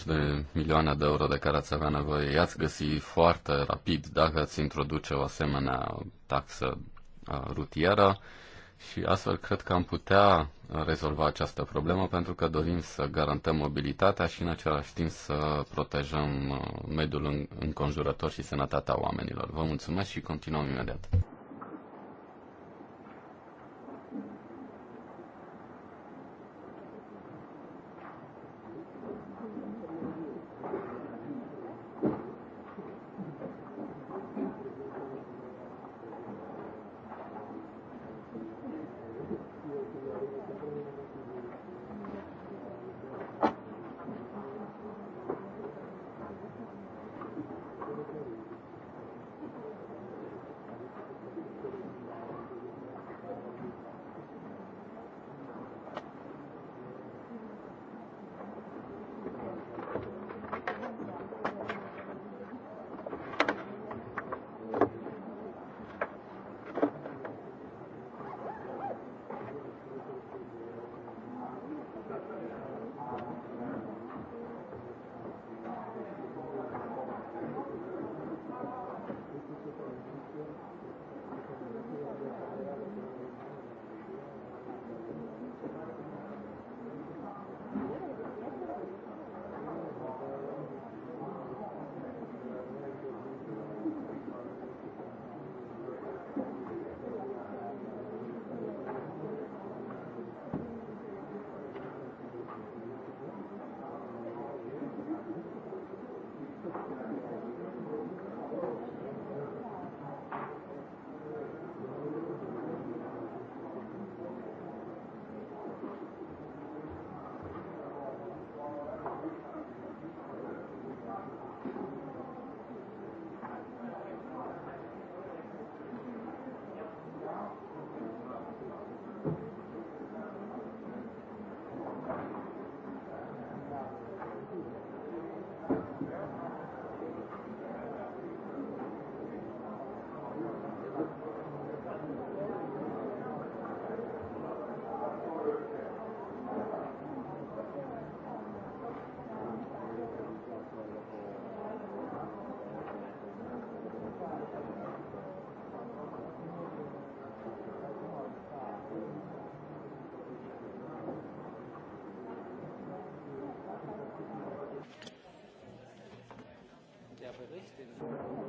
80-90 de milioane de euro de care ați avea nevoie i-ați găsi foarte rapid dacă ați introduce o asemenea taxă uh, rutieră și astfel cred că am putea rezolva această problemă pentru că dorim să garantăm mobilitatea și în același timp să protejăm uh, mediul înconjurător și sănătatea oamenilor. Vă mulțumesc și continuăm imediat. Dumnezeu.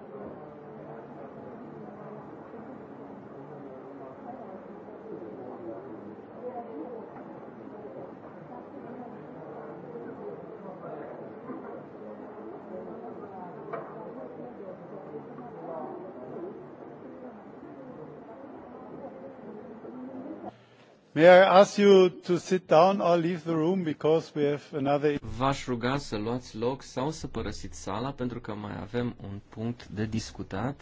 May I ask you to sit down or leave the room because we have another... V-aș ruga să luați loc sau să părăsiți sala pentru că mai avem un punct de discutat.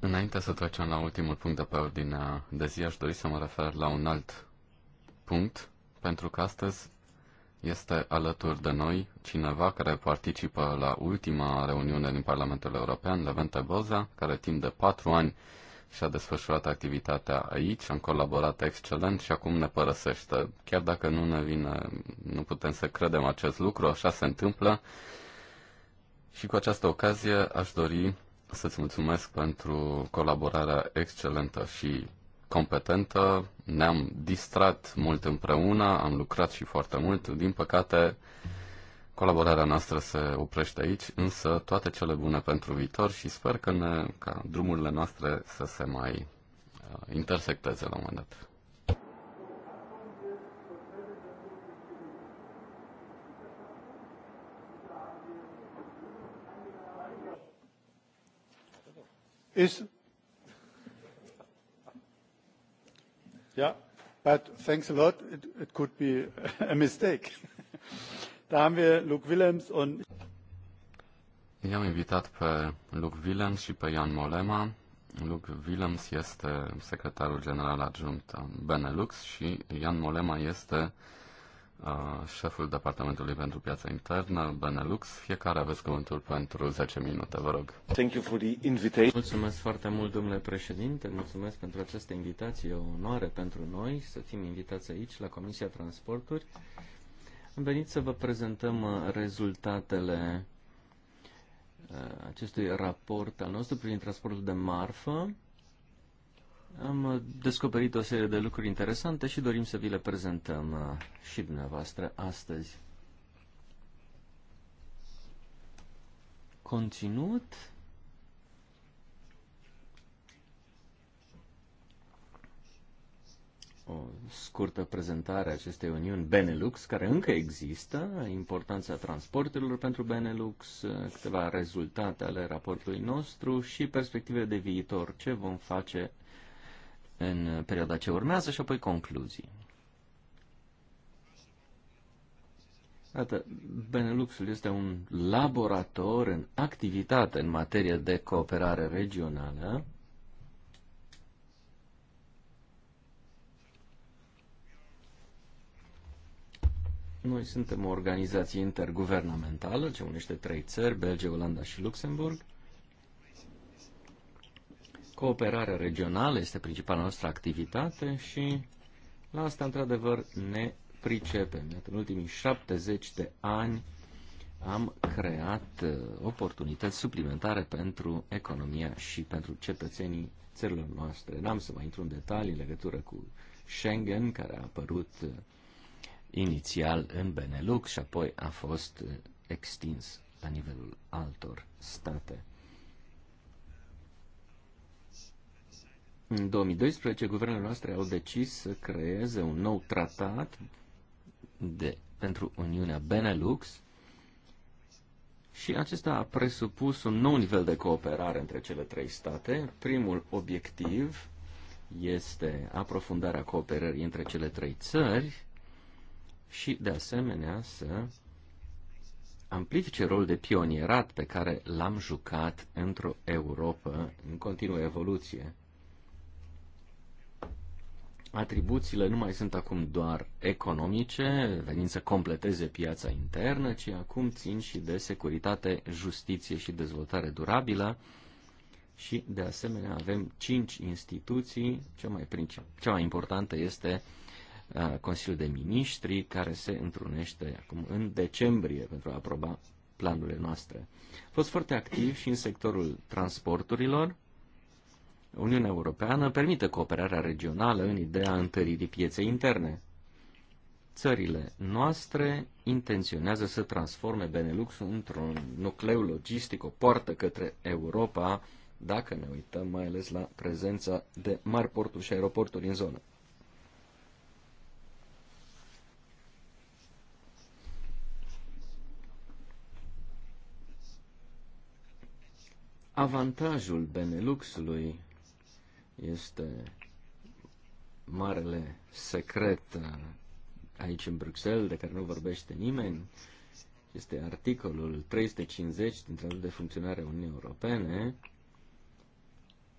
Înainte să trecem la ultimul punct de pe ordinea de zi, aș dori să mă refer la un alt punct, pentru că astăzi este alături de noi cineva care participă la ultima reuniune din Parlamentul European, Levente Boza, care timp de patru ani și-a desfășurat activitatea aici, am colaborat excelent și acum ne părăsește. Chiar dacă nu ne vine, nu putem să credem acest lucru, așa se întâmplă. Și cu această ocazie aș dori să-ți mulțumesc pentru colaborarea excelentă și competentă. Ne-am distrat mult împreună, am lucrat și foarte mult. Din păcate, colaborarea noastră se oprește aici, însă toate cele bune pentru viitor și sper că ne, ca drumurile noastre să se mai uh, intersecteze la un moment dat. is but thanks a lot it, could be a mistake da haben wir Luke Willems und I-am invitat pe Luke Willems și pe Ian Molema. Luke Willems este secretarul general adjunct al Benelux și Ian Molema este șeful Departamentului pentru Piața Internă, Benelux. Fiecare aveți cuvântul pentru 10 minute, vă rog. Thank you for the invitation. Mulțumesc foarte mult, domnule președinte, mulțumesc pentru această invitație, o onoare pentru noi să fim invitați aici la Comisia Transporturi. Am venit să vă prezentăm uh, rezultatele uh, acestui raport al nostru privind transportul de marfă am descoperit o serie de lucruri interesante și dorim să vi le prezentăm uh, și dumneavoastră astăzi. Conținut o scurtă prezentare a acestei uniuni Benelux, care încă există, importanța transporturilor pentru Benelux, uh, câteva rezultate ale raportului nostru și perspective de viitor, ce vom face în perioada ce urmează și apoi concluzii. Iată, Beneluxul este un laborator în activitate în materie de cooperare regională. Noi suntem o organizație interguvernamentală ce unește trei țări, Belgia, Olanda și Luxemburg. Cooperarea regională este principala noastră activitate și la asta, într-adevăr, ne pricepem. în ultimii 70 de ani am creat uh, oportunități suplimentare pentru economia și pentru cetățenii țărilor noastre. N-am să mai intru în detalii în legătură cu Schengen, care a apărut uh, inițial în Benelux și apoi a fost uh, extins la nivelul altor state. În 2012, guvernele noastre au decis să creeze un nou tratat de, pentru Uniunea Benelux și acesta a presupus un nou nivel de cooperare între cele trei state. Primul obiectiv este aprofundarea cooperării între cele trei țări și, de asemenea, să amplifice rolul de pionierat pe care l-am jucat într-o Europa în continuă evoluție atribuțiile nu mai sunt acum doar economice, venind să completeze piața internă, ci acum țin și de securitate, justiție și dezvoltare durabilă. Și, de asemenea, avem cinci instituții. Cea mai, cea mai importantă este uh, Consiliul de Ministri, care se întrunește acum în decembrie pentru a aproba planurile noastre. A fost foarte activ și în sectorul transporturilor, Uniunea Europeană permite cooperarea regională în ideea întăririi pieței interne. Țările noastre intenționează să transforme Benelux într-un nucleu logistic, o poartă către Europa, dacă ne uităm mai ales la prezența de mari porturi și aeroporturi în zonă. Avantajul Beneluxului este marele secret uh, aici în Bruxelles, de care nu vorbește nimeni, este articolul 350 din Tratatul de Funcționare a Uniunii Europene,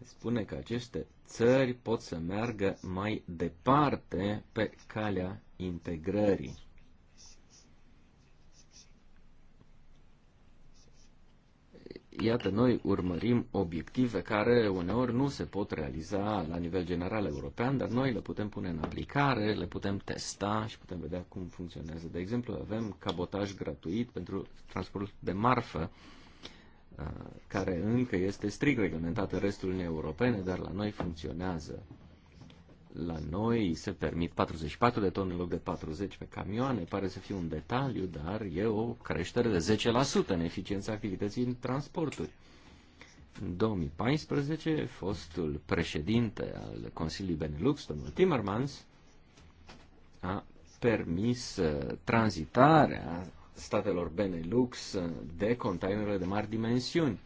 spune că aceste țări pot să meargă mai departe pe calea integrării. iată, noi urmărim obiective care uneori nu se pot realiza la nivel general european, dar noi le putem pune în aplicare, le putem testa și putem vedea cum funcționează. De exemplu, avem cabotaj gratuit pentru transportul de marfă, uh, care încă este strict reglementat în restul Uniunii Europene, dar la noi funcționează la noi se permit 44 de tone în loc de 40 pe camioane, pare să fie un detaliu, dar e o creștere de 10% în eficiența activității în transporturi. În 2014, fostul președinte al Consiliului Benelux, domnul Timmermans, a permis uh, tranzitarea statelor Benelux uh, de containere de mari dimensiuni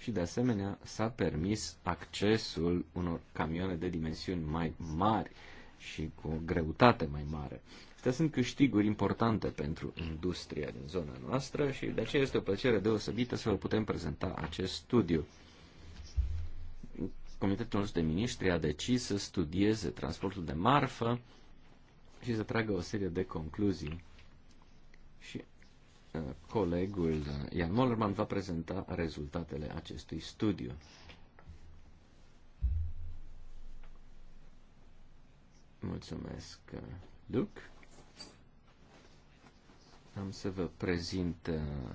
și de asemenea s-a permis accesul unor camioane de dimensiuni mai mari și cu o greutate mai mare. Astea sunt câștiguri importante pentru industria din zona noastră și de aceea este o plăcere deosebită să vă putem prezenta acest studiu. Comitetul nostru de miniștri a decis să studieze transportul de marfă și să tragă o serie de concluzii. Și colegul Ian Mollerman va prezenta rezultatele acestui studiu. Mulțumesc, Luc. Am să vă prezint uh,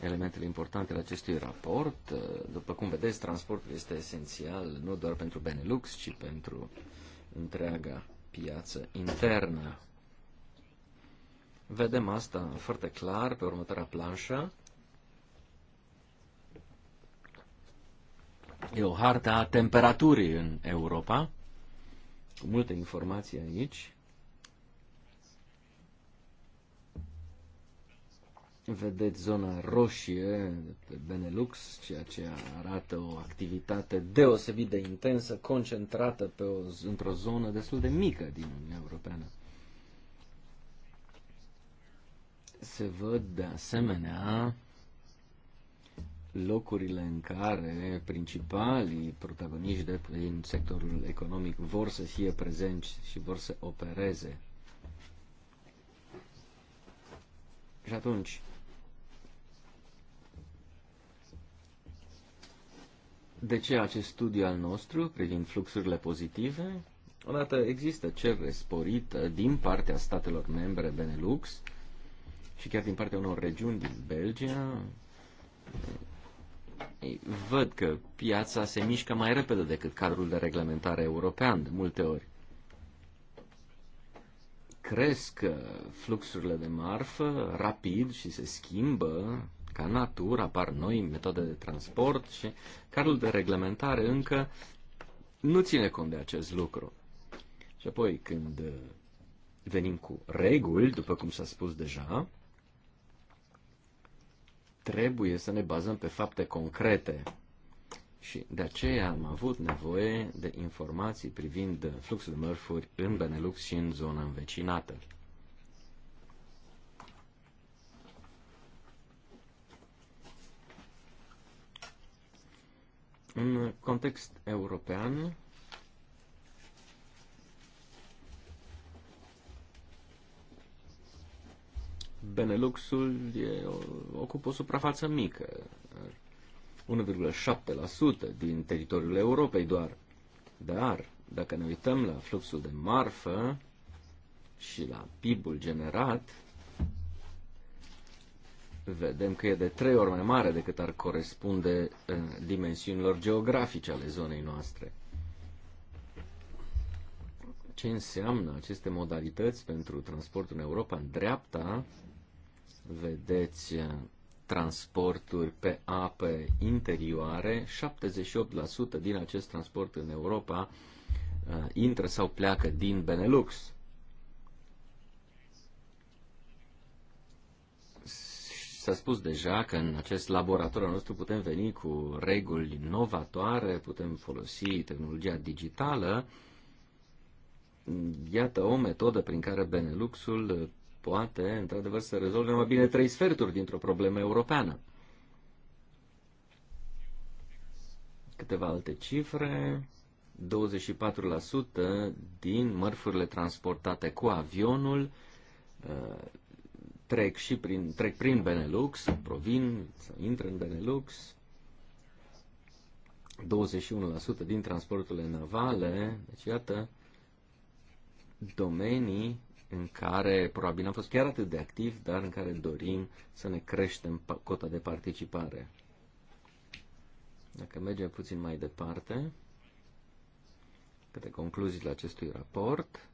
elementele importante ale acestui raport. Uh, după cum vedeți, transportul este esențial nu doar pentru Benelux, ci pentru întreaga piață internă Vedem asta foarte clar pe următoarea planșă. E o hartă a temperaturii în Europa, cu multe informații aici. Vedeți zona roșie pe Benelux, ceea ce arată o activitate deosebit de intensă, concentrată pe o, într-o zonă destul de mică din Uniunea Europeană. Se văd de asemenea locurile în care principalii protagoniști din sectorul economic vor să fie prezenți și vor să opereze. Și atunci, de ce acest studiu al nostru privind fluxurile pozitive? Odată există cerere sporită din partea statelor membre Benelux, și chiar din partea unor regiuni din Belgia, văd că piața se mișcă mai repede decât cadrul de reglementare european de multe ori. Cresc uh, fluxurile de marfă rapid și se schimbă ca natură, apar noi metode de transport și cadrul de reglementare încă nu ține cont de acest lucru. Și apoi când uh, venim cu reguli, după cum s-a spus deja, trebuie să ne bazăm pe fapte concrete. Și de aceea am avut nevoie de informații privind fluxul de mărfuri în Benelux și în zona învecinată. În context european, Beneluxul e, ocupă o suprafață mică, 1,7% din teritoriul Europei doar. Dar, dacă ne uităm la fluxul de marfă și la PIB-ul generat, vedem că e de trei ori mai mare decât ar corespunde eh, dimensiunilor geografice ale zonei noastre. Ce înseamnă aceste modalități pentru transportul în Europa în dreapta vedeți uh, transporturi pe ape interioare, 78% din acest transport în Europa uh, intră sau pleacă din Benelux. S-a spus deja că în acest laborator al nostru putem veni cu reguli novatoare, putem folosi tehnologia digitală. Iată o metodă prin care Beneluxul poate, într-adevăr, să rezolve mai bine trei sferturi dintr-o problemă europeană. Câteva alte cifre. 24% din mărfurile transportate cu avionul uh, trec și prin, trec prin Benelux, provin, intră în Benelux. 21% din transporturile navale, deci iată, domenii în care probabil am fost chiar atât de activ, dar în care dorim să ne creștem cota de participare. Dacă mergem puțin mai departe, câte concluzii la acestui raport,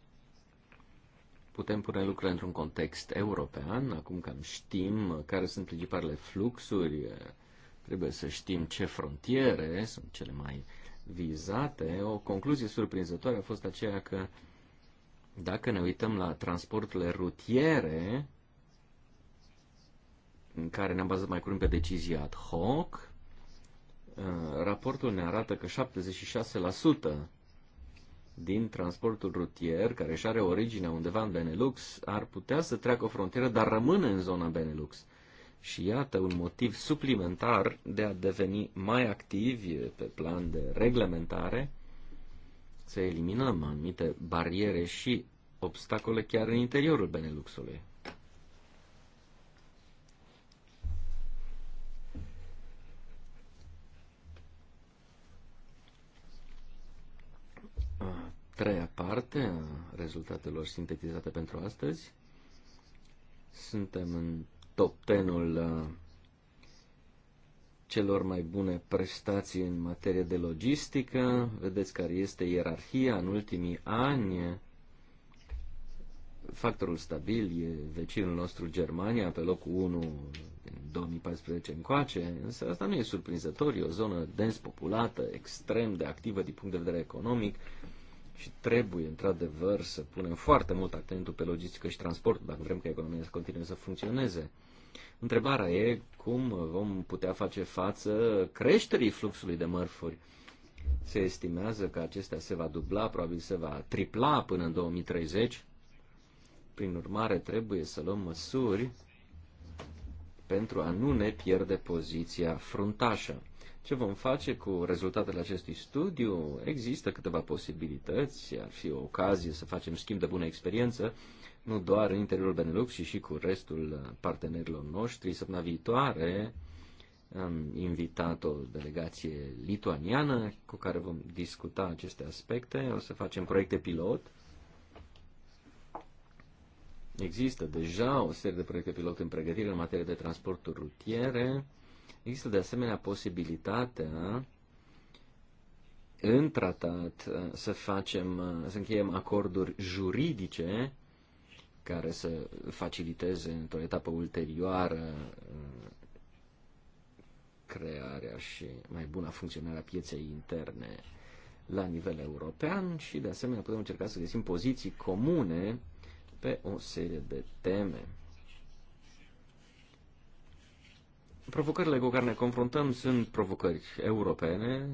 putem pune lucrurile într-un context european, acum că știm care sunt principalele fluxuri, trebuie să știm ce frontiere sunt cele mai vizate. O concluzie surprinzătoare a fost aceea că dacă ne uităm la transporturile rutiere, în care ne-am bazat mai curând pe decizia ad hoc, uh, raportul ne arată că 76% din transportul rutier, care își are originea undeva în Benelux, ar putea să treacă o frontieră, dar rămâne în zona Benelux. Și iată un motiv suplimentar de a deveni mai activi pe plan de reglementare să eliminăm anumite bariere și obstacole chiar în interiorul Beneluxului. A treia parte a rezultatelor sintetizate pentru astăzi. Suntem în top 10 celor mai bune prestații în materie de logistică. Vedeți care este ierarhia în ultimii ani. Factorul stabil e vecinul nostru Germania, pe locul 1 din 2014 încoace, însă asta nu e surprinzător, e o zonă dens populată, extrem de activă din punct de vedere economic și trebuie într-adevăr să punem foarte mult accentul pe logistică și transport dacă vrem ca economia să continue să funcționeze. Întrebarea e cum vom putea face față creșterii fluxului de mărfuri. Se estimează că acestea se va dubla, probabil se va tripla până în 2030. Prin urmare, trebuie să luăm măsuri pentru a nu ne pierde poziția fruntașă. Ce vom face cu rezultatele acestui studiu? Există câteva posibilități, ar fi o ocazie să facem schimb de bună experiență nu doar în interiorul Benelux, ci și cu restul uh, partenerilor noștri. Săptămâna viitoare am invitat o delegație lituaniană cu care vom discuta aceste aspecte. O să facem proiecte pilot. Există deja o serie de proiecte pilot în pregătire în materie de transporturi rutiere. Există de asemenea posibilitatea în tratat uh, să facem, uh, să încheiem acorduri juridice care să faciliteze într-o etapă ulterioară uh, crearea și mai bună funcționare a pieței interne la nivel european și de asemenea putem încerca să găsim poziții comune pe o serie de teme. Provocările cu care ne confruntăm sunt provocări europene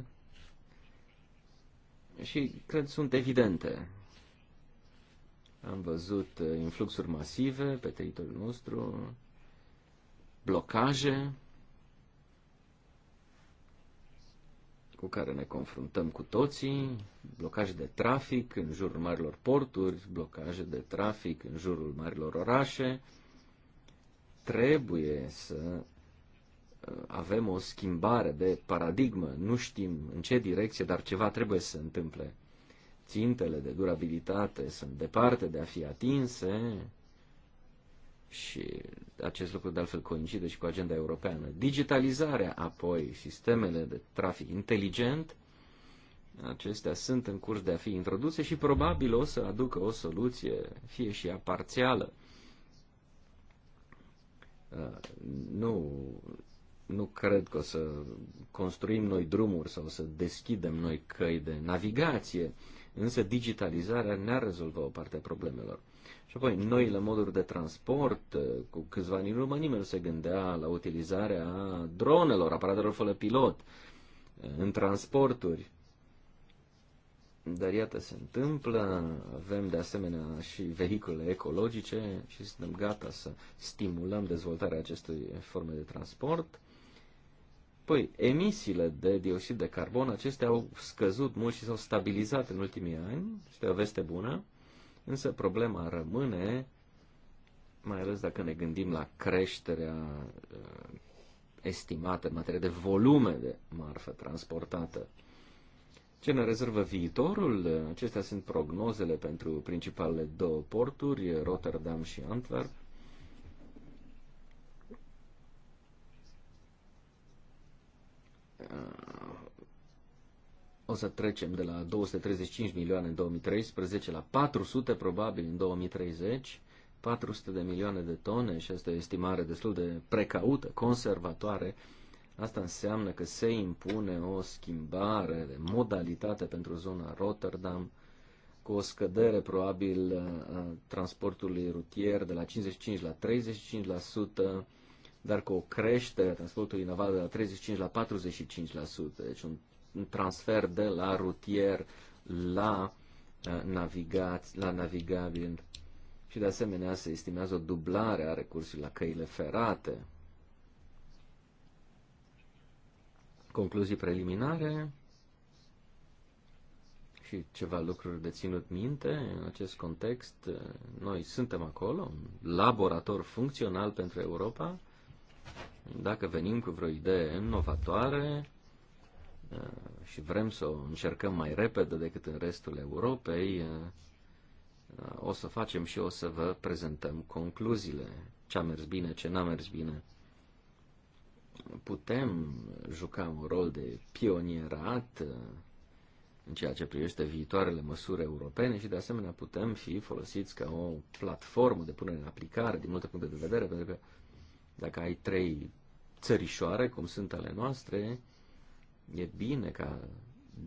și cred sunt evidente. Am văzut uh, influxuri masive pe teritoriul nostru, blocaje cu care ne confruntăm cu toții, blocaje de trafic în jurul marilor porturi, blocaje de trafic în jurul marilor orașe. Trebuie să uh, avem o schimbare de paradigmă, nu știm în ce direcție, dar ceva trebuie să se întâmple țintele de durabilitate sunt departe de a fi atinse și acest lucru de altfel coincide și cu agenda europeană. Digitalizarea, apoi, sistemele de trafic inteligent, acestea sunt în curs de a fi introduse și probabil o să aducă o soluție, fie și ea parțială. Uh, nu, nu cred că o să construim noi drumuri sau să deschidem noi căi de navigație, însă digitalizarea ne-ar rezolva o parte a problemelor. Și apoi, noile moduri de transport, uh, cu câțiva ani în urmă nimeni nu se gândea la utilizarea dronelor, aparatelor fără pilot, uh, în transporturi. Dar iată, se întâmplă, avem de asemenea și vehicule ecologice și suntem gata să stimulăm dezvoltarea acestui forme de transport. Păi, emisiile de dioxid de carbon, acestea au scăzut mult și s-au stabilizat în ultimii ani, este o veste bună, însă problema rămâne, mai ales dacă ne gândim la creșterea uh, estimată în materie de volume de marfă transportată. Ce ne rezervă viitorul? Acestea sunt prognozele pentru principalele două porturi, Rotterdam și Antwerp. să trecem de la 235 milioane în 2013 la 400 probabil în 2030, 400 de milioane de tone și asta e o estimare destul de precaută, conservatoare, asta înseamnă că se impune o schimbare de modalitate pentru zona Rotterdam, cu o scădere probabil a transportului rutier de la 55 la 35%, dar cu o creștere a transportului naval de la 35 la 45%, deci un transfer de la rutier la, uh, navigat, la navigabil și de asemenea se estimează o dublare a recursului la căile ferate. Concluzii preliminare și ceva lucruri de ținut minte în acest context. Uh, noi suntem acolo, un laborator funcțional pentru Europa. Dacă venim cu vreo idee inovatoare, Uh, și vrem să o încercăm mai repede decât în restul Europei, uh, uh, o să facem și o să vă prezentăm concluziile, ce a mers bine, ce n-a mers bine. Putem juca un rol de pionierat în ceea ce privește viitoarele măsuri europene și de asemenea putem fi folosiți ca o platformă de punere în aplicare din multe puncte de vedere, pentru că dacă ai trei țărișoare, cum sunt ale noastre, E bine ca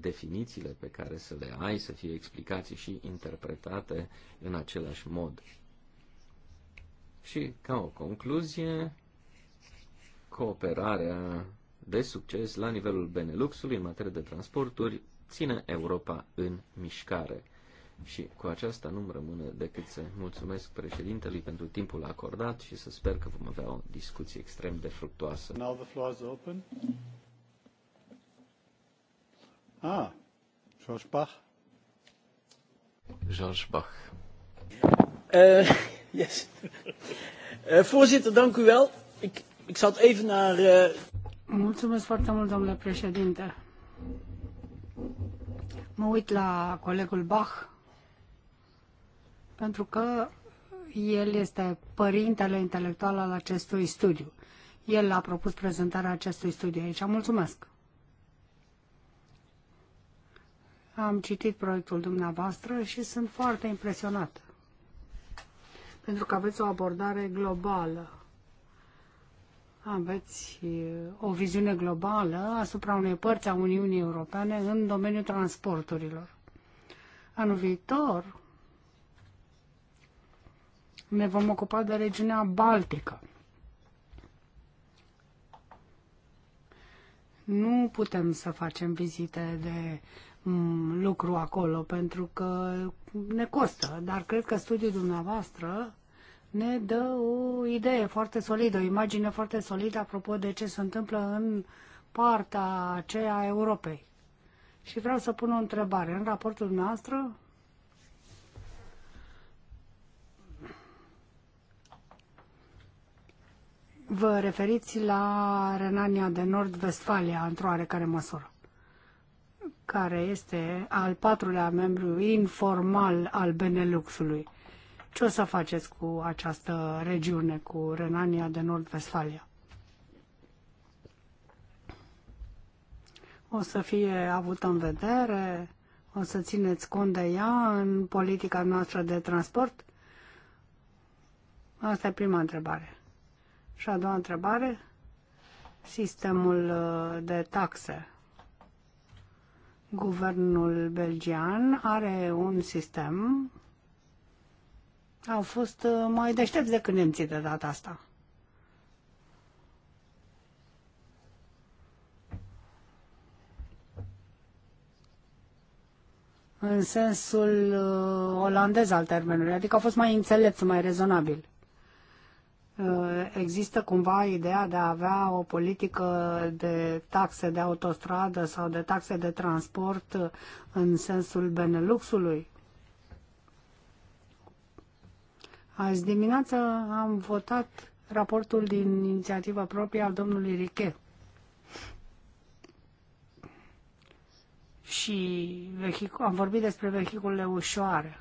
definițiile pe care să le ai să fie explicații și interpretate în același mod. Și, ca o concluzie, cooperarea de succes la nivelul Beneluxului în materie de transporturi ține Europa în mișcare. Și cu aceasta nu rămâne decât să mulțumesc președintelui pentru timpul acordat și să sper că vom avea o discuție extrem de fructoasă. Now the floor is open. Ah, George Bach. George Bach. Uh, yes. Uh, voorzitter, dank u wel. Ik, ik zat even naar... Uh... Mulțumesc foarte mult, domnule președinte. Mă uit la colegul Bach, pentru că el este părintele intelectual al acestui studiu. El a propus prezentarea acestui studiu aici. Mulțumesc! Am citit proiectul dumneavoastră și sunt foarte impresionat. Pentru că aveți o abordare globală. Aveți uh, o viziune globală asupra unei părți a Uniunii Europene în domeniul transporturilor. Anul viitor ne vom ocupa de regiunea Baltică. Nu putem să facem vizite de Mm, lucru acolo, pentru că ne costă. Dar cred că studiul dumneavoastră ne dă o idee foarte solidă, o imagine foarte solidă apropo de ce se întâmplă în partea aceea a Europei. Și vreau să pun o întrebare. În raportul nostru vă referiți la Renania de Nord-Vestfalia într-o oarecare măsură care este al patrulea membru informal al Beneluxului. Ce o să faceți cu această regiune, cu Renania de Nord-Vestfalia? O să fie avută în vedere? O să țineți cont de ea în politica noastră de transport? Asta e prima întrebare. Și a doua întrebare, sistemul uh, de taxe Guvernul belgian are un sistem. Au fost uh, mai deștepți decât nemții de data asta. în sensul uh, olandez al termenului, adică au fost mai înțelepți, mai rezonabil. Uh, există cumva ideea de a avea o politică de taxe de autostradă sau de taxe de transport uh, în sensul Beneluxului? Azi dimineață am votat raportul din inițiativă proprie al domnului Riche. Și am vorbit despre vehiculele ușoare.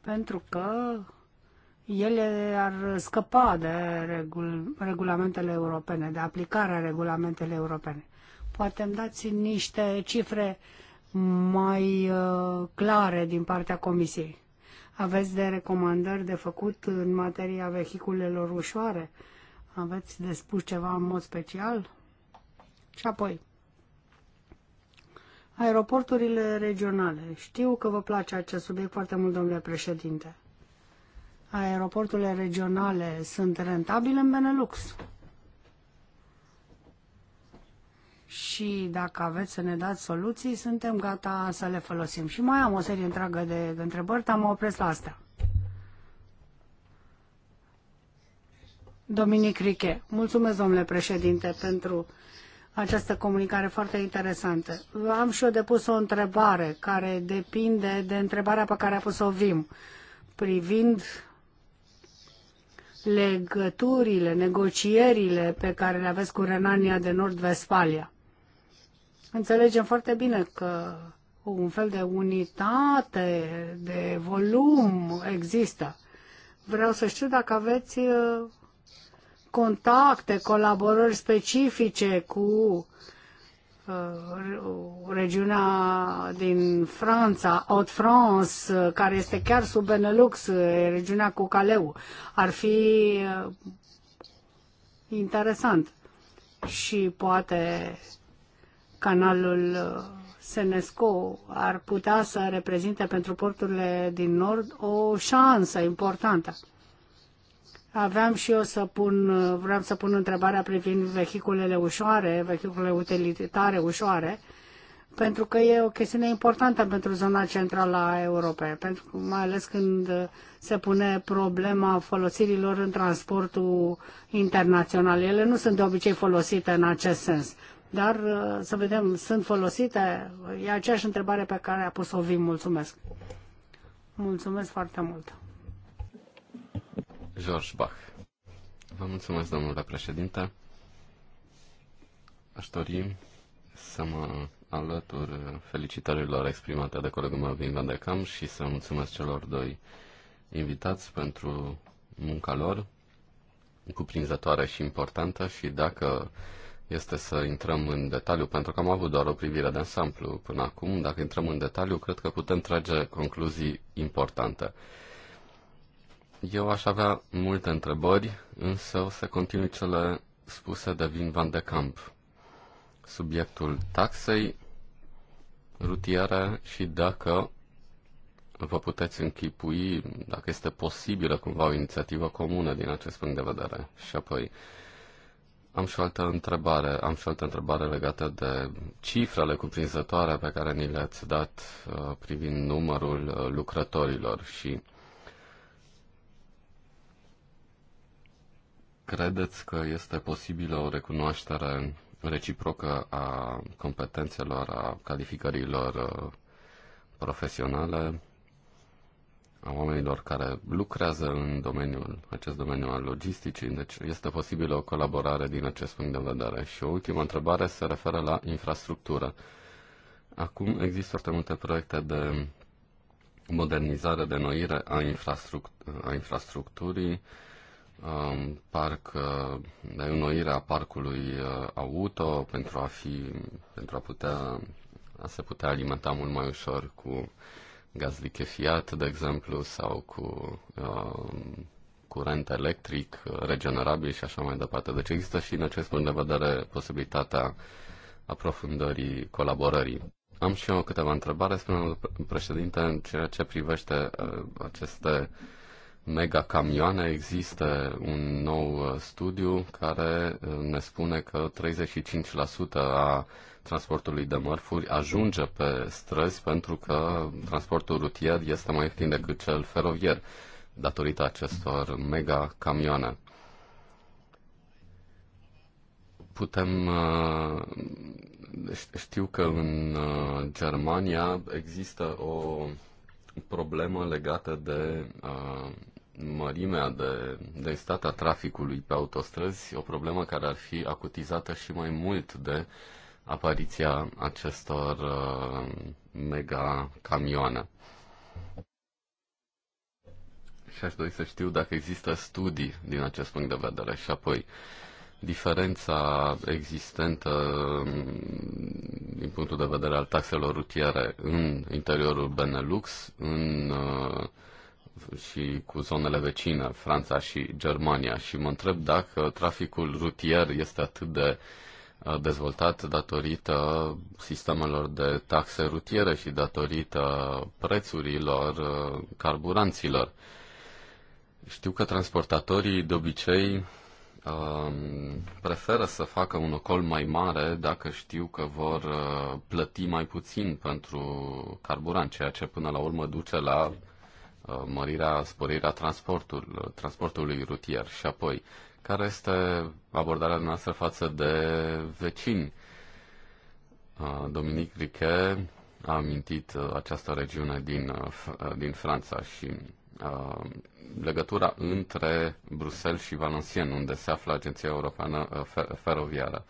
Pentru că ele ar scăpa de regul, regulamentele europene, de aplicarea regulamentele europene. Poate îmi dați niște cifre mai uh, clare din partea Comisiei. Aveți de recomandări de făcut în materia vehiculelor ușoare? Aveți de spus ceva în mod special? Și apoi, aeroporturile regionale. Știu că vă place acest subiect foarte mult, domnule președinte aeroporturile regionale sunt rentabile în Benelux. Și dacă aveți să ne dați soluții, suntem gata să le folosim. Și mai am o serie întreagă de întrebări, dar mă opresc la asta. Dominic Riche, mulțumesc, domnule președinte, pentru această comunicare foarte interesantă. Am și eu depus o întrebare care depinde de întrebarea pe care a pus-o Vim privind legăturile, negocierile pe care le aveți cu Renania de Nord-Vestfalia. Înțelegem foarte bine că un fel de unitate, de volum există. Vreau să știu dacă aveți uh, contacte, colaborări specifice cu Uh, regiunea din Franța, Haute-France, uh, care este chiar sub Benelux, uh, regiunea cu Caleu. Ar fi interesant. Și poate canalul Senesco ar putea să reprezinte pentru porturile din nord o șansă importantă. Aveam și eu să pun, vreau să pun întrebarea privind vehiculele ușoare, vehiculele utilitare ușoare, pentru că e o chestiune importantă pentru zona centrală a Europei, pentru că, mai ales când se pune problema folosirilor în transportul internațional. Ele nu sunt de obicei folosite în acest sens, dar uh, să vedem, sunt folosite? E aceeași întrebare pe care a pus-o vin. Mulțumesc! Mulțumesc foarte mult! George Bach. Vă mulțumesc, domnule președinte. Aș dori să mă alătur felicitărilor exprimate de colegul meu din de Cam și să mulțumesc celor doi invitați pentru munca lor cuprinzătoare și importantă și dacă este să intrăm în detaliu, pentru că am avut doar o privire de ansamblu până acum, dacă intrăm în detaliu, cred că putem trage concluzii importante. Eu aș avea multe întrebări, însă o să continui cele spuse de Vin Van de Camp. Subiectul taxei rutiere și dacă vă puteți închipui, dacă este posibilă cumva o inițiativă comună din acest punct de vedere. Și apoi am și o altă întrebare, am și o altă întrebare legată de cifrele cuprinzătoare pe care ni le-ați dat uh, privind numărul uh, lucrătorilor și Credeți că este posibilă o recunoaștere reciprocă a competențelor, a calificărilor uh, profesionale a oamenilor care lucrează în domeniul, acest domeniu al logisticii, deci este posibilă o colaborare din acest punct de vedere. Și o ultimă întrebare se referă la infrastructură. Acum există foarte multe proiecte de modernizare, de noire a, infrastruct- a infrastructurii, Um, parc, uh, de înnoirea parcului uh, auto pentru a, fi, pentru a putea a se putea alimenta mult mai ușor cu gaz lichefiat, de exemplu, sau cu uh, curent electric regenerabil și așa mai departe. Deci există și în acest punct de vedere posibilitatea aprofundării colaborării. Am și eu câteva întrebare, spune președinte, în ceea ce privește uh, aceste uh, mega camioane există un nou uh, studiu care uh, ne spune că 35% a transportului de mărfuri ajunge pe străzi pentru că transportul rutier este mai ieftin decât cel feroviar datorită acestor mega camioane. Putem uh, știu că în Germania există o problemă legată de mărimea de stat a traficului pe autostrăzi, o problemă care ar fi acutizată și mai mult de apariția acestor uh, mega camioane. Și aș dori să știu dacă există studii din acest punct de vedere și apoi diferența existentă um, din punctul de vedere al taxelor rutiere în interiorul Benelux, în uh, și cu zonele vecine, Franța și Germania, și mă întreb dacă traficul rutier este atât de uh, dezvoltat datorită sistemelor de taxe rutiere și datorită prețurilor uh, carburanților. Știu că transportatorii de obicei um, preferă să facă un ocol mai mare dacă știu că vor uh, plăti mai puțin pentru carburant, ceea ce până la urmă duce la mărirea, sporirea transportul, transportului rutier și apoi care este abordarea noastră față de vecini. Uh, Dominic Riquet a amintit uh, această regiune din, uh, din Franța și legătura între Bruxelles și Valenciennes, unde se află Agenția Europeană Feroviară.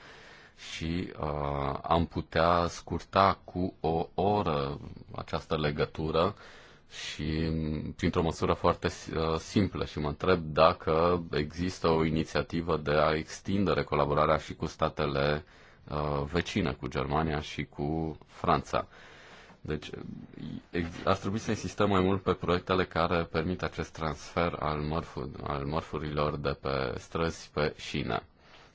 Și uh, am putea scurta cu o oră această legătură uh, și printr-o măsură foarte uh, simplă și mă întreb dacă există o inițiativă de a extinde colaborarea și cu statele uh, vecine, cu Germania și cu Franța. Deci ar trebui să insistăm mai mult pe proiectele care permit acest transfer al, mărfuri, al mărfurilor de pe străzi pe șine.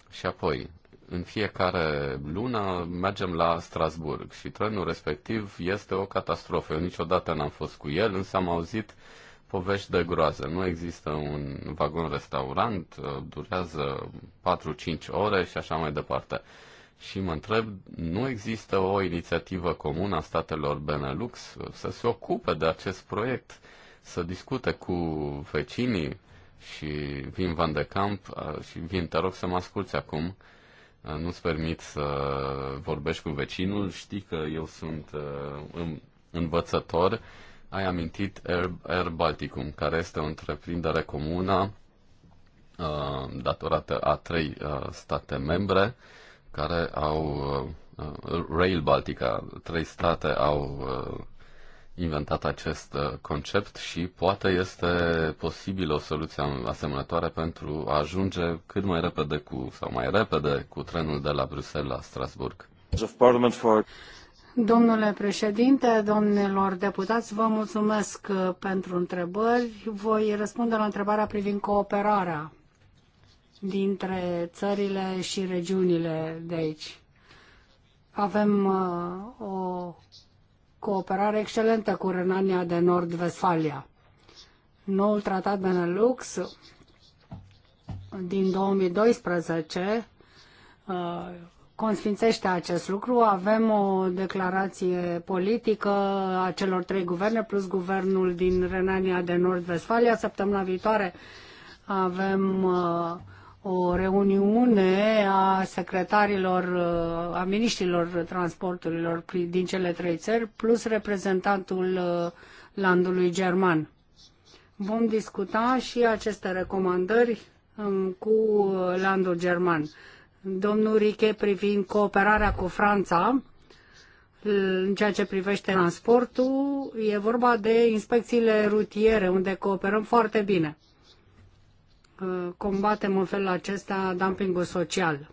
Și apoi, în fiecare lună mergem la Strasburg și trenul respectiv este o catastrofă. Eu niciodată n-am fost cu el, însă am auzit povești de groază. Nu există un vagon-restaurant, durează 4-5 ore și așa mai departe. Și mă întreb, nu există o inițiativă comună a statelor Benelux să se ocupe de acest proiect, să discute cu vecinii și vin Van de Camp uh, și vin, te rog să mă asculți acum, Uh, nu-ți permit să vorbești cu vecinul, știi că eu sunt uh, învățător. Ai amintit Air, Air Balticum, care este o întreprindere comună uh, datorată a trei state membre care au Rail Baltica, trei state au inventat acest uh, concept și poate este posibil o soluție asemănătoare pentru a ajunge cât mai repede cu, sau mai repede cu trenul de la Bruxelles la Strasburg. Domnule președinte, domnilor deputați, vă mulțumesc uh, pentru întrebări. Voi răspunde la întrebarea privind cooperarea dintre țările și regiunile de aici. Avem uh, o cooperare excelentă cu Renania de Nord-Vestfalia. Noul tratat Benelux din 2012 uh, consfințește acest lucru. Avem o declarație politică a celor trei guverne, plus guvernul din Renania de Nord-Vestfalia. Săptămâna viitoare avem uh, o reuniune a secretarilor, a miniștrilor transporturilor din cele trei țări, plus reprezentantul uh, landului german. Vom discuta și aceste recomandări um, cu uh, landul german. Domnul Riche privind cooperarea cu Franța, uh, în ceea ce privește transportul, e vorba de inspecțiile rutiere, unde cooperăm foarte bine combatem în felul acesta dumpingul social.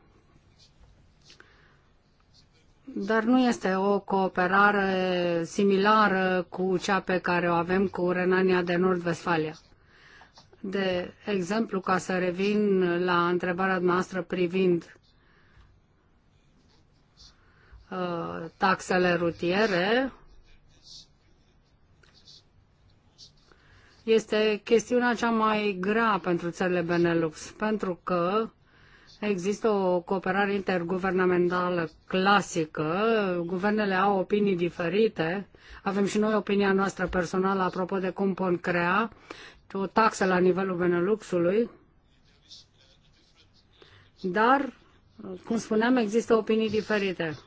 Dar nu este o cooperare similară cu cea pe care o avem cu Renania de Nord-Vestfalia. De exemplu, ca să revin la întrebarea noastră privind uh, taxele rutiere, este chestiunea cea mai grea pentru țările Benelux, pentru că există o cooperare interguvernamentală clasică, guvernele au opinii diferite, avem și noi opinia noastră personală apropo de cum pot crea o taxă la nivelul Beneluxului, dar, cum spuneam, există opinii diferite.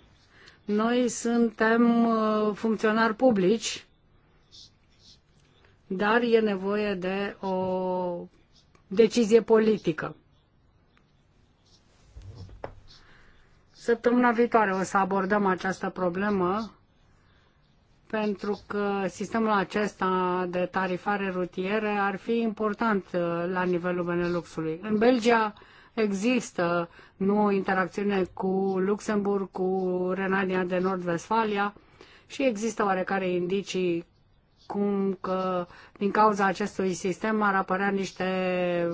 Noi suntem uh, funcționari publici, dar e nevoie de o decizie politică. Săptămâna viitoare o să abordăm această problemă pentru că sistemul acesta de tarifare rutiere ar fi important uh, la nivelul Beneluxului. În Belgia există nu o interacțiune cu Luxemburg, cu Renania de Nord-Vestfalia și există oarecare indicii cum că din cauza acestui sistem ar apărea niște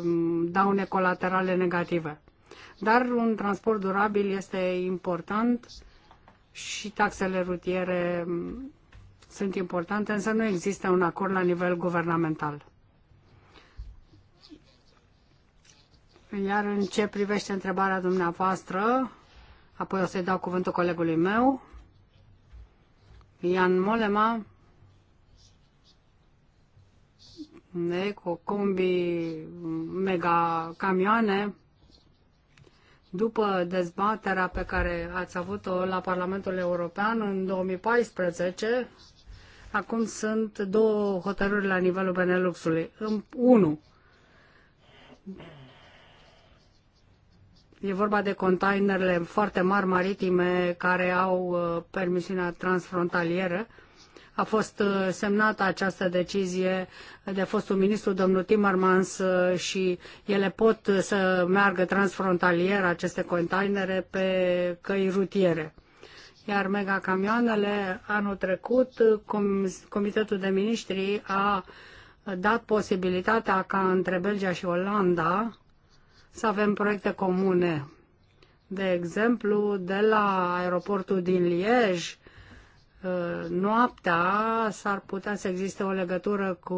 mm, daune colaterale negative. Dar un transport durabil este important și taxele rutiere mm, sunt importante, însă nu există un acord la nivel guvernamental. Iar în ce privește întrebarea dumneavoastră, apoi o să-i dau cuvântul colegului meu, Ian Molema, de, cu combi, mega camioane. După dezbaterea pe care ați avut-o la Parlamentul European în 2014, acum sunt două hotărâri la nivelul Beneluxului. Unu, E vorba de containerele foarte mari maritime care au uh, permisiunea transfrontalieră a fost uh, semnată această decizie de fostul ministru, domnul Timmermans, uh, și ele pot uh, să meargă transfrontalier, aceste containere, pe căi rutiere. Iar megacamioanele, anul trecut, Com Comitetul de Ministri a dat posibilitatea ca între Belgia și Olanda să avem proiecte comune. De exemplu, de la aeroportul din Liege noaptea s-ar putea să existe o legătură cu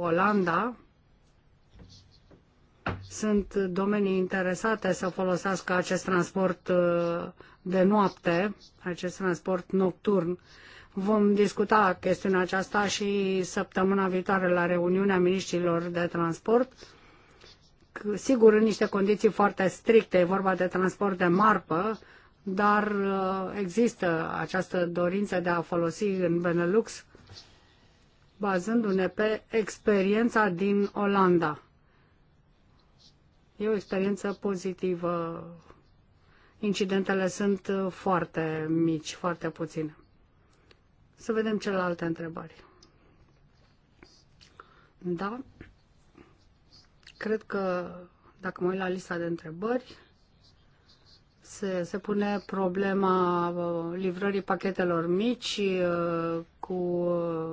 Olanda. Sunt domenii interesate să folosească acest transport uh, de noapte, acest transport nocturn. Vom discuta chestiunea aceasta și săptămâna viitoare la reuniunea ministrilor de transport. Sigur, în niște condiții foarte stricte, e vorba de transport de marpă, dar uh, există această dorință de a folosi în Benelux bazându-ne pe experiența din Olanda. E o experiență pozitivă. Incidentele sunt foarte mici, foarte puține. Să vedem celelalte întrebări. Da? Cred că, dacă mă uit la lista de întrebări, se, se pune problema uh, livrării pachetelor mici uh, cu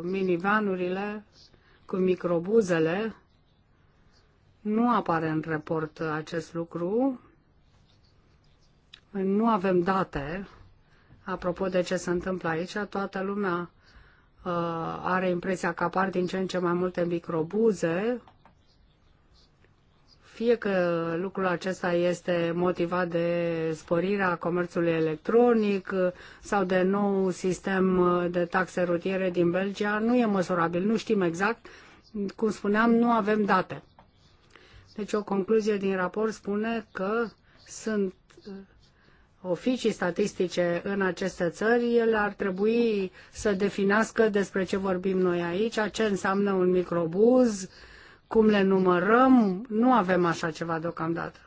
minivanurile, cu microbuzele. Nu apare în report acest lucru. Nu avem date. Apropo de ce se întâmplă aici, toată lumea uh, are impresia că apar din ce în ce mai multe microbuze, fie că lucrul acesta este motivat de sporirea comerțului electronic sau de nou sistem de taxe rutiere din Belgia, nu e măsurabil, nu știm exact. Cum spuneam, nu avem date. Deci o concluzie din raport spune că sunt oficii statistice în aceste țări, ele ar trebui să definească despre ce vorbim noi aici, ce înseamnă un microbuz, cum le numărăm, nu avem așa ceva deocamdată.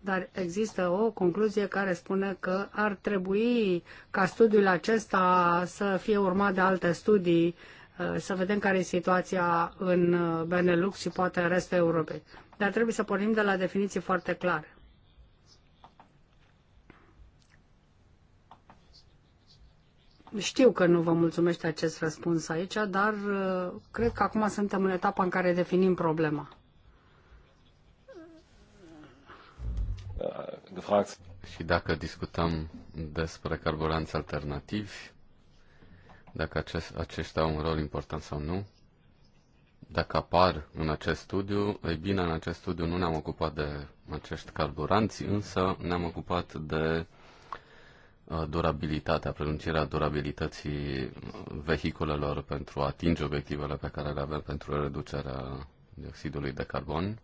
Dar există o concluzie care spune că ar trebui ca studiul acesta să fie urmat de alte studii, uh, să vedem care e situația în uh, Benelux și poate în restul Europei. Dar trebuie să pornim de la definiții foarte clare. Știu că nu vă mulțumește acest răspuns aici, dar uh, cred că acum suntem în etapa în care definim problema. Uh, Și dacă discutăm despre carburanți alternativi, dacă acest, aceștia au un rol important sau nu, dacă apar în acest studiu, ei bine, în acest studiu nu ne-am ocupat de acești carburanți, însă ne-am ocupat de Uh, durabilitatea, prelungirea durabilității vehiculelor pentru a atinge obiectivele pe care le avem pentru reducerea dioxidului de carbon.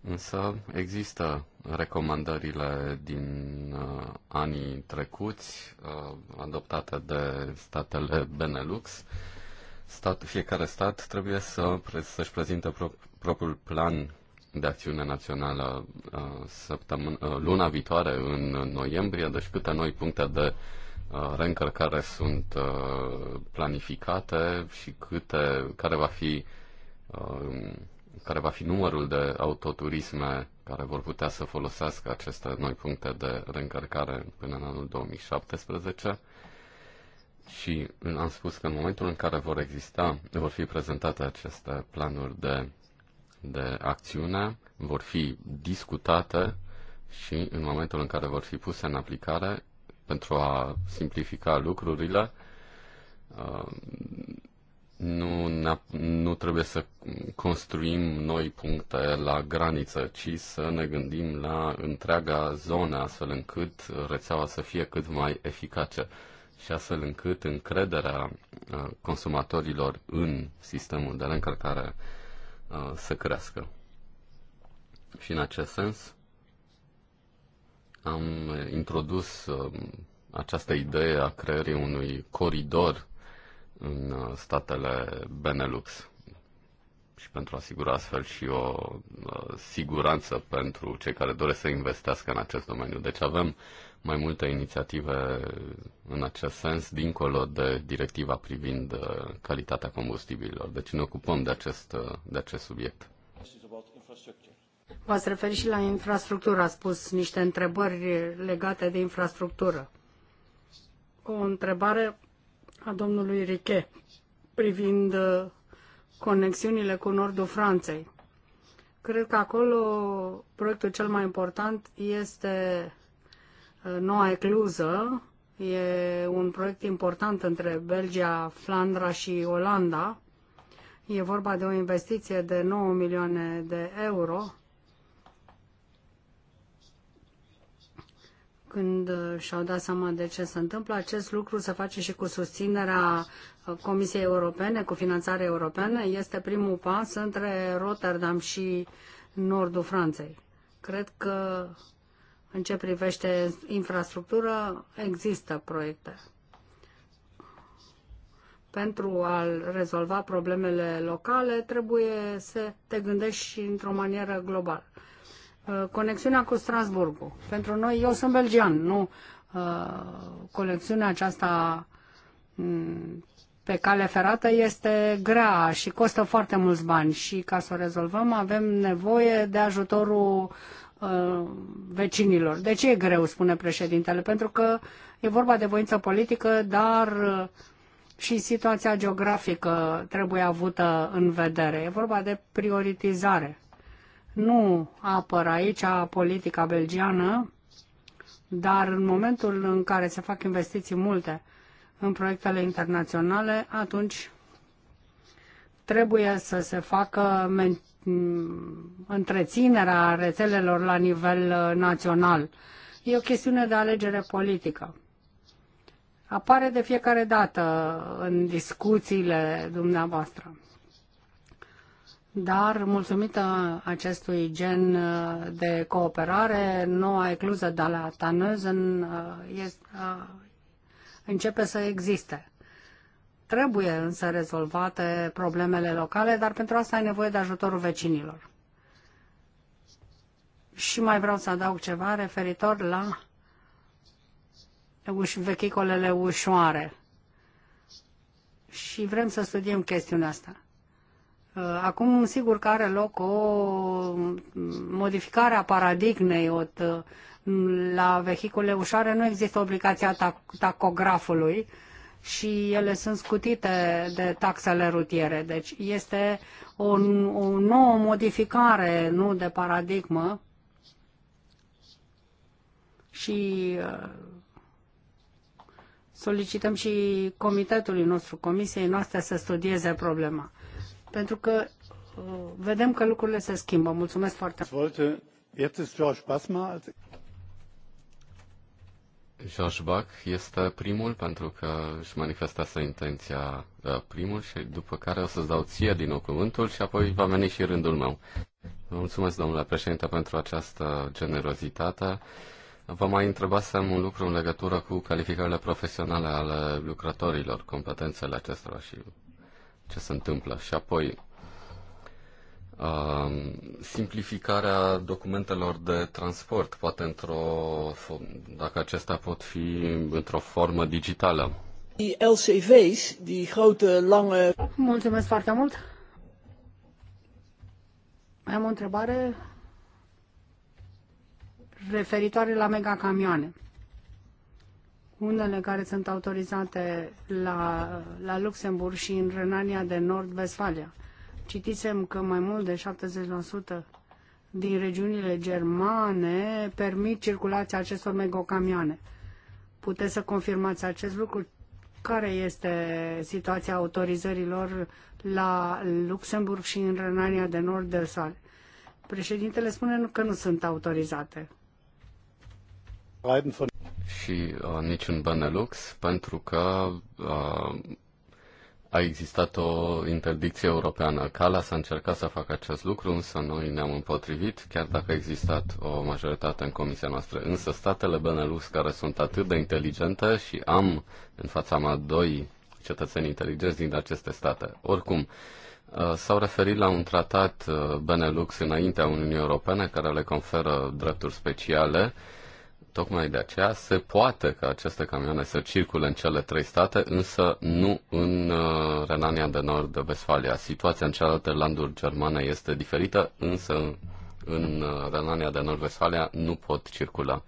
Însă există recomandările din uh, anii trecuți uh, adoptate de statele Benelux. Stat, fiecare stat trebuie să, pre- să-și prezinte pro- propriul plan de acțiune națională uh, uh, luna viitoare, în noiembrie, deci câte noi puncte de uh, reîncărcare sunt planificate și câte, care va fi care va fi numărul de autoturisme care vor putea să folosească aceste noi puncte de reîncărcare până în anul 2017. Și am spus că în momentul în care vor exista, vor fi prezentate aceste planuri de de acțiune vor fi discutate și în momentul în care vor fi puse în aplicare, pentru a simplifica lucrurile, uh, nu, nu trebuie să construim noi puncte la graniță, ci să ne gândim la întreaga zonă, astfel încât rețeaua să fie cât mai eficace și astfel încât încrederea uh, consumatorilor în sistemul de reîncărcare Uh, să crească. Și în acest sens am introdus uh, această idee a creării unui coridor în uh, statele Benelux și pentru a asigura astfel și o siguranță pentru cei care doresc să investească în acest domeniu. Deci avem mai multă inițiative în acest sens, dincolo de directiva privind uh, calitatea combustibililor. Deci ne ocupăm de acest, uh, de acest subiect. V-ați referit și la infrastructură, ați pus niște întrebări legate de infrastructură. O întrebare a domnului Riche privind uh, conexiunile cu nordul Franței. Cred că acolo proiectul cel mai important este Uh, Noua Ecluză e un proiect important între Belgia, Flandra și Olanda. E vorba de o investiție de 9 milioane de euro. Când și-au dat seama de ce se întâmplă, acest lucru se face și cu susținerea uh, Comisiei Europene, cu finanțare europeană. Este primul pas între Rotterdam și nordul Franței. Cred că în ce privește infrastructură, există proiecte pentru a rezolva problemele locale, trebuie să te gândești și într-o manieră globală. Uh, conexiunea cu Strasburgul. Pentru noi, eu sunt belgian, nu uh, conexiunea aceasta mm, pe cale ferată este grea și costă foarte mulți bani și ca să o rezolvăm avem nevoie de ajutorul uh, Uh, vecinilor. De ce e greu, spune președintele? Pentru că e vorba de voință politică, dar uh, și situația geografică trebuie avută în vedere. E vorba de prioritizare. Nu apăr aici politica belgiană, dar în momentul în care se fac investiții multe în proiectele internaționale, atunci trebuie să se facă Mm, întreținerea rețelelor la nivel uh, național. E o chestiune de alegere politică. Apare de fiecare dată în discuțiile dumneavoastră. Dar, mulțumită acestui gen uh, de cooperare, noua ecluză de la Tanăzen uh, începe să existe. Trebuie însă rezolvate problemele locale, dar pentru asta ai nevoie de ajutorul vecinilor. Și mai vreau să adaug ceva referitor la vehiculele ușoare. Și vrem să studiem chestiunea asta. Uh, acum, sigur că are loc o modificare a paradigmei. O la vehicule ușoare nu există obligația tacografului, și ele sunt scutite de taxele rutiere. Deci este o, o nouă modificare, nu de paradigmă, și uh, solicităm și comitetului nostru, comisiei noastre să studieze problema. Pentru că uh, vedem că lucrurile se schimbă. Mulțumesc foarte mult. George Bach este primul pentru că își să intenția uh, primul și după care o să-ți dau ție din nou cuvântul și apoi va veni și rândul meu. Vă mulțumesc, domnule președinte, pentru această generozitate. Vă mai întrebasem un lucru în legătură cu calificările profesionale ale lucrătorilor, competențele acestora și ce se întâmplă. Și apoi simplificarea documentelor de transport, poate într-o, dacă acestea pot fi într-o formă digitală. Die LCV's, die grote, lange... Mulțumesc foarte mult! Am o întrebare referitoare la megacamioane. Unele care sunt autorizate la, la Luxemburg și în Renania de Nord-Vestfalia. Citisem că mai mult de 70% din regiunile germane permit circulația acestor megocamioane. Puteți să confirmați acest lucru? Care este situația autorizărilor la Luxemburg și în Renania de Nord de Sal? Președintele spune că nu sunt autorizate. Și uh, niciun Benelux, pentru că uh, a existat o interdicție europeană. Cala s-a încercat să facă acest lucru, însă noi ne-am împotrivit, chiar dacă a existat o majoritate în comisia noastră. Însă statele Benelux, care sunt atât de inteligente și am în fața mea doi cetățeni inteligenți din aceste state. Oricum, uh, s-au referit la un tratat uh, Benelux înaintea Uniunii Europene care le conferă drepturi speciale Tocmai de aceea se poate ca aceste camioane să circule în cele trei state, însă nu în uh, Renania de Nord, de Vestfalia. Situația în celelalte landuri germane este diferită, însă în uh, Renania de Nord-Vestfalia nu pot circula.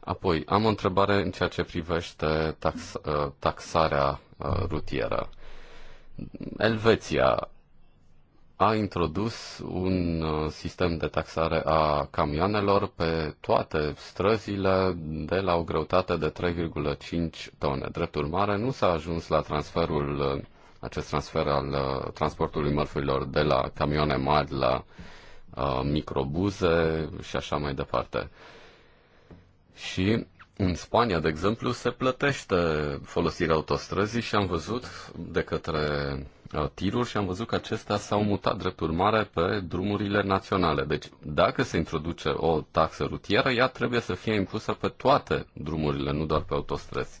Apoi, am o întrebare în ceea ce privește tax, uh, taxarea rutieră. Elveția a introdus un uh, sistem de taxare a camioanelor pe toate străzile de la o greutate de 3,5 tone. Drept urmare, nu s-a ajuns la transferul, uh, acest transfer al uh, transportului mărfurilor de la camioane mari la uh, microbuze și așa mai departe. Și în Spania, de exemplu, se plătește folosirea autostrăzii și am văzut de către uh, tiruri și am văzut că acestea s-au mutat drept urmare pe drumurile naționale. Deci, dacă se introduce o taxă rutieră, ea trebuie să fie impusă pe toate drumurile, nu doar pe autostrăzi.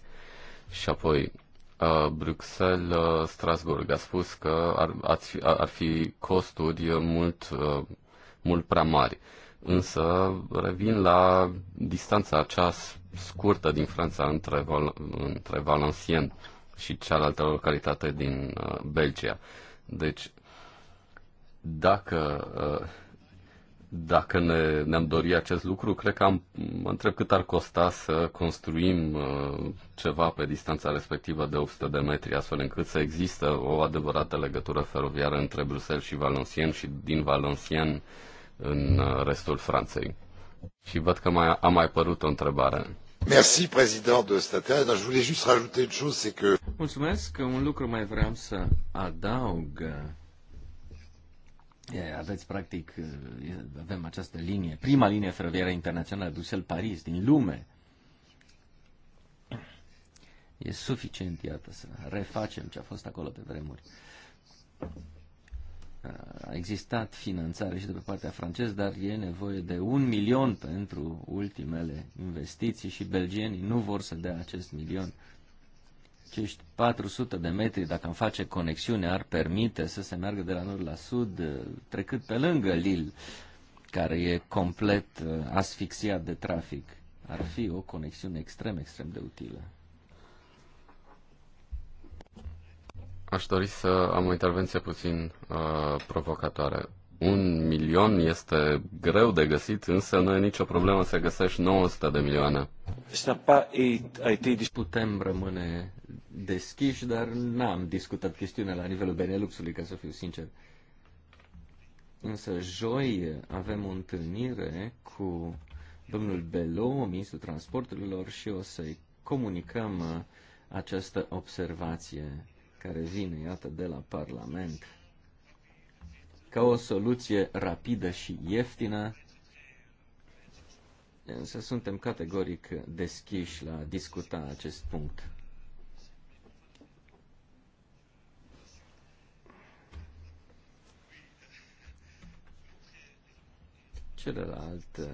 Și apoi, uh, Bruxelles, Strasburg a spus că ar, ați, ar fi costuri mult, uh, mult prea mari. Însă, revin la distanța aceasta scurtă din Franța între, Val- între Valenciennes și cealaltă localitate din uh, Belgia. Deci, dacă, uh, dacă ne, ne-am dori acest lucru, cred că am, mă întreb cât ar costa să construim uh, ceva pe distanța respectivă de 800 de metri, astfel încât să există o adevărată legătură feroviară între Bruxelles și Valenciennes și din Valenciennes în uh, restul Franței. Și văd că mai, a mai apărut o întrebare. Merci, président de Stater. Je voulais juste rajouter chose, c'est que... Mulțumesc. Un lucru mai vreau să adaug. Aveți, practic, avem această linie, prima linie feroviară internațională, Bruxelles-Paris, din lume. E suficient, iată, să refacem ce a fost acolo pe vremuri. A existat finanțare și de pe partea franceză, dar e nevoie de un milion pentru ultimele investiții și belgienii nu vor să dea acest milion. Acești 400 de metri, dacă am face conexiune, ar permite să se meargă de la nord la sud, eh, trecând pe lângă Lille, care e complet eh, asfixiat de trafic. Ar fi o conexiune extrem, extrem de utilă. Aș dori să am o intervenție puțin uh, provocatoare. Un milion este greu de găsit, însă nu e nicio problemă să găsești 900 de milioane. Putem rămâne deschiși, dar n-am discutat chestiunea la nivelul Beneluxului, ca să fiu sincer. Însă joi avem o întâlnire cu domnul Belo, ministrul transporturilor, și o să-i comunicăm uh, această observație care vine, iată, de la Parlament, ca o soluție rapidă și ieftină, însă suntem categoric deschiși la a discuta acest punct. Celălalt uh,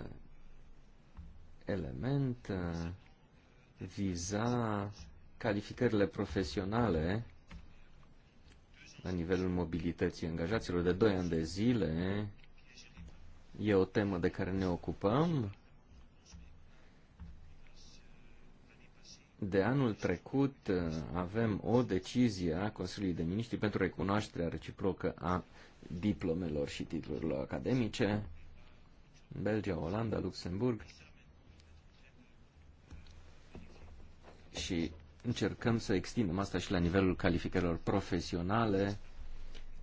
element uh, viza calificările profesionale la nivelul mobilității angajaților de 2 ani de zile. E o temă de care ne ocupăm. De anul trecut uh, avem o decizie a Consiliului de Miniștri pentru recunoașterea reciprocă a diplomelor și titlurilor academice Belgia, Olanda, Luxemburg. Și încercăm să extindem asta și la nivelul calificărilor profesionale.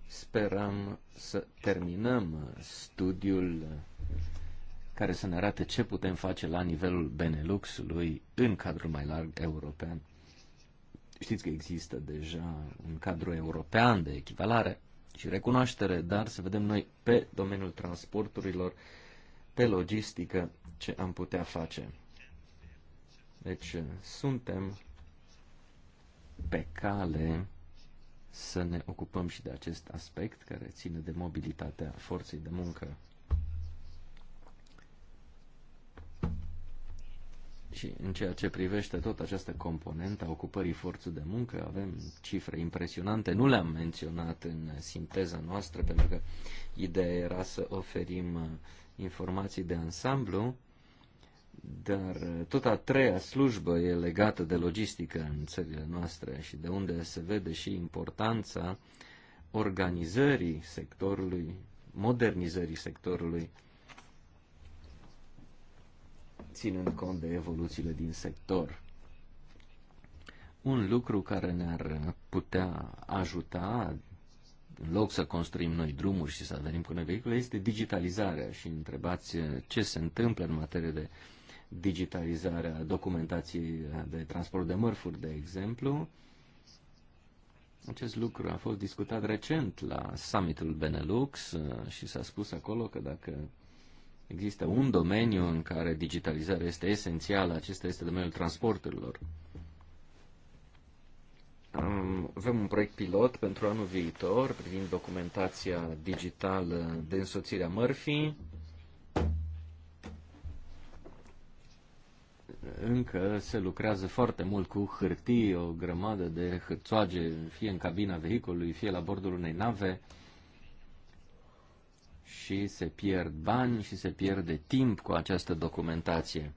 Sperăm să terminăm studiul care să ne arate ce putem face la nivelul Beneluxului în cadrul mai larg european. Știți că există deja un cadru european de echivalare și recunoaștere, dar să vedem noi pe domeniul transporturilor, pe logistică, ce am putea face. Deci suntem pe cale să ne ocupăm și de acest aspect care ține de mobilitatea forței de muncă. Și în ceea ce privește tot această componentă a ocupării forței de muncă, avem cifre impresionante. Nu le-am menționat în sinteza noastră, pentru că ideea era să oferim uh, informații de ansamblu, dar uh, tot a treia slujbă e legată de logistică în țările noastre și de unde se vede și importanța organizării sectorului, modernizării sectorului, ținând cont de evoluțiile din sector. Un lucru care ne-ar putea ajuta, în loc să construim noi drumuri și să venim cu noi vehicule, este digitalizarea. Și întrebați ce se întâmplă în materie de uh, digitalizarea documentației de transport de mărfuri, de exemplu. Acest lucru a fost discutat recent la summitul Benelux uh, și s-a spus acolo că dacă există un domeniu în care digitalizarea este esențială, acesta este domeniul transporturilor. Avem un proiect pilot pentru anul viitor privind documentația digitală de însoțire a mărfii. încă se lucrează foarte mult cu hârtii, o grămadă de hârțoage, fie în cabina vehiculului, fie la bordul unei nave și se pierd bani și se pierde timp cu această documentație.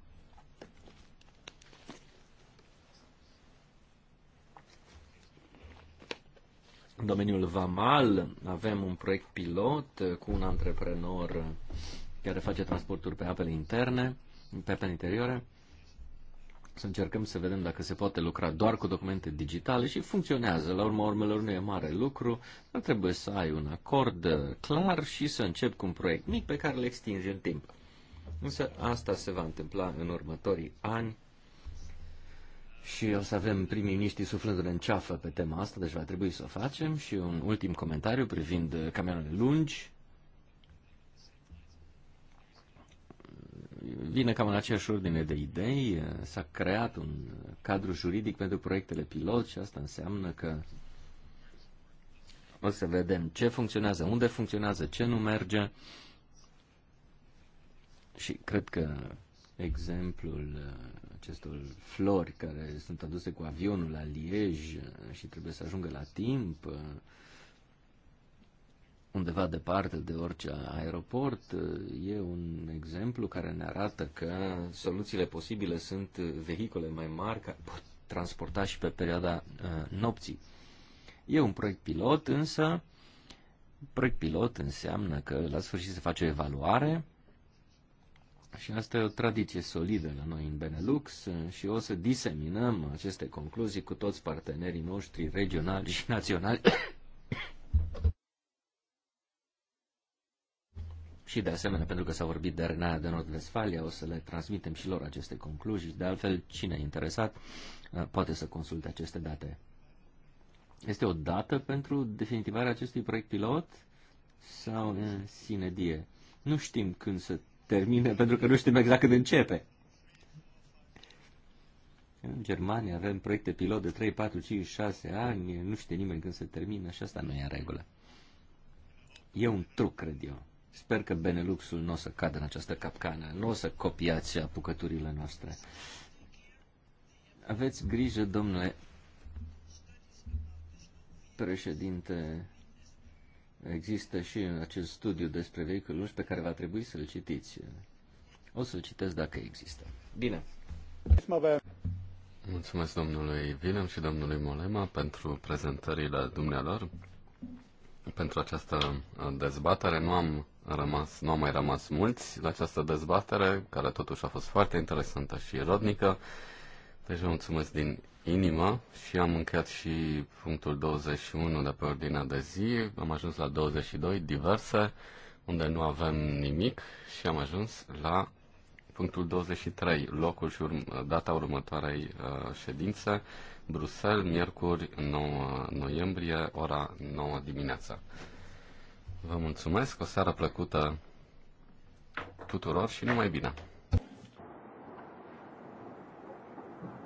În domeniul VAMAL avem un proiect pilot cu un antreprenor care face transporturi pe apele interne, pe apele interioare să încercăm să vedem dacă se poate lucra doar cu documente digitale și funcționează. La urma urmelor nu e mare lucru, dar trebuie să ai un acord clar și să începi cu un proiect mic pe care îl extinzi în timp. Însă asta se va întâmpla în următorii ani și o să avem primii miniștri suflându-ne în ceafă pe tema asta, deci va trebui să o facem. Și un ultim comentariu privind camioanele lungi. vine cam în aceeași ordine de idei. S-a creat un cadru juridic pentru proiectele pilot și asta înseamnă că o să vedem ce funcționează, unde funcționează, ce nu merge. Și cred că exemplul acestor flori care sunt aduse cu avionul la Liege și trebuie să ajungă la timp, undeva departe de orice aeroport, e un exemplu care ne arată că soluțiile posibile sunt vehicule mai mari care pot transporta și pe perioada uh, nopții. E un proiect pilot, însă proiect pilot înseamnă că la sfârșit se face o evaluare și asta e o tradiție solidă la noi în Benelux uh, și o să diseminăm aceste concluzii cu toți partenerii noștri regionali și naționali și de asemenea pentru că s-a vorbit de Renaia de Nord-Vestfalia, o să le transmitem și lor aceste concluzii, de altfel cine e interesat uh, poate să consulte aceste date. Este o dată pentru definitivarea acestui proiect pilot sau în uh, die? Nu știm când se termine, pentru că nu știm exact când începe. În Germania avem proiecte pilot de 3, 4, 5, 6 ani, nu știe nimeni când se termină și asta nu e în regulă. E un truc, cred eu. Sper că Beneluxul nu o să cadă în această capcană, nu o să copiați apucăturile noastre. Aveți grijă, domnule președinte, există și acest studiu despre vehiculul pe care va trebui să-l citiți. O să-l citesc dacă există. Bine. Mulțumesc domnului Vilem și domnului Molema pentru prezentările dumnealor, pentru această dezbatere. Nu am rămas, nu au mai rămas mulți la această dezbatere, care totuși a fost foarte interesantă și rodnică. Deci vă mulțumesc din inimă și am încheiat și punctul 21 de pe ordinea de zi. Am ajuns la 22, diverse, unde nu avem nimic și am ajuns la punctul 23, locul și urm- data următoarei uh, ședințe, Bruxelles, miercuri 9 noiembrie, ora 9 dimineața. Vă mulțumesc, o seară plăcută tuturor și numai bine!